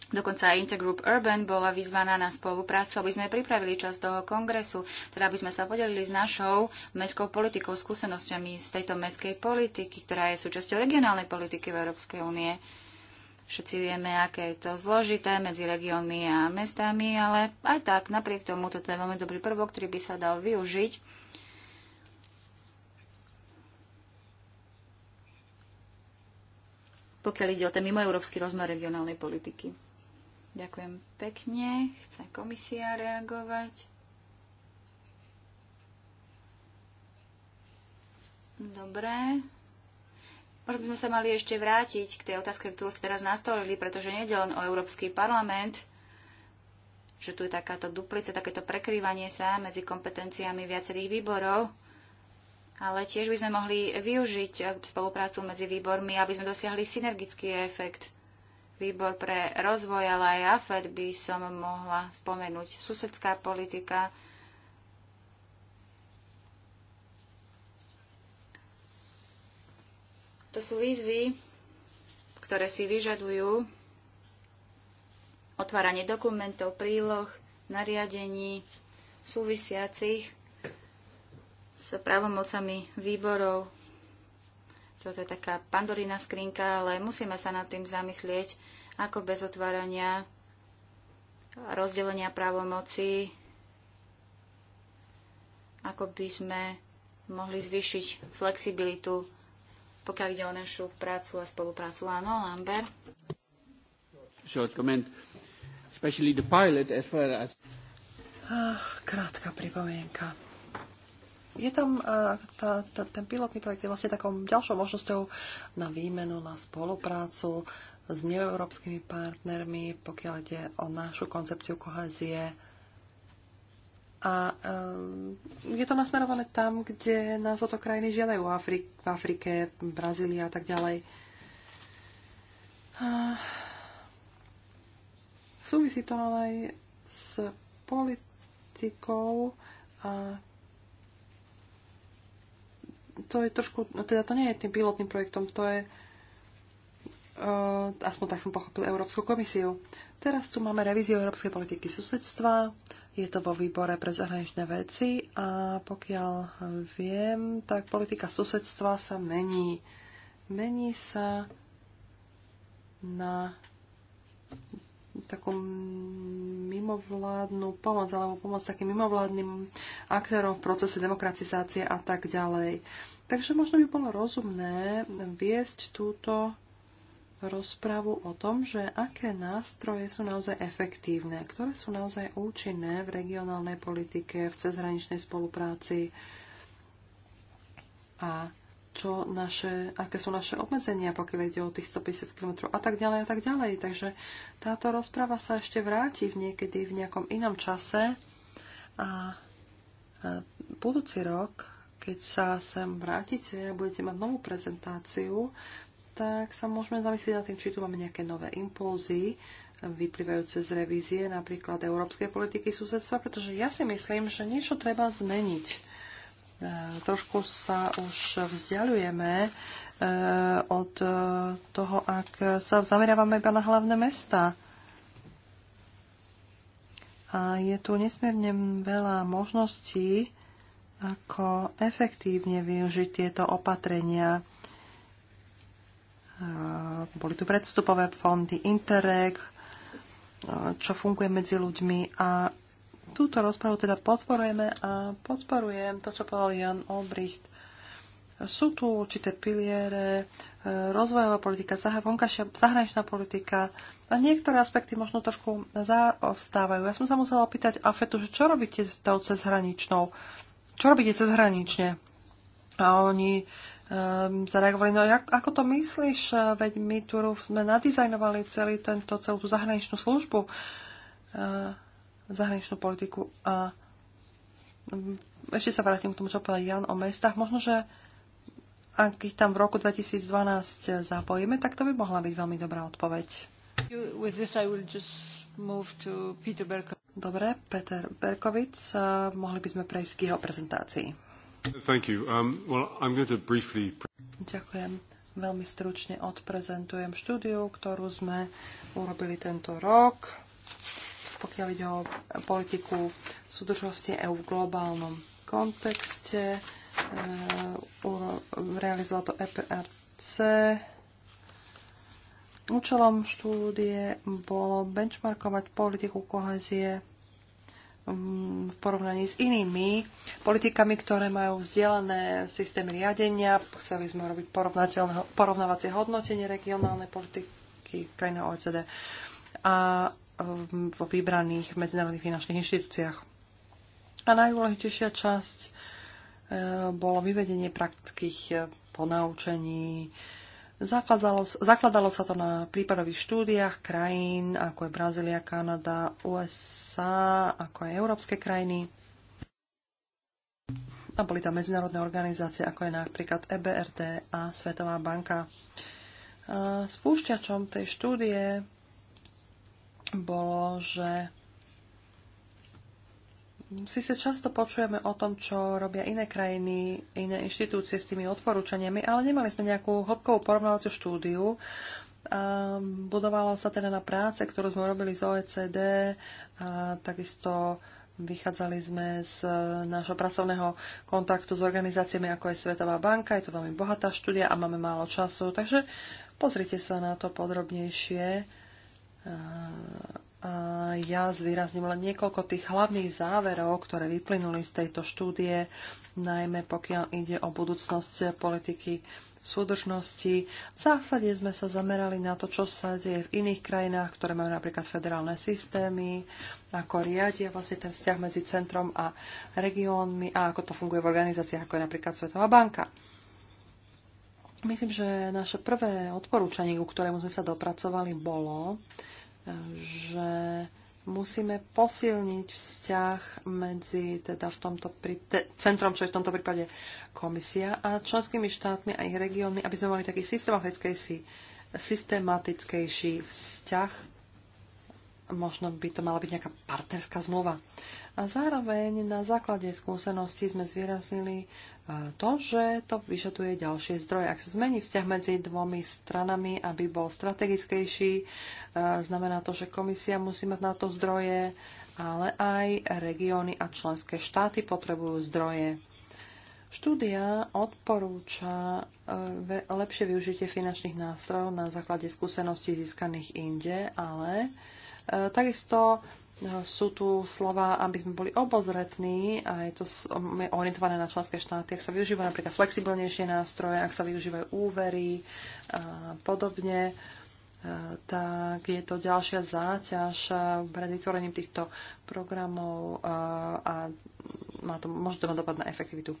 Dokonca aj Intergroup Urban bola vyzvaná na spoluprácu, aby sme pripravili čas toho kongresu, teda aby sme sa podelili s našou mestskou politikou, skúsenosťami z tejto mestskej politiky, ktorá je súčasťou regionálnej politiky v Európskej únie. Všetci vieme, aké je to zložité medzi regiónmi a mestami, ale aj tak, napriek tomu, toto je veľmi dobrý prvok, ktorý by sa dal využiť. pokiaľ ide o ten mimoeurópsky rozmer regionálnej politiky. Ďakujem pekne. Chce komisia reagovať? Dobre. Možno by sme sa mali ešte vrátiť k tej otázke, ktorú ste teraz nastolili, pretože nie len o Európsky parlament, že tu je takáto duplica, takéto prekrývanie sa medzi kompetenciami viacerých výborov, ale tiež by sme mohli využiť spoluprácu medzi výbormi, aby sme dosiahli synergický efekt výbor pre rozvoj, ale aj AFED by som mohla spomenúť. Susedská politika, To sú výzvy, ktoré si vyžadujú otváranie dokumentov, príloh, nariadení súvisiacich s právomocami výborov. Toto je taká pandorína skrinka, ale musíme sa nad tým zamyslieť ako bez otvárania rozdelenia právomoci, ako by sme mohli zvýšiť flexibilitu, pokiaľ ide o našu prácu a spoluprácu. Áno, Lamber. Ah, krátka pripomienka. Je tam ah, tá, tá, ten pilotný projekt je vlastne takou ďalšou možnosťou na výmenu, na spoluprácu, s neeurópskymi partnermi, pokiaľ ide o našu koncepciu kohezie. A um, je to nasmerované tam, kde nás o to krajiny žiadajú Afri- v Afrike, Brazília a tak ďalej. A súvisí to ale aj s politikou a to je trošku, no teda to nie je tým pilotným projektom, to je uh, Eh, aspoň tak som pochopil Európsku komisiu. Teraz tu máme revíziu európskej politiky susedstva, je to vo výbore pre zahraničné veci a pokiaľ viem, tak politika susedstva sa mení. Mení sa na takú mimovládnu pomoc alebo pomoc takým mimovládnym aktérom v procese demokratizácie a tak ďalej. Takže možno by bolo rozumné viesť túto rozpravu o tom, že aké nástroje sú naozaj efektívne, ktoré sú naozaj účinné v regionálnej politike, v cezhraničnej spolupráci a čo naše, aké sú naše obmedzenia, pokiaľ ide o tých 150 km a tak ďalej a tak ďalej. Takže táto rozprava sa ešte vráti v niekedy v nejakom inom čase a, a budúci rok, keď sa sem vrátite a budete mať novú prezentáciu, tak sa môžeme zamyslieť nad tým, či tu máme nejaké nové impulzy vyplývajúce z revízie napríklad európskej politiky susedstva, pretože ja si myslím, že niečo treba zmeniť. E, trošku sa už vzdialujeme e, od e, toho, ak sa zameriavame iba na hlavné mesta. A je tu nesmierne veľa možností, ako efektívne využiť tieto opatrenia Eh, boli tu predstupové fondy Interreg, eh, čo funguje medzi ľuďmi a túto rozpravu teda podporujeme a podporujem to, čo povedal Jan Olbricht. Sú tu určité piliere, eh, rozvojová politika, zahraničná politika a niektoré aspekty možno trošku zaostávajú. Ja som sa musela opýtať Afetu, že čo robíte s tou cezhraničnou? Čo robíte cezhranične? A oni um, zareagovali, no jak, ako to myslíš, ehm, veď my tu sme nadizajnovali celý tento, celú tú zahraničnú službu, uh, zahraničnú politiku a um, ešte sa vrátim k tomu, čo povedal Jan o mestách. Možno, že ak ich tam v roku 2012 zapojíme, tak to by mohla byť veľmi dobrá odpoveď. Dobre, Peter Berkovic, mohli by sme prejsť k jeho prezentácii. Um, well, briefly... Ďakujem. Veľmi stručne odprezentujem štúdiu, ktorú sme urobili tento rok, pokiaľ ide o politiku súdržnosti EU v globálnom kontexte. E, realizoval to EPRC. Účelom štúdie bolo benchmarkovať politiku kohezie v porovnaní s inými politikami, ktoré majú vzdielané systémy riadenia. Chceli sme robiť porovnávacie hodnotenie regionálnej politiky v krajinách OECD a um, vo vybraných medzinárodných finančných inštitúciách. A najdôležitejšia časť eh, bolo vyvedenie praktických eh, ponaučení Zakladalo, zakladalo sa to na prípadových štúdiách krajín, ako je Brazília, Kanada, USA, ako aj európske krajiny. A boli tam medzinárodné organizácie, ako je napríklad EBRD a Svetová banka. spúšťačom tej štúdie bolo, že síce často počujeme o tom, čo robia iné krajiny, iné inštitúcie s tými odporúčaniami, ale nemali sme nejakú hĺbkovú porovnávaciu štúdiu. Ehm, budovalo sa teda na práce, ktorú sme robili z OECD, a takisto vychádzali sme z e, nášho pracovného kontaktu s organizáciami, ako je Svetová banka, je to veľmi bohatá štúdia a máme málo času, takže pozrite sa na to podrobnejšie ehm, a ja zvýrazním len niekoľko tých hlavných záverov, ktoré vyplynuli z tejto štúdie, najmä pokiaľ ide o budúcnosť politiky súdržnosti. V zásade sme sa zamerali na to, čo sa deje v iných krajinách, ktoré majú napríklad federálne systémy, ako riadia vlastne ten vzťah medzi centrom a regiónmi a ako to funguje v organizáciách, ako je napríklad Svetová banka. Myslím, že naše prvé odporúčanie, ku ktorému sme sa dopracovali, bolo, musíme posilniť vzťah medzi teda v tomto pri, te, centrom, čo je v tomto prípade komisia a členskými štátmi a ich regiónmi, aby sme mali taký systematickejší, systematickejší vzťah. Možno by to mala byť nejaká partnerská zmluva. A zároveň na základe skúseností sme zvýraznili to, že to vyžaduje ďalšie zdroje. Ak sa zmení vzťah medzi dvomi stranami, aby bol strategickejší, e, znamená to, že komisia musí mať na to zdroje, ale aj regióny a členské štáty potrebujú zdroje. Štúdia odporúča e, lepšie využitie finančných nástrojov na základe skúseností získaných inde, ale e, takisto sú tu slova, aby sme boli obozretní a je to um, orientované na členské štáty. Ak sa využívajú napríklad flexibilnejšie nástroje, ak sa využívajú úvery a podobne, e, tak je to ďalšia záťaž pred e, vytvorením týchto programov e, a má to, môže to mať dopad na efektivitu.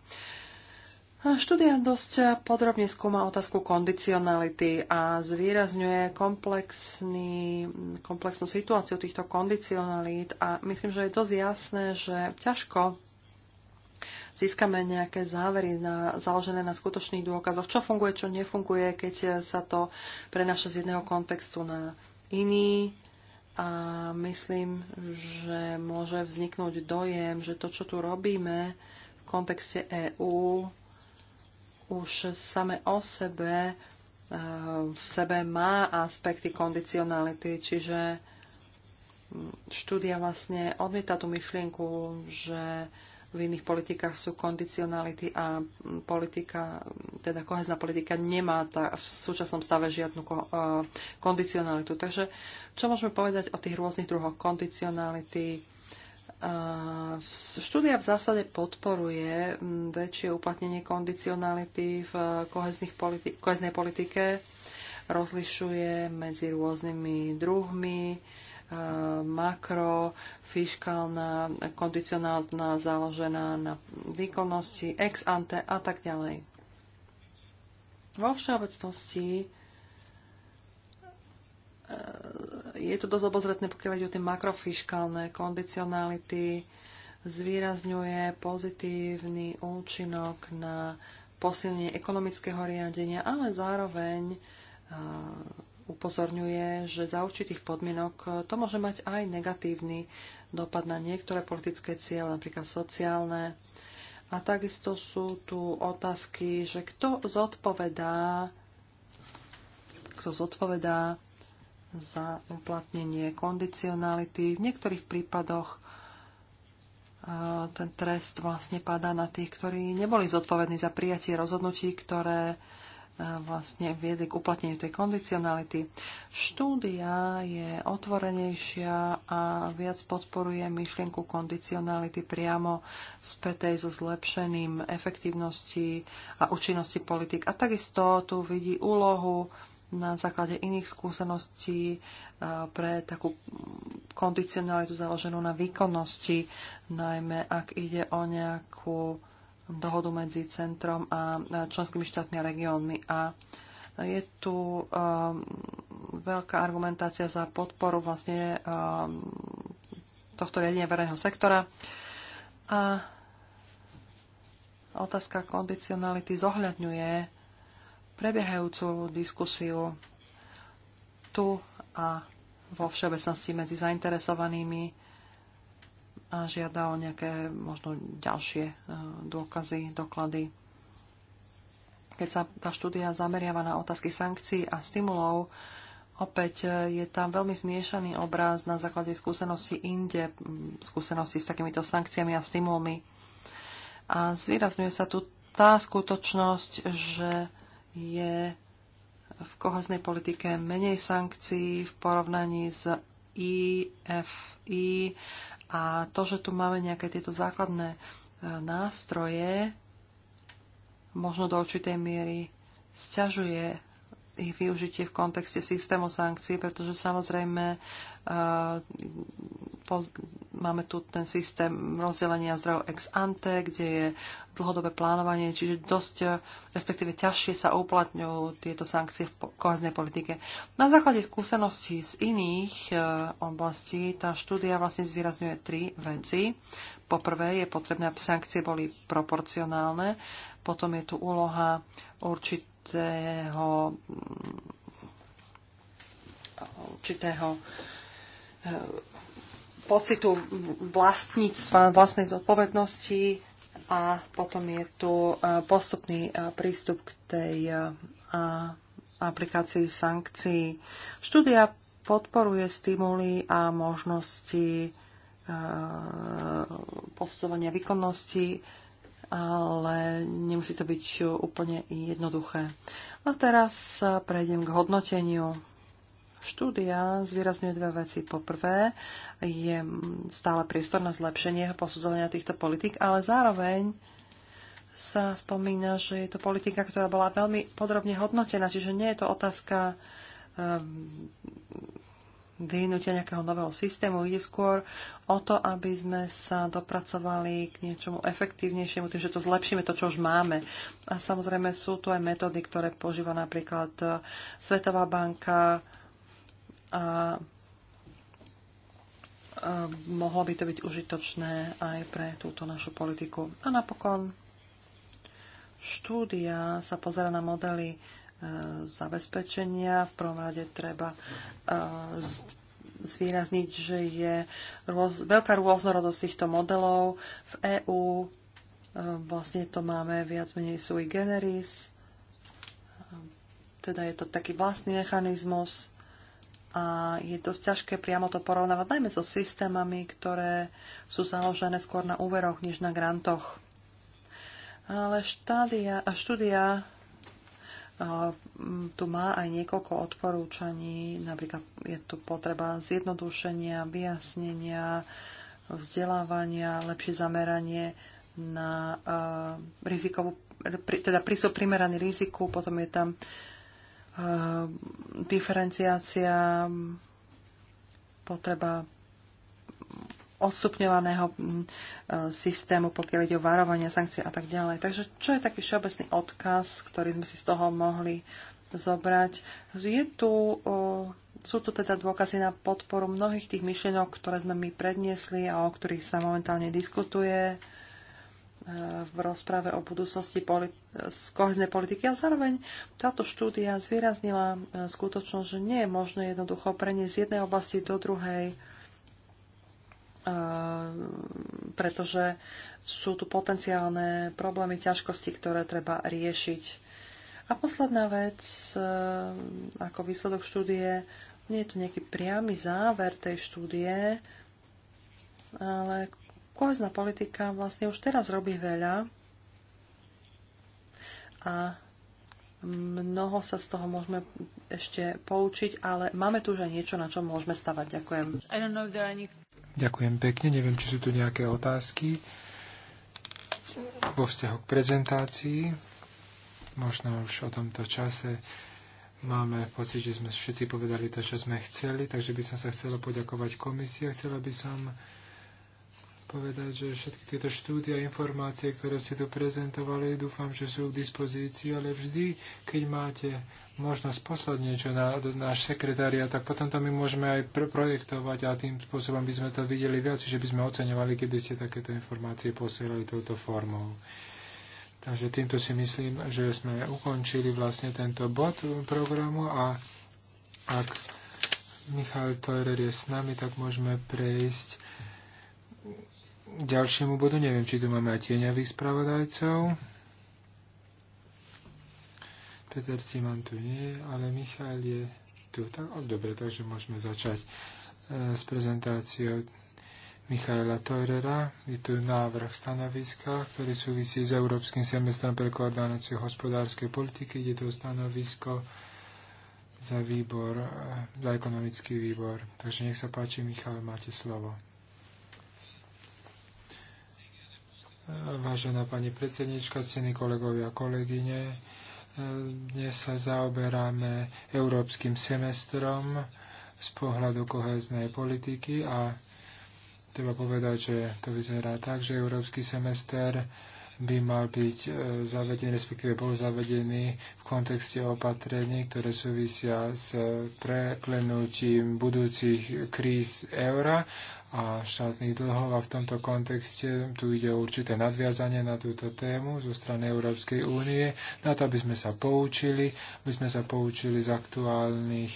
Štúdia dosť podrobne skúma otázku kondicionality a zvýrazňuje komplexný, komplexnú situáciu týchto kondicionalít a myslím, že je dosť jasné, že ťažko získame nejaké závery na, založené na skutočných dôkazoch, čo funguje, čo nefunguje, keď sa to prenáša z jedného kontextu na iný. A myslím, že môže vzniknúť dojem, že to, čo tu robíme v kontexte EÚ, už same o sebe e, v sebe má aspekty kondicionality, čiže štúdia vlastne odmieta tú myšlienku, že v iných politikách sú kondicionality a politika, teda kohezná politika nemá tá, v súčasnom stave žiadnu ko, e, kondicionalitu. Takže čo môžeme povedať o tých rôznych druhoch kondicionality? Štúdia v zásade podporuje väčšie uplatnenie kondicionality v politi- koheznej politike, rozlišuje medzi rôznymi druhmi, e, makro, fiskálna, kondicionálna, založená na výkonnosti, ex ante a tak ďalej. Vo všeobecnosti je to dosť obozretné, pokiaľ ide o tie makrofiškálne kondicionality, zvýrazňuje pozitívny účinok na posilnenie ekonomického riadenia, ale zároveň upozorňuje, že za určitých podmienok to môže mať aj negatívny dopad na niektoré politické ciele, napríklad sociálne. A takisto sú tu otázky, že kto zodpovedá, kto zodpovedá za uplatnenie kondicionality. V niektorých prípadoch e, ten trest vlastne padá na tých, ktorí neboli zodpovední za prijatie rozhodnutí, ktoré e, vlastne viedli k uplatneniu tej kondicionality. Štúdia je otvorenejšia a viac podporuje myšlienku kondicionality priamo spätej so zlepšením efektívnosti a účinnosti politik. A takisto tu vidí úlohu na základe iných skúseností e, pre takú kondicionalitu založenú na výkonnosti, najmä ak ide o nejakú dohodu medzi centrom a členskými štátmi a regiónmi. A je tu um, veľká argumentácia za podporu vlastne um, tohto riadenia verejného sektora. A otázka kondicionality zohľadňuje prebiehajúcu diskusiu tu a vo všeobecnosti medzi zainteresovanými a žiada o nejaké možno ďalšie e, dôkazy, doklady. Keď sa tá štúdia zameriava na otázky sankcií a stimulov, opäť e, je tam veľmi zmiešaný obraz na základe skúsenosti inde, skúsenosti s takýmito sankciami a stimulmi. A zvýrazňuje sa tu tá skutočnosť, že je v kohoznej politike menej sankcií v porovnaní s IFI e a to, že tu máme nejaké tieto základné e, nástroje, možno do určitej miery sťažuje ich využitie v kontexte systému sankcií, pretože samozrejme eh, máme tu ten systém rozdelenia zdrojov ex ante, kde je dlhodobé plánovanie, čiže dosť, eh, respektíve ťažšie sa uplatňujú tieto sankcie v koheznej politike. Na základe skúseností z iných eh, oblastí tá štúdia vlastne zvýrazňuje tri veci. Poprvé je potrebné, aby sankcie boli proporcionálne, potom je tu úloha určitých určitého mm, určitého eh, pocitu vlastníctva, vlastnej zodpovednosti a potom je tu eh, postupný eh, prístup k tej aplikácii sankcií. Štúdia podporuje stimuly a možnosti posudzovania výkonnosti ale nemusí to byť úplne jednoduché. A teraz prejdem k hodnoteniu. Štúdia zvýrazňuje dve veci. Po prvé, je stále priestor na zlepšenie posudzovania týchto politik, ale zároveň sa spomína, že je to politika, ktorá bola veľmi podrobne hodnotená, čiže nie je to otázka ehm, vyhnutia nejakého nového systému. Ide skôr o to, aby sme sa dopracovali k niečomu efektívnejšiemu, tým, že to zlepšíme to, čo už máme. A samozrejme sú tu aj metódy, ktoré používa napríklad Svetová banka a mohlo by to byť užitočné aj pre túto našu politiku. A napokon štúdia sa pozera na modely E, zabezpečenia. V prvom rade treba e, zvýrazniť, že je rôz, veľká rôznorodosť týchto modelov. V EÚ e, vlastne to máme viac menej sui generis, teda je to taký vlastný mechanizmus a je dosť ťažké priamo to porovnávať, najmä so systémami, ktoré sú založené skôr na úveroch než na grantoch. Ale štádia, štúdia tu má aj niekoľko odporúčaní, napríklad je tu potreba zjednodušenia, vyjasnenia, vzdelávania, lepšie zameranie na rizikovú, teda prísob primeraný riziku, potom je tam diferenciácia, potreba odstupňovaného mm, e, systému, pokiaľ ide o varovania, sankcie a tak ďalej. Takže čo je taký všeobecný odkaz, ktorý sme si z toho mohli zobrať? Je tu, e, sú tu teda dôkazy na podporu mnohých tých myšlienok, ktoré sme my predniesli a o ktorých sa momentálne diskutuje e, v rozprave o budúcnosti politi- koheznej politiky a zároveň táto štúdia zvýraznila skutočnosť, že nie je možné jednoducho preniesť z jednej oblasti do druhej Ehm, pretože sú tu potenciálne problémy, ťažkosti, ktoré treba riešiť. A posledná vec, ehm, ako výsledok štúdie, nie je to nejaký priamy záver tej štúdie, ale kohezná politika vlastne už teraz robí veľa a mnoho sa z toho môžeme ešte poučiť, ale máme tu už aj niečo, na čom môžeme stavať. Ďakujem. Any... Ďakujem pekne. Neviem, či sú tu nejaké otázky vo vzťahu k prezentácii. Možno už o tomto čase máme pocit, že sme všetci povedali to, čo sme chceli, takže by som sa chcela poďakovať komisii a chcela by som povedať, že všetky tieto štúdie a informácie, ktoré ste tu prezentovali, dúfam, že sú k dispozícii, ale vždy, keď máte možnosť poslať niečo na náš sekretária, tak potom to my môžeme aj projektovať a tým spôsobom by sme to videli viac, že by sme oceňovali, keby ste takéto informácie posielali touto formou. Takže týmto si myslím, že sme ukončili vlastne tento bod programu a ak Michal Teurer je s nami, tak môžeme prejsť ďalšiemu bodu. Neviem, či tu máme aj tieňavých spravodajcov. Peter Simon tu nie, ale Michal je tu. Tak, ale dobre, takže môžeme začať e, s prezentáciou Michaela Teurera. Je tu návrh stanoviska, ktorý súvisí s Európskym semestrom pre koordináciu hospodárskej politiky. Je to stanovisko za výbor, e, za ekonomický výbor. Takže nech sa páči, Michal, máte slovo. Vážená pani predsednička, ctení kolegovia a kolegyne, e, dnes sa zaoberáme európskym semestrom z pohľadu koheznej politiky a treba povedať, že to vyzerá tak, že európsky semester by mal byť e, zavedený, respektíve bol zavedený v kontexte opatrení, ktoré súvisia s preklenutím budúcich kríz eura a štátnych dlhov a v tomto kontexte tu ide o určité nadviazanie na túto tému zo strany Európskej únie, na to, aby sme sa poučili, aby sme sa poučili z aktuálnych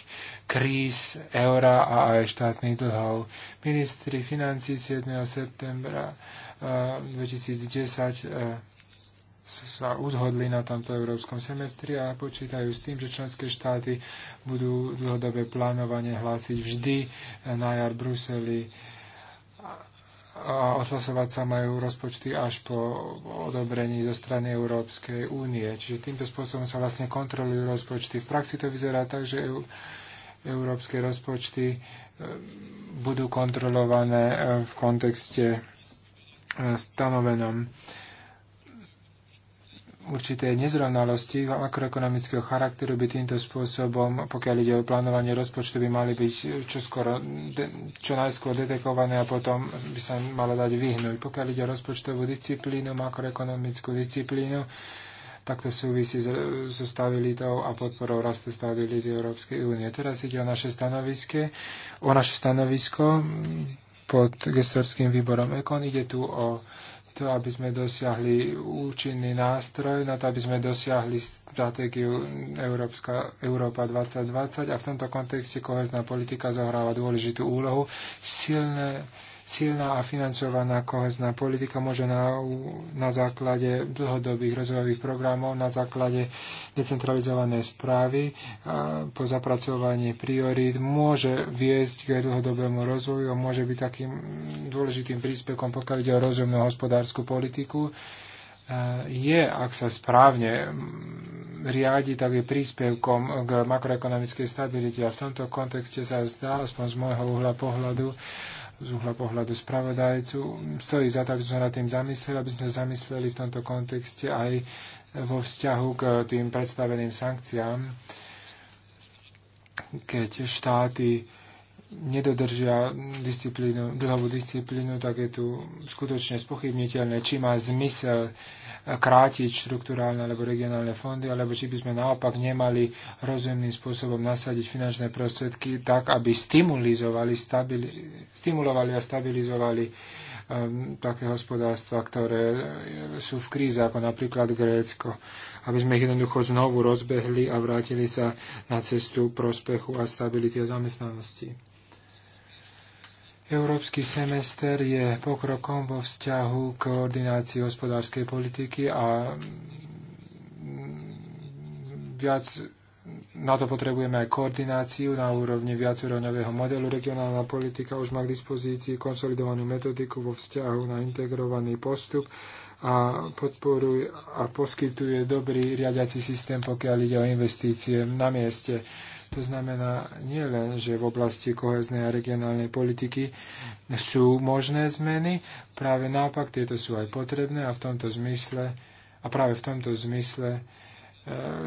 kríz eura a aj štátnych dlhov. Ministri financí 7. septembra 2010 eh, eh, sa uzhodli na tomto európskom semestri a počítajú s tým, že členské štáty budú dlhodobé plánovanie hlásiť vždy na jar Bruseli odhlasovať sa majú rozpočty až po odobrení zo strany Európskej únie. Čiže týmto spôsobom sa vlastne kontrolujú rozpočty. V praxi to vyzerá tak, že európske rozpočty e, budú kontrolované e, v kontexte e, stanovenom určité nezrovnalosti makroekonomického charakteru by týmto spôsobom, pokiaľ ide o plánovanie rozpočtu, by mali byť čoskoro, de, čo najskôr detekované a potom by sa malo dať vyhnúť. Pokiaľ ide o rozpočtovú disciplínu, makroekonomickú disciplínu, tak to súvisí so stabilitou a podporou rastu stability Európskej únie. Teraz ide o naše stanovisko, o naše stanovisko pod gestorským výborom EKON. Ide tu o to, aby sme dosiahli účinný nástroj, na to, aby sme dosiahli stratégiu Európska, Európa 2020 a v tomto kontexte kohezná politika zohráva dôležitú úlohu. Silné Silná a financovaná kohezná politika môže na, na základe dlhodobých rozvojových programov, na základe decentralizovanej správy a po zapracovaní priorít môže viesť k dlhodobému rozvoju a môže byť takým dôležitým príspevkom, pokiaľ ide o rozumnú hospodárskú politiku je, ak sa správne riadi, tak je príspevkom k makroekonomickej stabilite. A v tomto kontexte sa zdá, aspoň z môjho uhla pohľadu, z uhla pohľadu spravodajcu. Stojí za to, aby sme sa nad tým zamysleli, aby sme zamysleli v tomto kontexte aj vo vzťahu k tým predstaveným sankciám, keď štáty nedodržia disciplínu, dlhovú disciplínu, tak je tu skutočne spochybniteľné, či má zmysel krátiť štruktúrálne alebo regionálne fondy, alebo či by sme naopak nemali rozumným spôsobom nasadiť finančné prostriedky tak, aby stimulizovali, stabili, stimulovali a stabilizovali um, také hospodárstva, ktoré sú v kríze, ako napríklad Grécko aby sme ich jednoducho znovu rozbehli a vrátili sa na cestu prospechu a stability a zamestnanosti. Európsky semester je pokrokom vo vzťahu k koordinácii hospodárskej politiky a viac na to potrebujeme aj koordináciu na úrovni viacúrovňového modelu. Regionálna politika už má k dispozícii konsolidovanú metodiku vo vzťahu na integrovaný postup a podporuje a poskytuje dobrý riadiaci systém, pokiaľ ide o investície na mieste. To znamená nie len, že v oblasti koheznej a regionálnej politiky sú možné zmeny, práve naopak tieto sú aj potrebné a v tomto zmysle a práve v tomto zmysle e,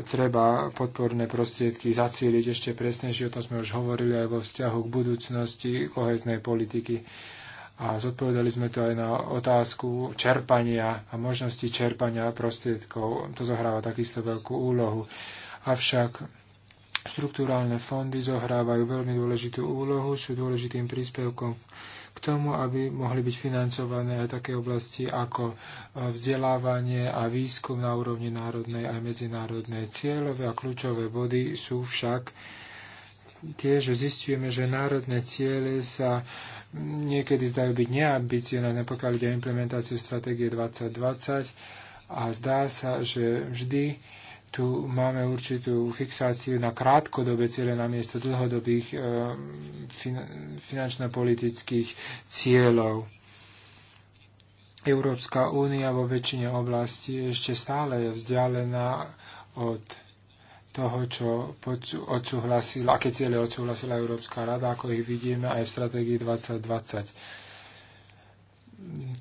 treba podporné prostriedky zacieliť ešte presnejšie, o tom sme už hovorili aj vo vzťahu k budúcnosti koheznej politiky. A zodpovedali sme to aj na otázku čerpania a možnosti čerpania prostriedkov. To zohráva takisto veľkú úlohu. Avšak Štruktúrálne fondy zohrávajú veľmi dôležitú úlohu, sú dôležitým príspevkom k tomu, aby mohli byť financované aj také oblasti ako e, vzdelávanie a výskum na úrovni národnej aj medzinárodnej. Cieľové a kľúčové body sú však tie, že zistujeme, že národné ciele sa niekedy zdajú byť neambicionálne, pokiaľ ide o implementáciu stratégie 2020 a zdá sa, že vždy tu máme určitú fixáciu na krátkodobé ciele namiesto dlhodobých eh, finančno-politických cieľov. Európska únia vo väčšine oblasti ešte stále je vzdialená od toho, čo odsúhlasila, aké ciele odsúhlasila Európska rada, ako ich vidíme aj v stratégii 2020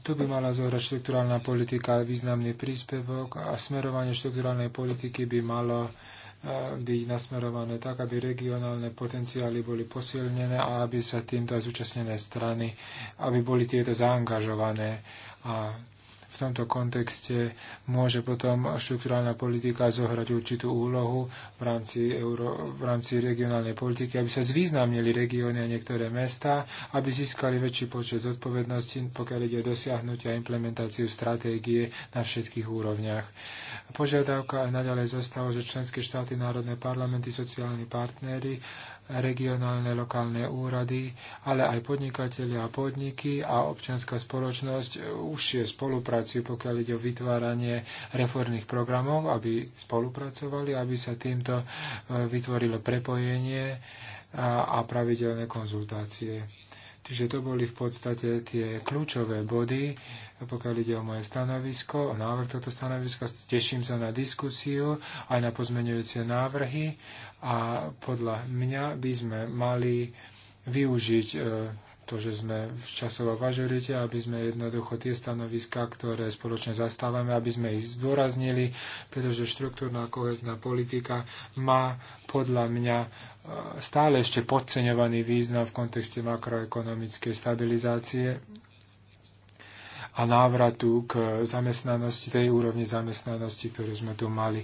tu by mala zohrať štrukturálna politika významný príspevok a smerovanie štrukturálnej politiky by malo e, byť nasmerované tak, aby regionálne potenciály boli posilnené a aby sa týmto aj zúčastnené strany, aby boli tieto zaangažované. A v tomto kontexte môže potom štruktúrálna politika zohrať určitú úlohu v rámci, euro, v rámci regionálnej politiky, aby sa zvýznamnili regióny a niektoré mesta, aby získali väčší počet zodpovedností, pokiaľ ide o dosiahnutie a implementáciu stratégie na všetkých úrovniach. Požiadavka aj naďalej zostáva, že členské štáty, národné parlamenty, sociálni partnery regionálne, lokálne úrady, ale aj podnikatelia a podniky a občianská spoločnosť užšie spolupráca spolupráciu, pokiaľ ide o vytváranie reformných programov, aby spolupracovali, aby sa týmto e, vytvorilo prepojenie a, a pravidelné konzultácie. Čiže to boli v podstate tie kľúčové body, pokiaľ ide o moje stanovisko, o návrh tohto stanoviska. Teším sa na diskusiu, aj na pozmenujúce návrhy a podľa mňa by sme mali využiť e, to, že sme v časovo važurite, aby sme jednoducho tie stanoviská, ktoré spoločne zastávame, aby sme ich zdôraznili, pretože štruktúrna kohezná politika má podľa mňa e, stále ešte podceňovaný význam v kontexte makroekonomickej stabilizácie a návratu k zamestnanosti, tej úrovni zamestnanosti, ktorú sme tu mali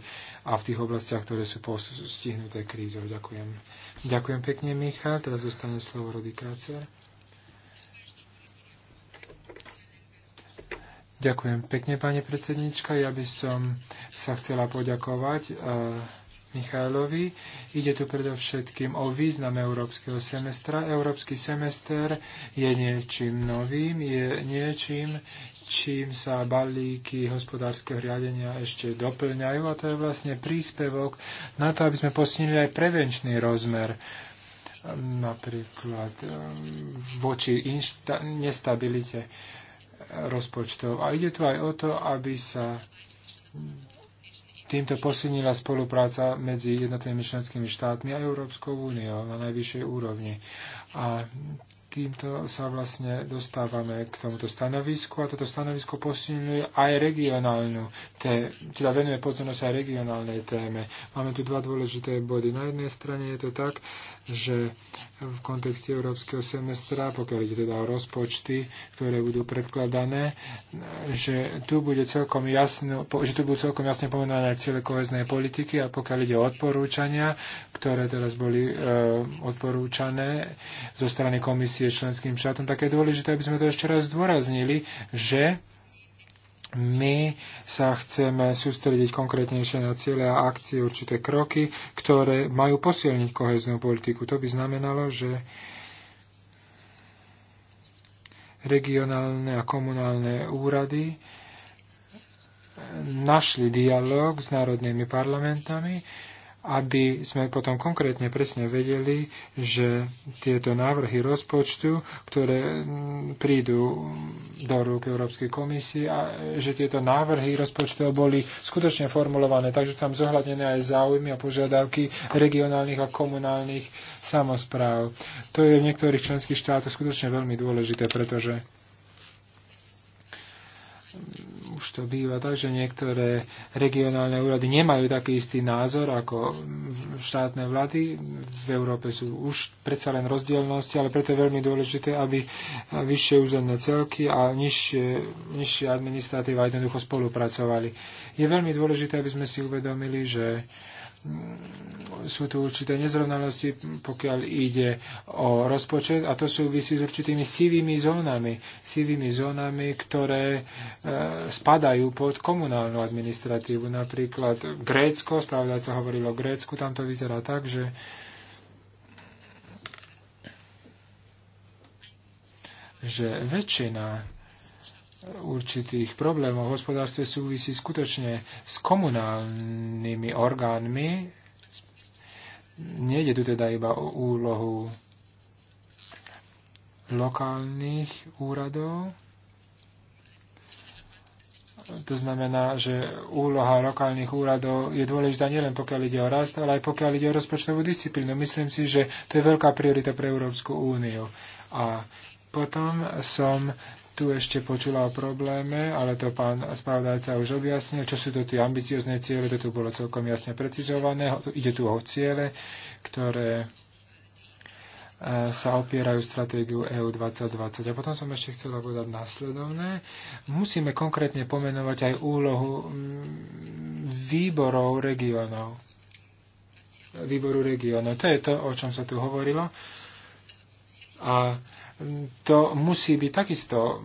a v tých oblastiach, ktoré sú postihnuté krízou. Ďakujem. Ďakujem pekne, Michal. Teraz zostane slovo Rody Kracer. Ďakujem pekne, pani predsednička. Ja by som sa chcela poďakovať e, Michailovi. Ide tu predovšetkým o význam európskeho semestra. Európsky semester je niečím novým, je niečím, čím sa balíky hospodárskeho riadenia ešte doplňajú a to je vlastne príspevok na to, aby sme posilnili aj prevenčný rozmer ehm, napríklad ehm, voči nestabilite rozpočtov. A ide tu aj o to, aby sa týmto posilnila spolupráca medzi jednotlivými členskými štátmi a Európskou úniou na najvyššej úrovni. A týmto sa vlastne dostávame k tomuto stanovisku a toto stanovisko posilňuje aj regionálnu, té, teda venuje pozornosť aj regionálnej téme. Máme tu dva dôležité body. Na jednej strane je to tak, že v kontexte európskeho semestra, pokiaľ ide teda o rozpočty, ktoré budú predkladané, že tu, bude celkom jasno, že tu budú celkom jasne pomenované aj cieľe koheznej politiky a pokiaľ ide o odporúčania, ktoré teraz boli e, odporúčané zo strany komisie členským štátom, tak je dôležité, aby sme to ešte raz zdôraznili, že my sa chceme sústrediť konkrétnejšie na ciele a akcie, určité kroky, ktoré majú posilniť koheznú politiku. To by znamenalo, že regionálne a komunálne úrady našli dialog s národnými parlamentami aby sme potom konkrétne presne vedeli, že tieto návrhy rozpočtu, ktoré mm, prídu do rúk Európskej komisie, a že tieto návrhy rozpočtu boli skutočne formulované, takže tam zohľadnené aj záujmy a požiadavky regionálnych a komunálnych samozpráv. To je v niektorých členských štátoch skutočne veľmi dôležité, pretože už to býva tak, že niektoré regionálne úrady nemajú taký istý názor ako štátne vlády. V Európe sú už predsa len rozdielnosti, ale preto je veľmi dôležité, aby vyššie územné celky a nižšie, nižšie administratíva jednoducho spolupracovali. Je veľmi dôležité, aby sme si uvedomili, že sú tu určité nezrovnalosti, pokiaľ ide o rozpočet a to súvisí s určitými sivými zónami. Sivými zónami, ktoré e, spadajú pod komunálnu administratívu. Napríklad Grécko, sa hovorilo o Grécku, tam to vyzerá tak, že že väčšina určitých problémov v hospodárstve súvisí skutočne s komunálnymi orgánmi Nejde tu teda iba o úlohu lokálnych úradov, to znamená, že úloha lokálnych úradov je dôležitá nielen pokiaľ ide o rast, ale aj pokiaľ ide o rozpočtovú disciplínu. Myslím si, že to je veľká priorita pre Európsku úniu. A potom som tu ešte počula o probléme, ale to pán spravodajca už objasnil, čo sú to tie ambiciozne ciele, to tu bolo celkom jasne precizované. Ide tu o ciele, ktoré e, sa opierajú stratégiu EU 2020. A potom som ešte chcela povedať následovné. Musíme konkrétne pomenovať aj úlohu mm, výborov regionov. Výboru regionov. To je to, o čom sa tu hovorilo. A to musí byť takisto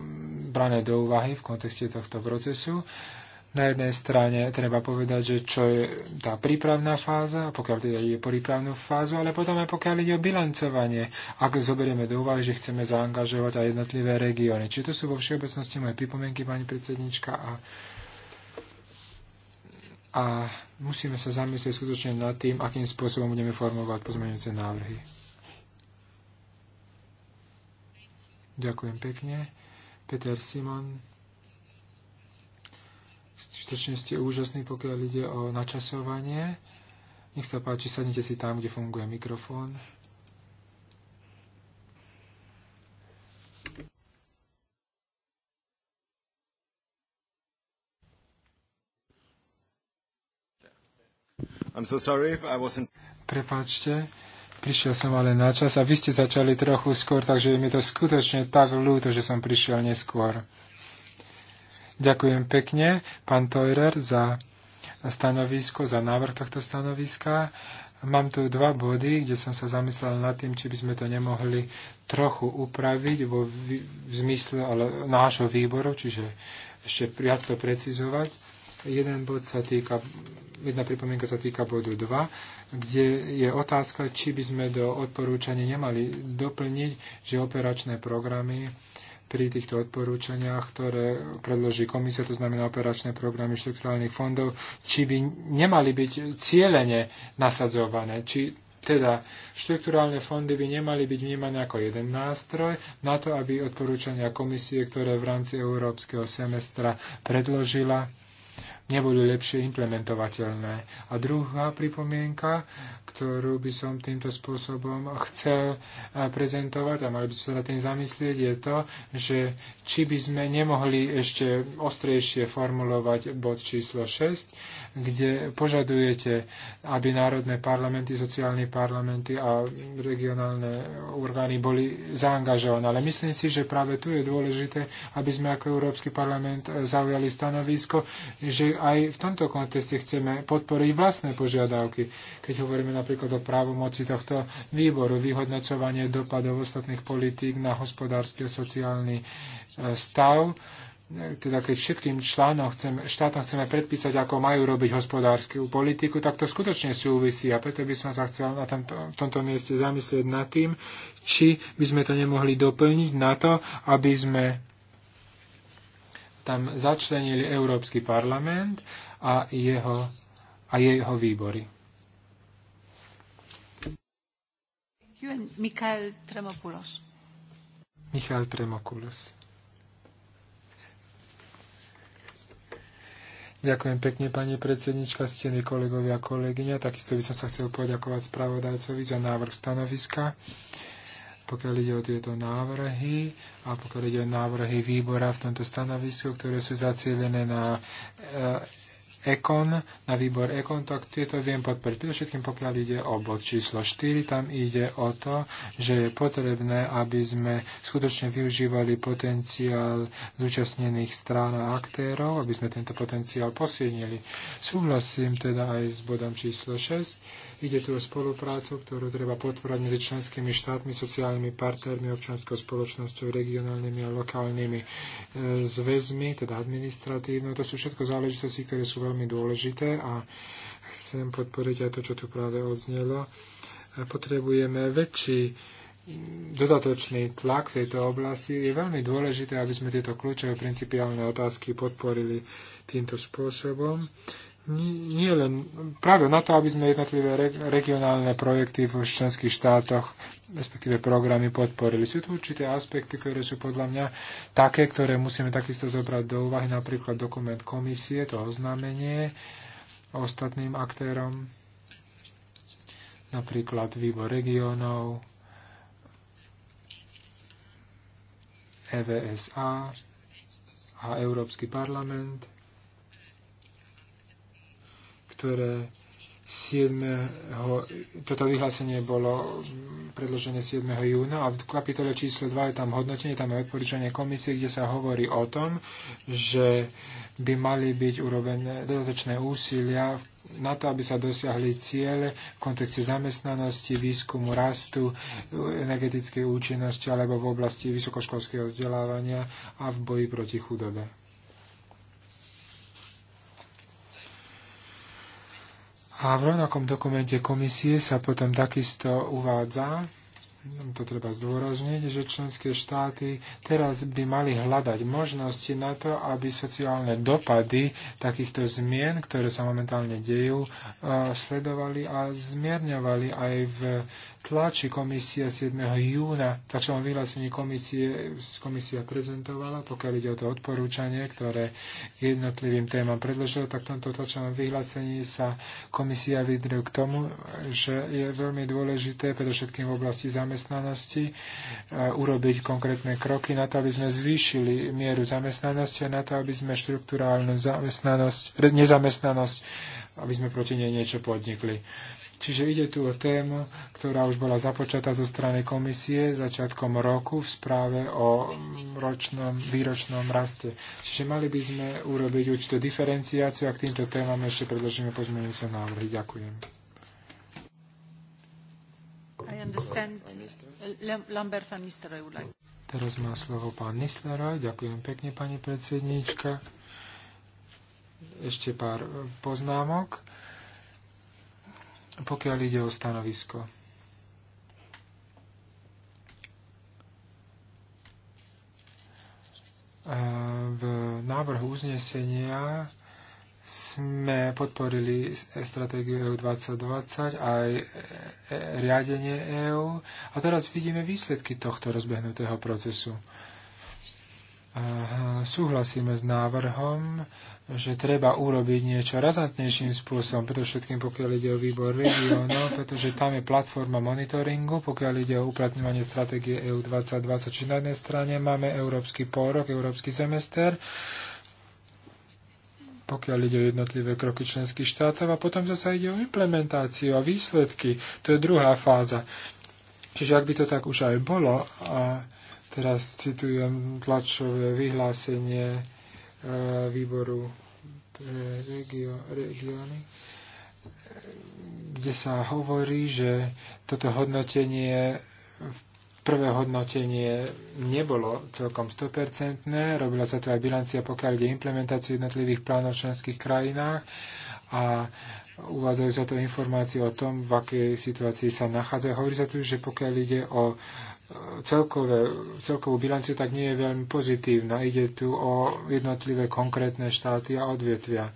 brané do úvahy v kontexte tohto procesu. Na jednej strane treba povedať, že čo je tá prípravná fáza, pokiaľ teda ide prípravnú fázu, ale potom aj pokiaľ ide o bilancovanie, ak zoberieme do úvahy, že chceme zaangažovať aj jednotlivé regióny. Či to sú vo všeobecnosti moje pripomienky, pani predsednička, a, a musíme sa zamyslieť skutočne nad tým, akým spôsobom budeme formovať pozmeňujúce návrhy. Ďakujem pekne. Peter Simon, skutočne ste úžasní, pokiaľ ide o načasovanie. Nech sa páči, sadnite si tam, kde funguje mikrofón. I'm so sorry, I wasn't... Prepáčte, Prišiel som ale na čas a vy ste začali trochu skôr, takže je mi to skutočne tak ľúto, že som prišiel neskôr. Ďakujem pekne, pán Teurer, za stanovisko, za návrh tohto stanoviska. Mám tu dva body, kde som sa zamyslel nad tým, či by sme to nemohli trochu upraviť vo v zmysle ale nášho výboru, čiže ešte viac to precizovať. Jeden bod sa týka, jedna pripomienka sa týka bodu 2 kde je otázka, či by sme do odporúčania nemali doplniť, že operačné programy pri týchto odporúčaniach, ktoré predloží komisia, to znamená operačné programy štrukturálnych fondov, či by nemali byť cieľene nasadzované, či teda štrukturálne fondy by nemali byť vnímané ako jeden nástroj na to, aby odporúčania komisie, ktoré v rámci európskeho semestra predložila, neboli lepšie implementovateľné. A druhá pripomienka, ktorú by som týmto spôsobom chcel e, prezentovať a mali by sme sa na tým zamyslieť, je to, že či by sme nemohli ešte ostrejšie formulovať bod číslo 6, kde požadujete, aby národné parlamenty, sociálne parlamenty a regionálne orgány boli zaangažované. Ale myslím si, že práve tu je dôležité, aby sme ako Európsky parlament zaujali stanovisko, že aj v tomto kontexte chceme podporiť vlastné požiadavky. Keď hovoríme napríklad o právomoci tohto výboru, vyhodnocovanie dopadov ostatných politík na hospodársky a sociálny e, stav, e, teda keď všetkým článom chceme, štátom chceme predpísať, ako majú robiť hospodárskú politiku, tak to skutočne súvisí a preto by som sa chcel na tomto, v tomto mieste zamyslieť nad tým, či by sme to nemohli doplniť na to, aby sme tam začlenili Európsky parlament a jeho, a jeho výbory. Michal Tremopoulos. Michael Tremopoulos. Ďakujem pekne, pani predsednička, stení kolegovia a kolegyňa. Takisto by som sa chcel poďakovať spravodajcovi za návrh stanoviska pokiaľ ide o tieto návrhy a pokiaľ ide o návrhy výbora v tomto stanovisku, ktoré sú zacielené na e, Ekon, na výbor Ekon, tak tieto viem podporiť. Predovšetkým pokiaľ ide o bod číslo 4, tam ide o to, že je potrebné, aby sme skutočne využívali potenciál zúčastnených strán a aktérov, aby sme tento potenciál posilnili. Súhlasím teda aj s bodom číslo 6, Ide tu o spoluprácu, ktorú treba podporať medzi členskými štátmi, sociálnymi partnermi, občanskou spoločnosťou, regionálnymi a lokálnymi e, zväzmi, teda administratívne. To sú všetko záležitosti, ktoré sú veľmi dôležité a chcem podporiť aj to, čo tu práve odznelo. E, potrebujeme väčší dodatočný tlak v tejto oblasti. Je veľmi dôležité, aby sme tieto kľúčové principiálne otázky podporili týmto spôsobom nie len práve na to, aby sme jednotlivé regionálne projekty v členských štátoch, respektíve programy podporili. Sú tu určité aspekty, ktoré sú podľa mňa také, ktoré musíme takisto zobrať do úvahy, napríklad dokument komisie, to oznámenie ostatným aktérom, napríklad výbor regionov, EVSA a Európsky parlament ktoré 7. toto vyhlásenie bolo predložené 7. júna a v kapitole číslo 2 je tam hodnotenie, tam je odporúčanie komisie, kde sa hovorí o tom, že by mali byť urobené dodatočné úsilia na to, aby sa dosiahli ciele v kontexte zamestnanosti, výskumu, rastu, energetickej účinnosti alebo v oblasti vysokoškolského vzdelávania a v boji proti chudobe. A v rovnakom dokumente komisie sa potom takisto uvádza, Hm, to treba zdôrazniť, že členské štáty teraz by mali hľadať možnosti na to, aby sociálne dopady takýchto zmien, ktoré sa momentálne dejú, e, sledovali a zmierňovali aj v tlači komisia 7. júna, tlačovom vyhlásení komisie, komisia prezentovala, pokiaľ ide o to odporúčanie, ktoré jednotlivým témam predložila, tak v tomto tlačovom vyhlásení sa komisia vydrú k tomu, že je veľmi dôležité, predovšetkým v oblasti zamestnanosti, zamestnanosti e, urobiť konkrétne kroky na to, aby sme zvýšili mieru zamestnanosti a na to, aby sme štruktúrálnu zamestnanosť, nezamestnanosť, aby sme proti nej niečo podnikli. Čiže ide tu o tému, ktorá už bola započatá zo strany komisie začiatkom roku v správe o ročnom, výročnom raste. Čiže mali by sme urobiť určitú diferenciáciu a k týmto témam ešte predložíme pozmeňujúce návrhy. Ďakujem. I understand. Uh, van Nistelrooy Teraz má slovo pán Nistelrooy. Ďakujem pekne, pani predsedníčka. Ešte pár uh, poznámok. Pokiaľ ide o stanovisko. Uh, v návrhu uznesenia sme podporili stratégiu EU 2020 aj e, e, riadenie EU a teraz vidíme výsledky tohto rozbehnutého procesu. Súhlasíme s návrhom, že treba urobiť niečo razantnejším spôsobom, všetkým, pokiaľ ide o výbor regiónov, pretože tam je platforma monitoringu, pokiaľ ide o uplatňovanie stratégie EU 2020. či na jednej strane máme európsky pôrok, európsky semester, pokiaľ ide o jednotlivé kroky členských štátov a potom zase ide o implementáciu a výsledky. To je druhá fáza. Čiže ak by to tak už aj bolo, a teraz citujem tlačové vyhlásenie e, výboru pre regio, regióny, e, kde sa hovorí, že toto hodnotenie prvé hodnotenie nebolo celkom 100%, robila sa tu aj bilancia, pokiaľ ide implementáciu jednotlivých plánov v členských krajinách a uvádzajú sa to informácie o tom, v akej situácii sa nachádza. Hovorí sa tu, že pokiaľ ide o e, celkové, celkovú bilanciu, tak nie je veľmi pozitívna. Ide tu o jednotlivé konkrétne štáty a odvetvia.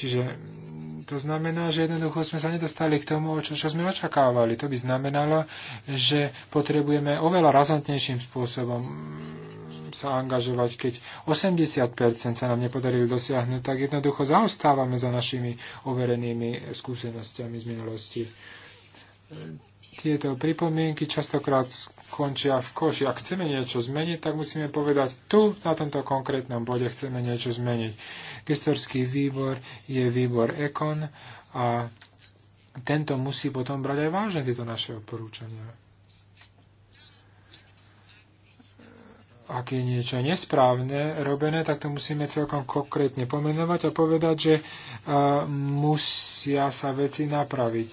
Čiže mm, to znamená, že jednoducho sme sa nedostali k tomu, čo, čo sme očakávali. To by znamenalo, že potrebujeme oveľa razantnejším spôsobom mm, sa angažovať. Keď 80% sa nám nepodarilo dosiahnuť, tak jednoducho zaostávame za našimi overenými skúsenostiami z minulosti tieto pripomienky častokrát skončia v koši. Ak chceme niečo zmeniť, tak musíme povedať, tu na tomto konkrétnom bode chceme niečo zmeniť. Gestorský výbor je výbor EKON a tento musí potom brať aj vážne tieto naše odporúčania. Ak je niečo nesprávne robené, tak to musíme celkom konkrétne pomenovať a povedať, že uh, musia sa veci napraviť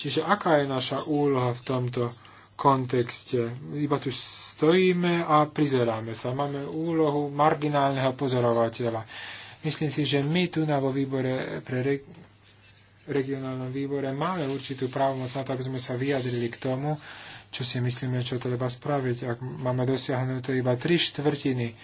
Čiže aká je naša úloha v tomto kontexte? Iba tu stojíme a prizeráme sa. Máme úlohu marginálneho pozorovateľa. Myslím si, že my tu na vo výbore pre re- regionálnom výbore máme určitú právomoc na to, aby sme sa vyjadrili k tomu, čo si myslíme, čo treba spraviť. Ak máme dosiahnuté iba tri štvrtiny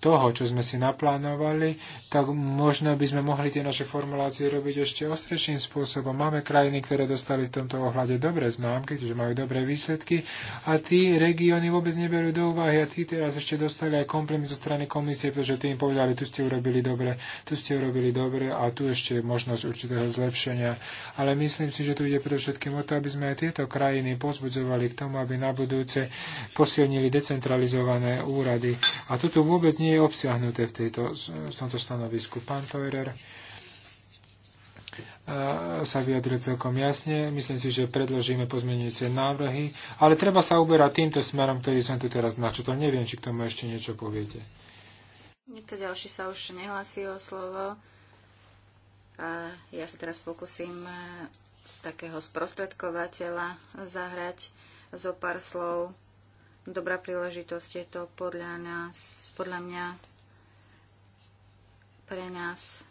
toho, čo sme si naplánovali, tak možno by sme mohli tie naše formulácie robiť ešte ostrejším spôsobom. Máme krajiny, ktoré dostali v tomto ohľade dobre známky, čiže majú dobré výsledky a tí regióny vôbec neberú do úvahy a tí teraz ešte dostali aj kompliment zo strany komisie, pretože tým povedali, tu ste urobili dobre, tu ste urobili dobre a tu ešte je možnosť určitého zlepšenia. Ale myslím si, že tu ide predovšetkým o to, aby sme aj tieto krajiny pozbudzovali k tomu, aby na budúce posilnili decentralizované úrady. A toto vôbec nie nie je obsiahnuté v, tejto, v tomto stanovisku. Pán Teurer eh, sa vyjadril celkom jasne. Myslím si, že predložíme pozmenujúce návrhy, ale treba sa uberať týmto smerom, ktorý som tu teraz načítal. Neviem, či k tomu ešte niečo poviete. Niekto ďalší sa už nehlasí o slovo. A ja sa teraz pokúsim eh, takého sprostredkovateľa zahrať zo pár slov dobrá príležitosť. Je to podľa, nás, podľa mňa pre nás,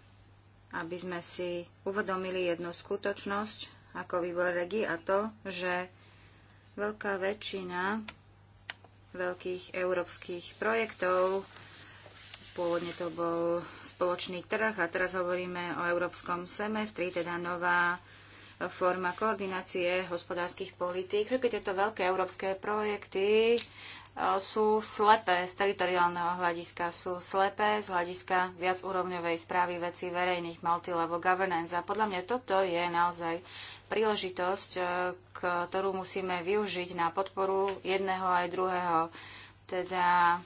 aby sme si uvedomili jednu skutočnosť ako výbor regi a to, že veľká väčšina veľkých európskych projektov pôvodne to bol spoločný trh a teraz hovoríme o európskom semestri, teda nová forma koordinácie hospodárskych politík. Keď tieto veľké európske projekty e, sú slepé z teritoriálneho hľadiska, sú slepé z hľadiska viacúrovňovej správy vecí verejných, multilevel governance. A podľa mňa toto je naozaj príležitosť, e, ktorú musíme využiť na podporu jedného aj druhého. Teda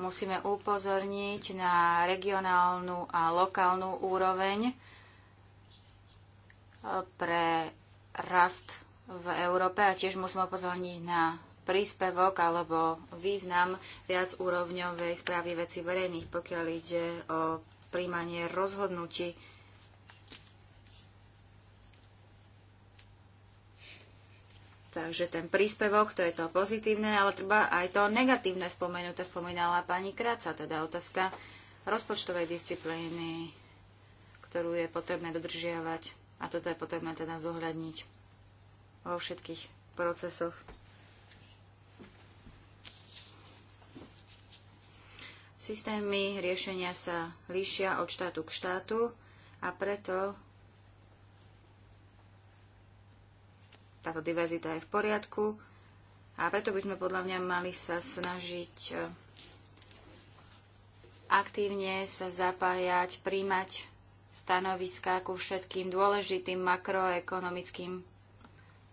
Musíme upozorniť na regionálnu a lokálnu úroveň e, pre rast v Európe a tiež musíme upozorniť na príspevok alebo význam viac úrovňovej správy veci verejných, pokiaľ ide o príjmanie rozhodnutí Takže ten príspevok, to je to pozitívne, ale treba aj to negatívne spomenúť. To spomínala pani Kráca, teda otázka rozpočtovej disciplíny, ktorú je potrebné dodržiavať a toto je potrebné teda zohľadniť vo všetkých procesoch. Systémy riešenia sa líšia od štátu k štátu a preto táto diverzita je v poriadku a preto by sme podľa mňa mali sa snažiť e, aktívne sa zapájať, príjmať stanoviská ku všetkým dôležitým makroekonomickým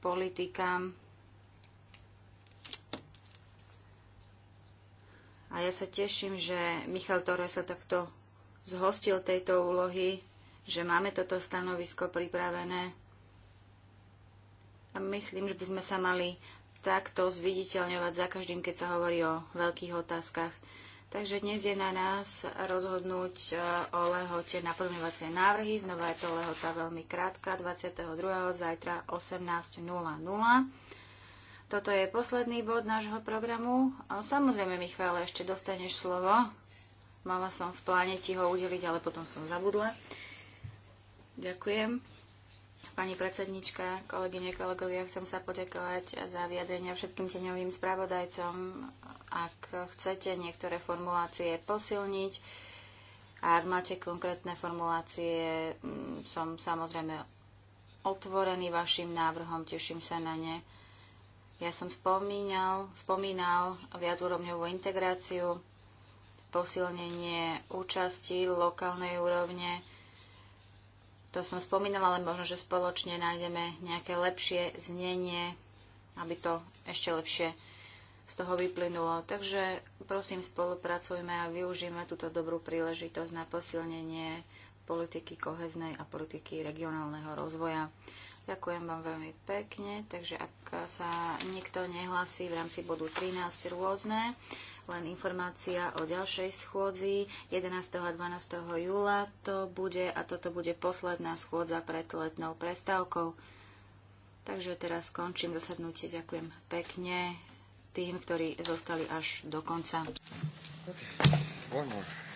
politikám. A ja sa teším, že Michal Tore sa takto zhostil tejto úlohy, že máme toto stanovisko pripravené a myslím, že by sme sa mali takto zviditeľňovať za každým, keď sa hovorí o veľkých otázkach. Takže dnes je na nás rozhodnúť e, o lehote na podmiňovacie návrhy. Znova je to lehota veľmi krátka, 22. zajtra 18.00. Toto je posledný bod nášho programu. Samozrejme, Michal, ešte dostaneš slovo. Mala som v pláne ti ho udeliť, ale potom som zabudla. Ďakujem. Pani predsednička, kolegyne, kolegovia, chcem sa poďakovať za vyjadrenia všetkým teňovým spravodajcom. Ak chcete niektoré formulácie posilniť a ak máte konkrétne formulácie, mm, som samozrejme otvorený vašim návrhom, teším sa na ne. Ja som spomínal, spomínal viacúrovňovú integráciu, posilnenie účasti lokálnej úrovne, to som spomínala, ale možno, že spoločne nájdeme nejaké lepšie znenie, aby to ešte lepšie z toho vyplynulo. Takže prosím, spolupracujme a využijme túto dobrú príležitosť na posilnenie politiky koheznej a politiky regionálneho rozvoja. Ďakujem vám veľmi pekne. Takže ak sa nikto nehlasí v rámci bodu 13 rôzne, len informácia o ďalšej schôdzi 11. a 12. júla. To bude a toto bude posledná schôdza pred letnou prestávkou. Takže teraz skončím zasadnutie. Ďakujem pekne tým, ktorí zostali až do konca. Okay.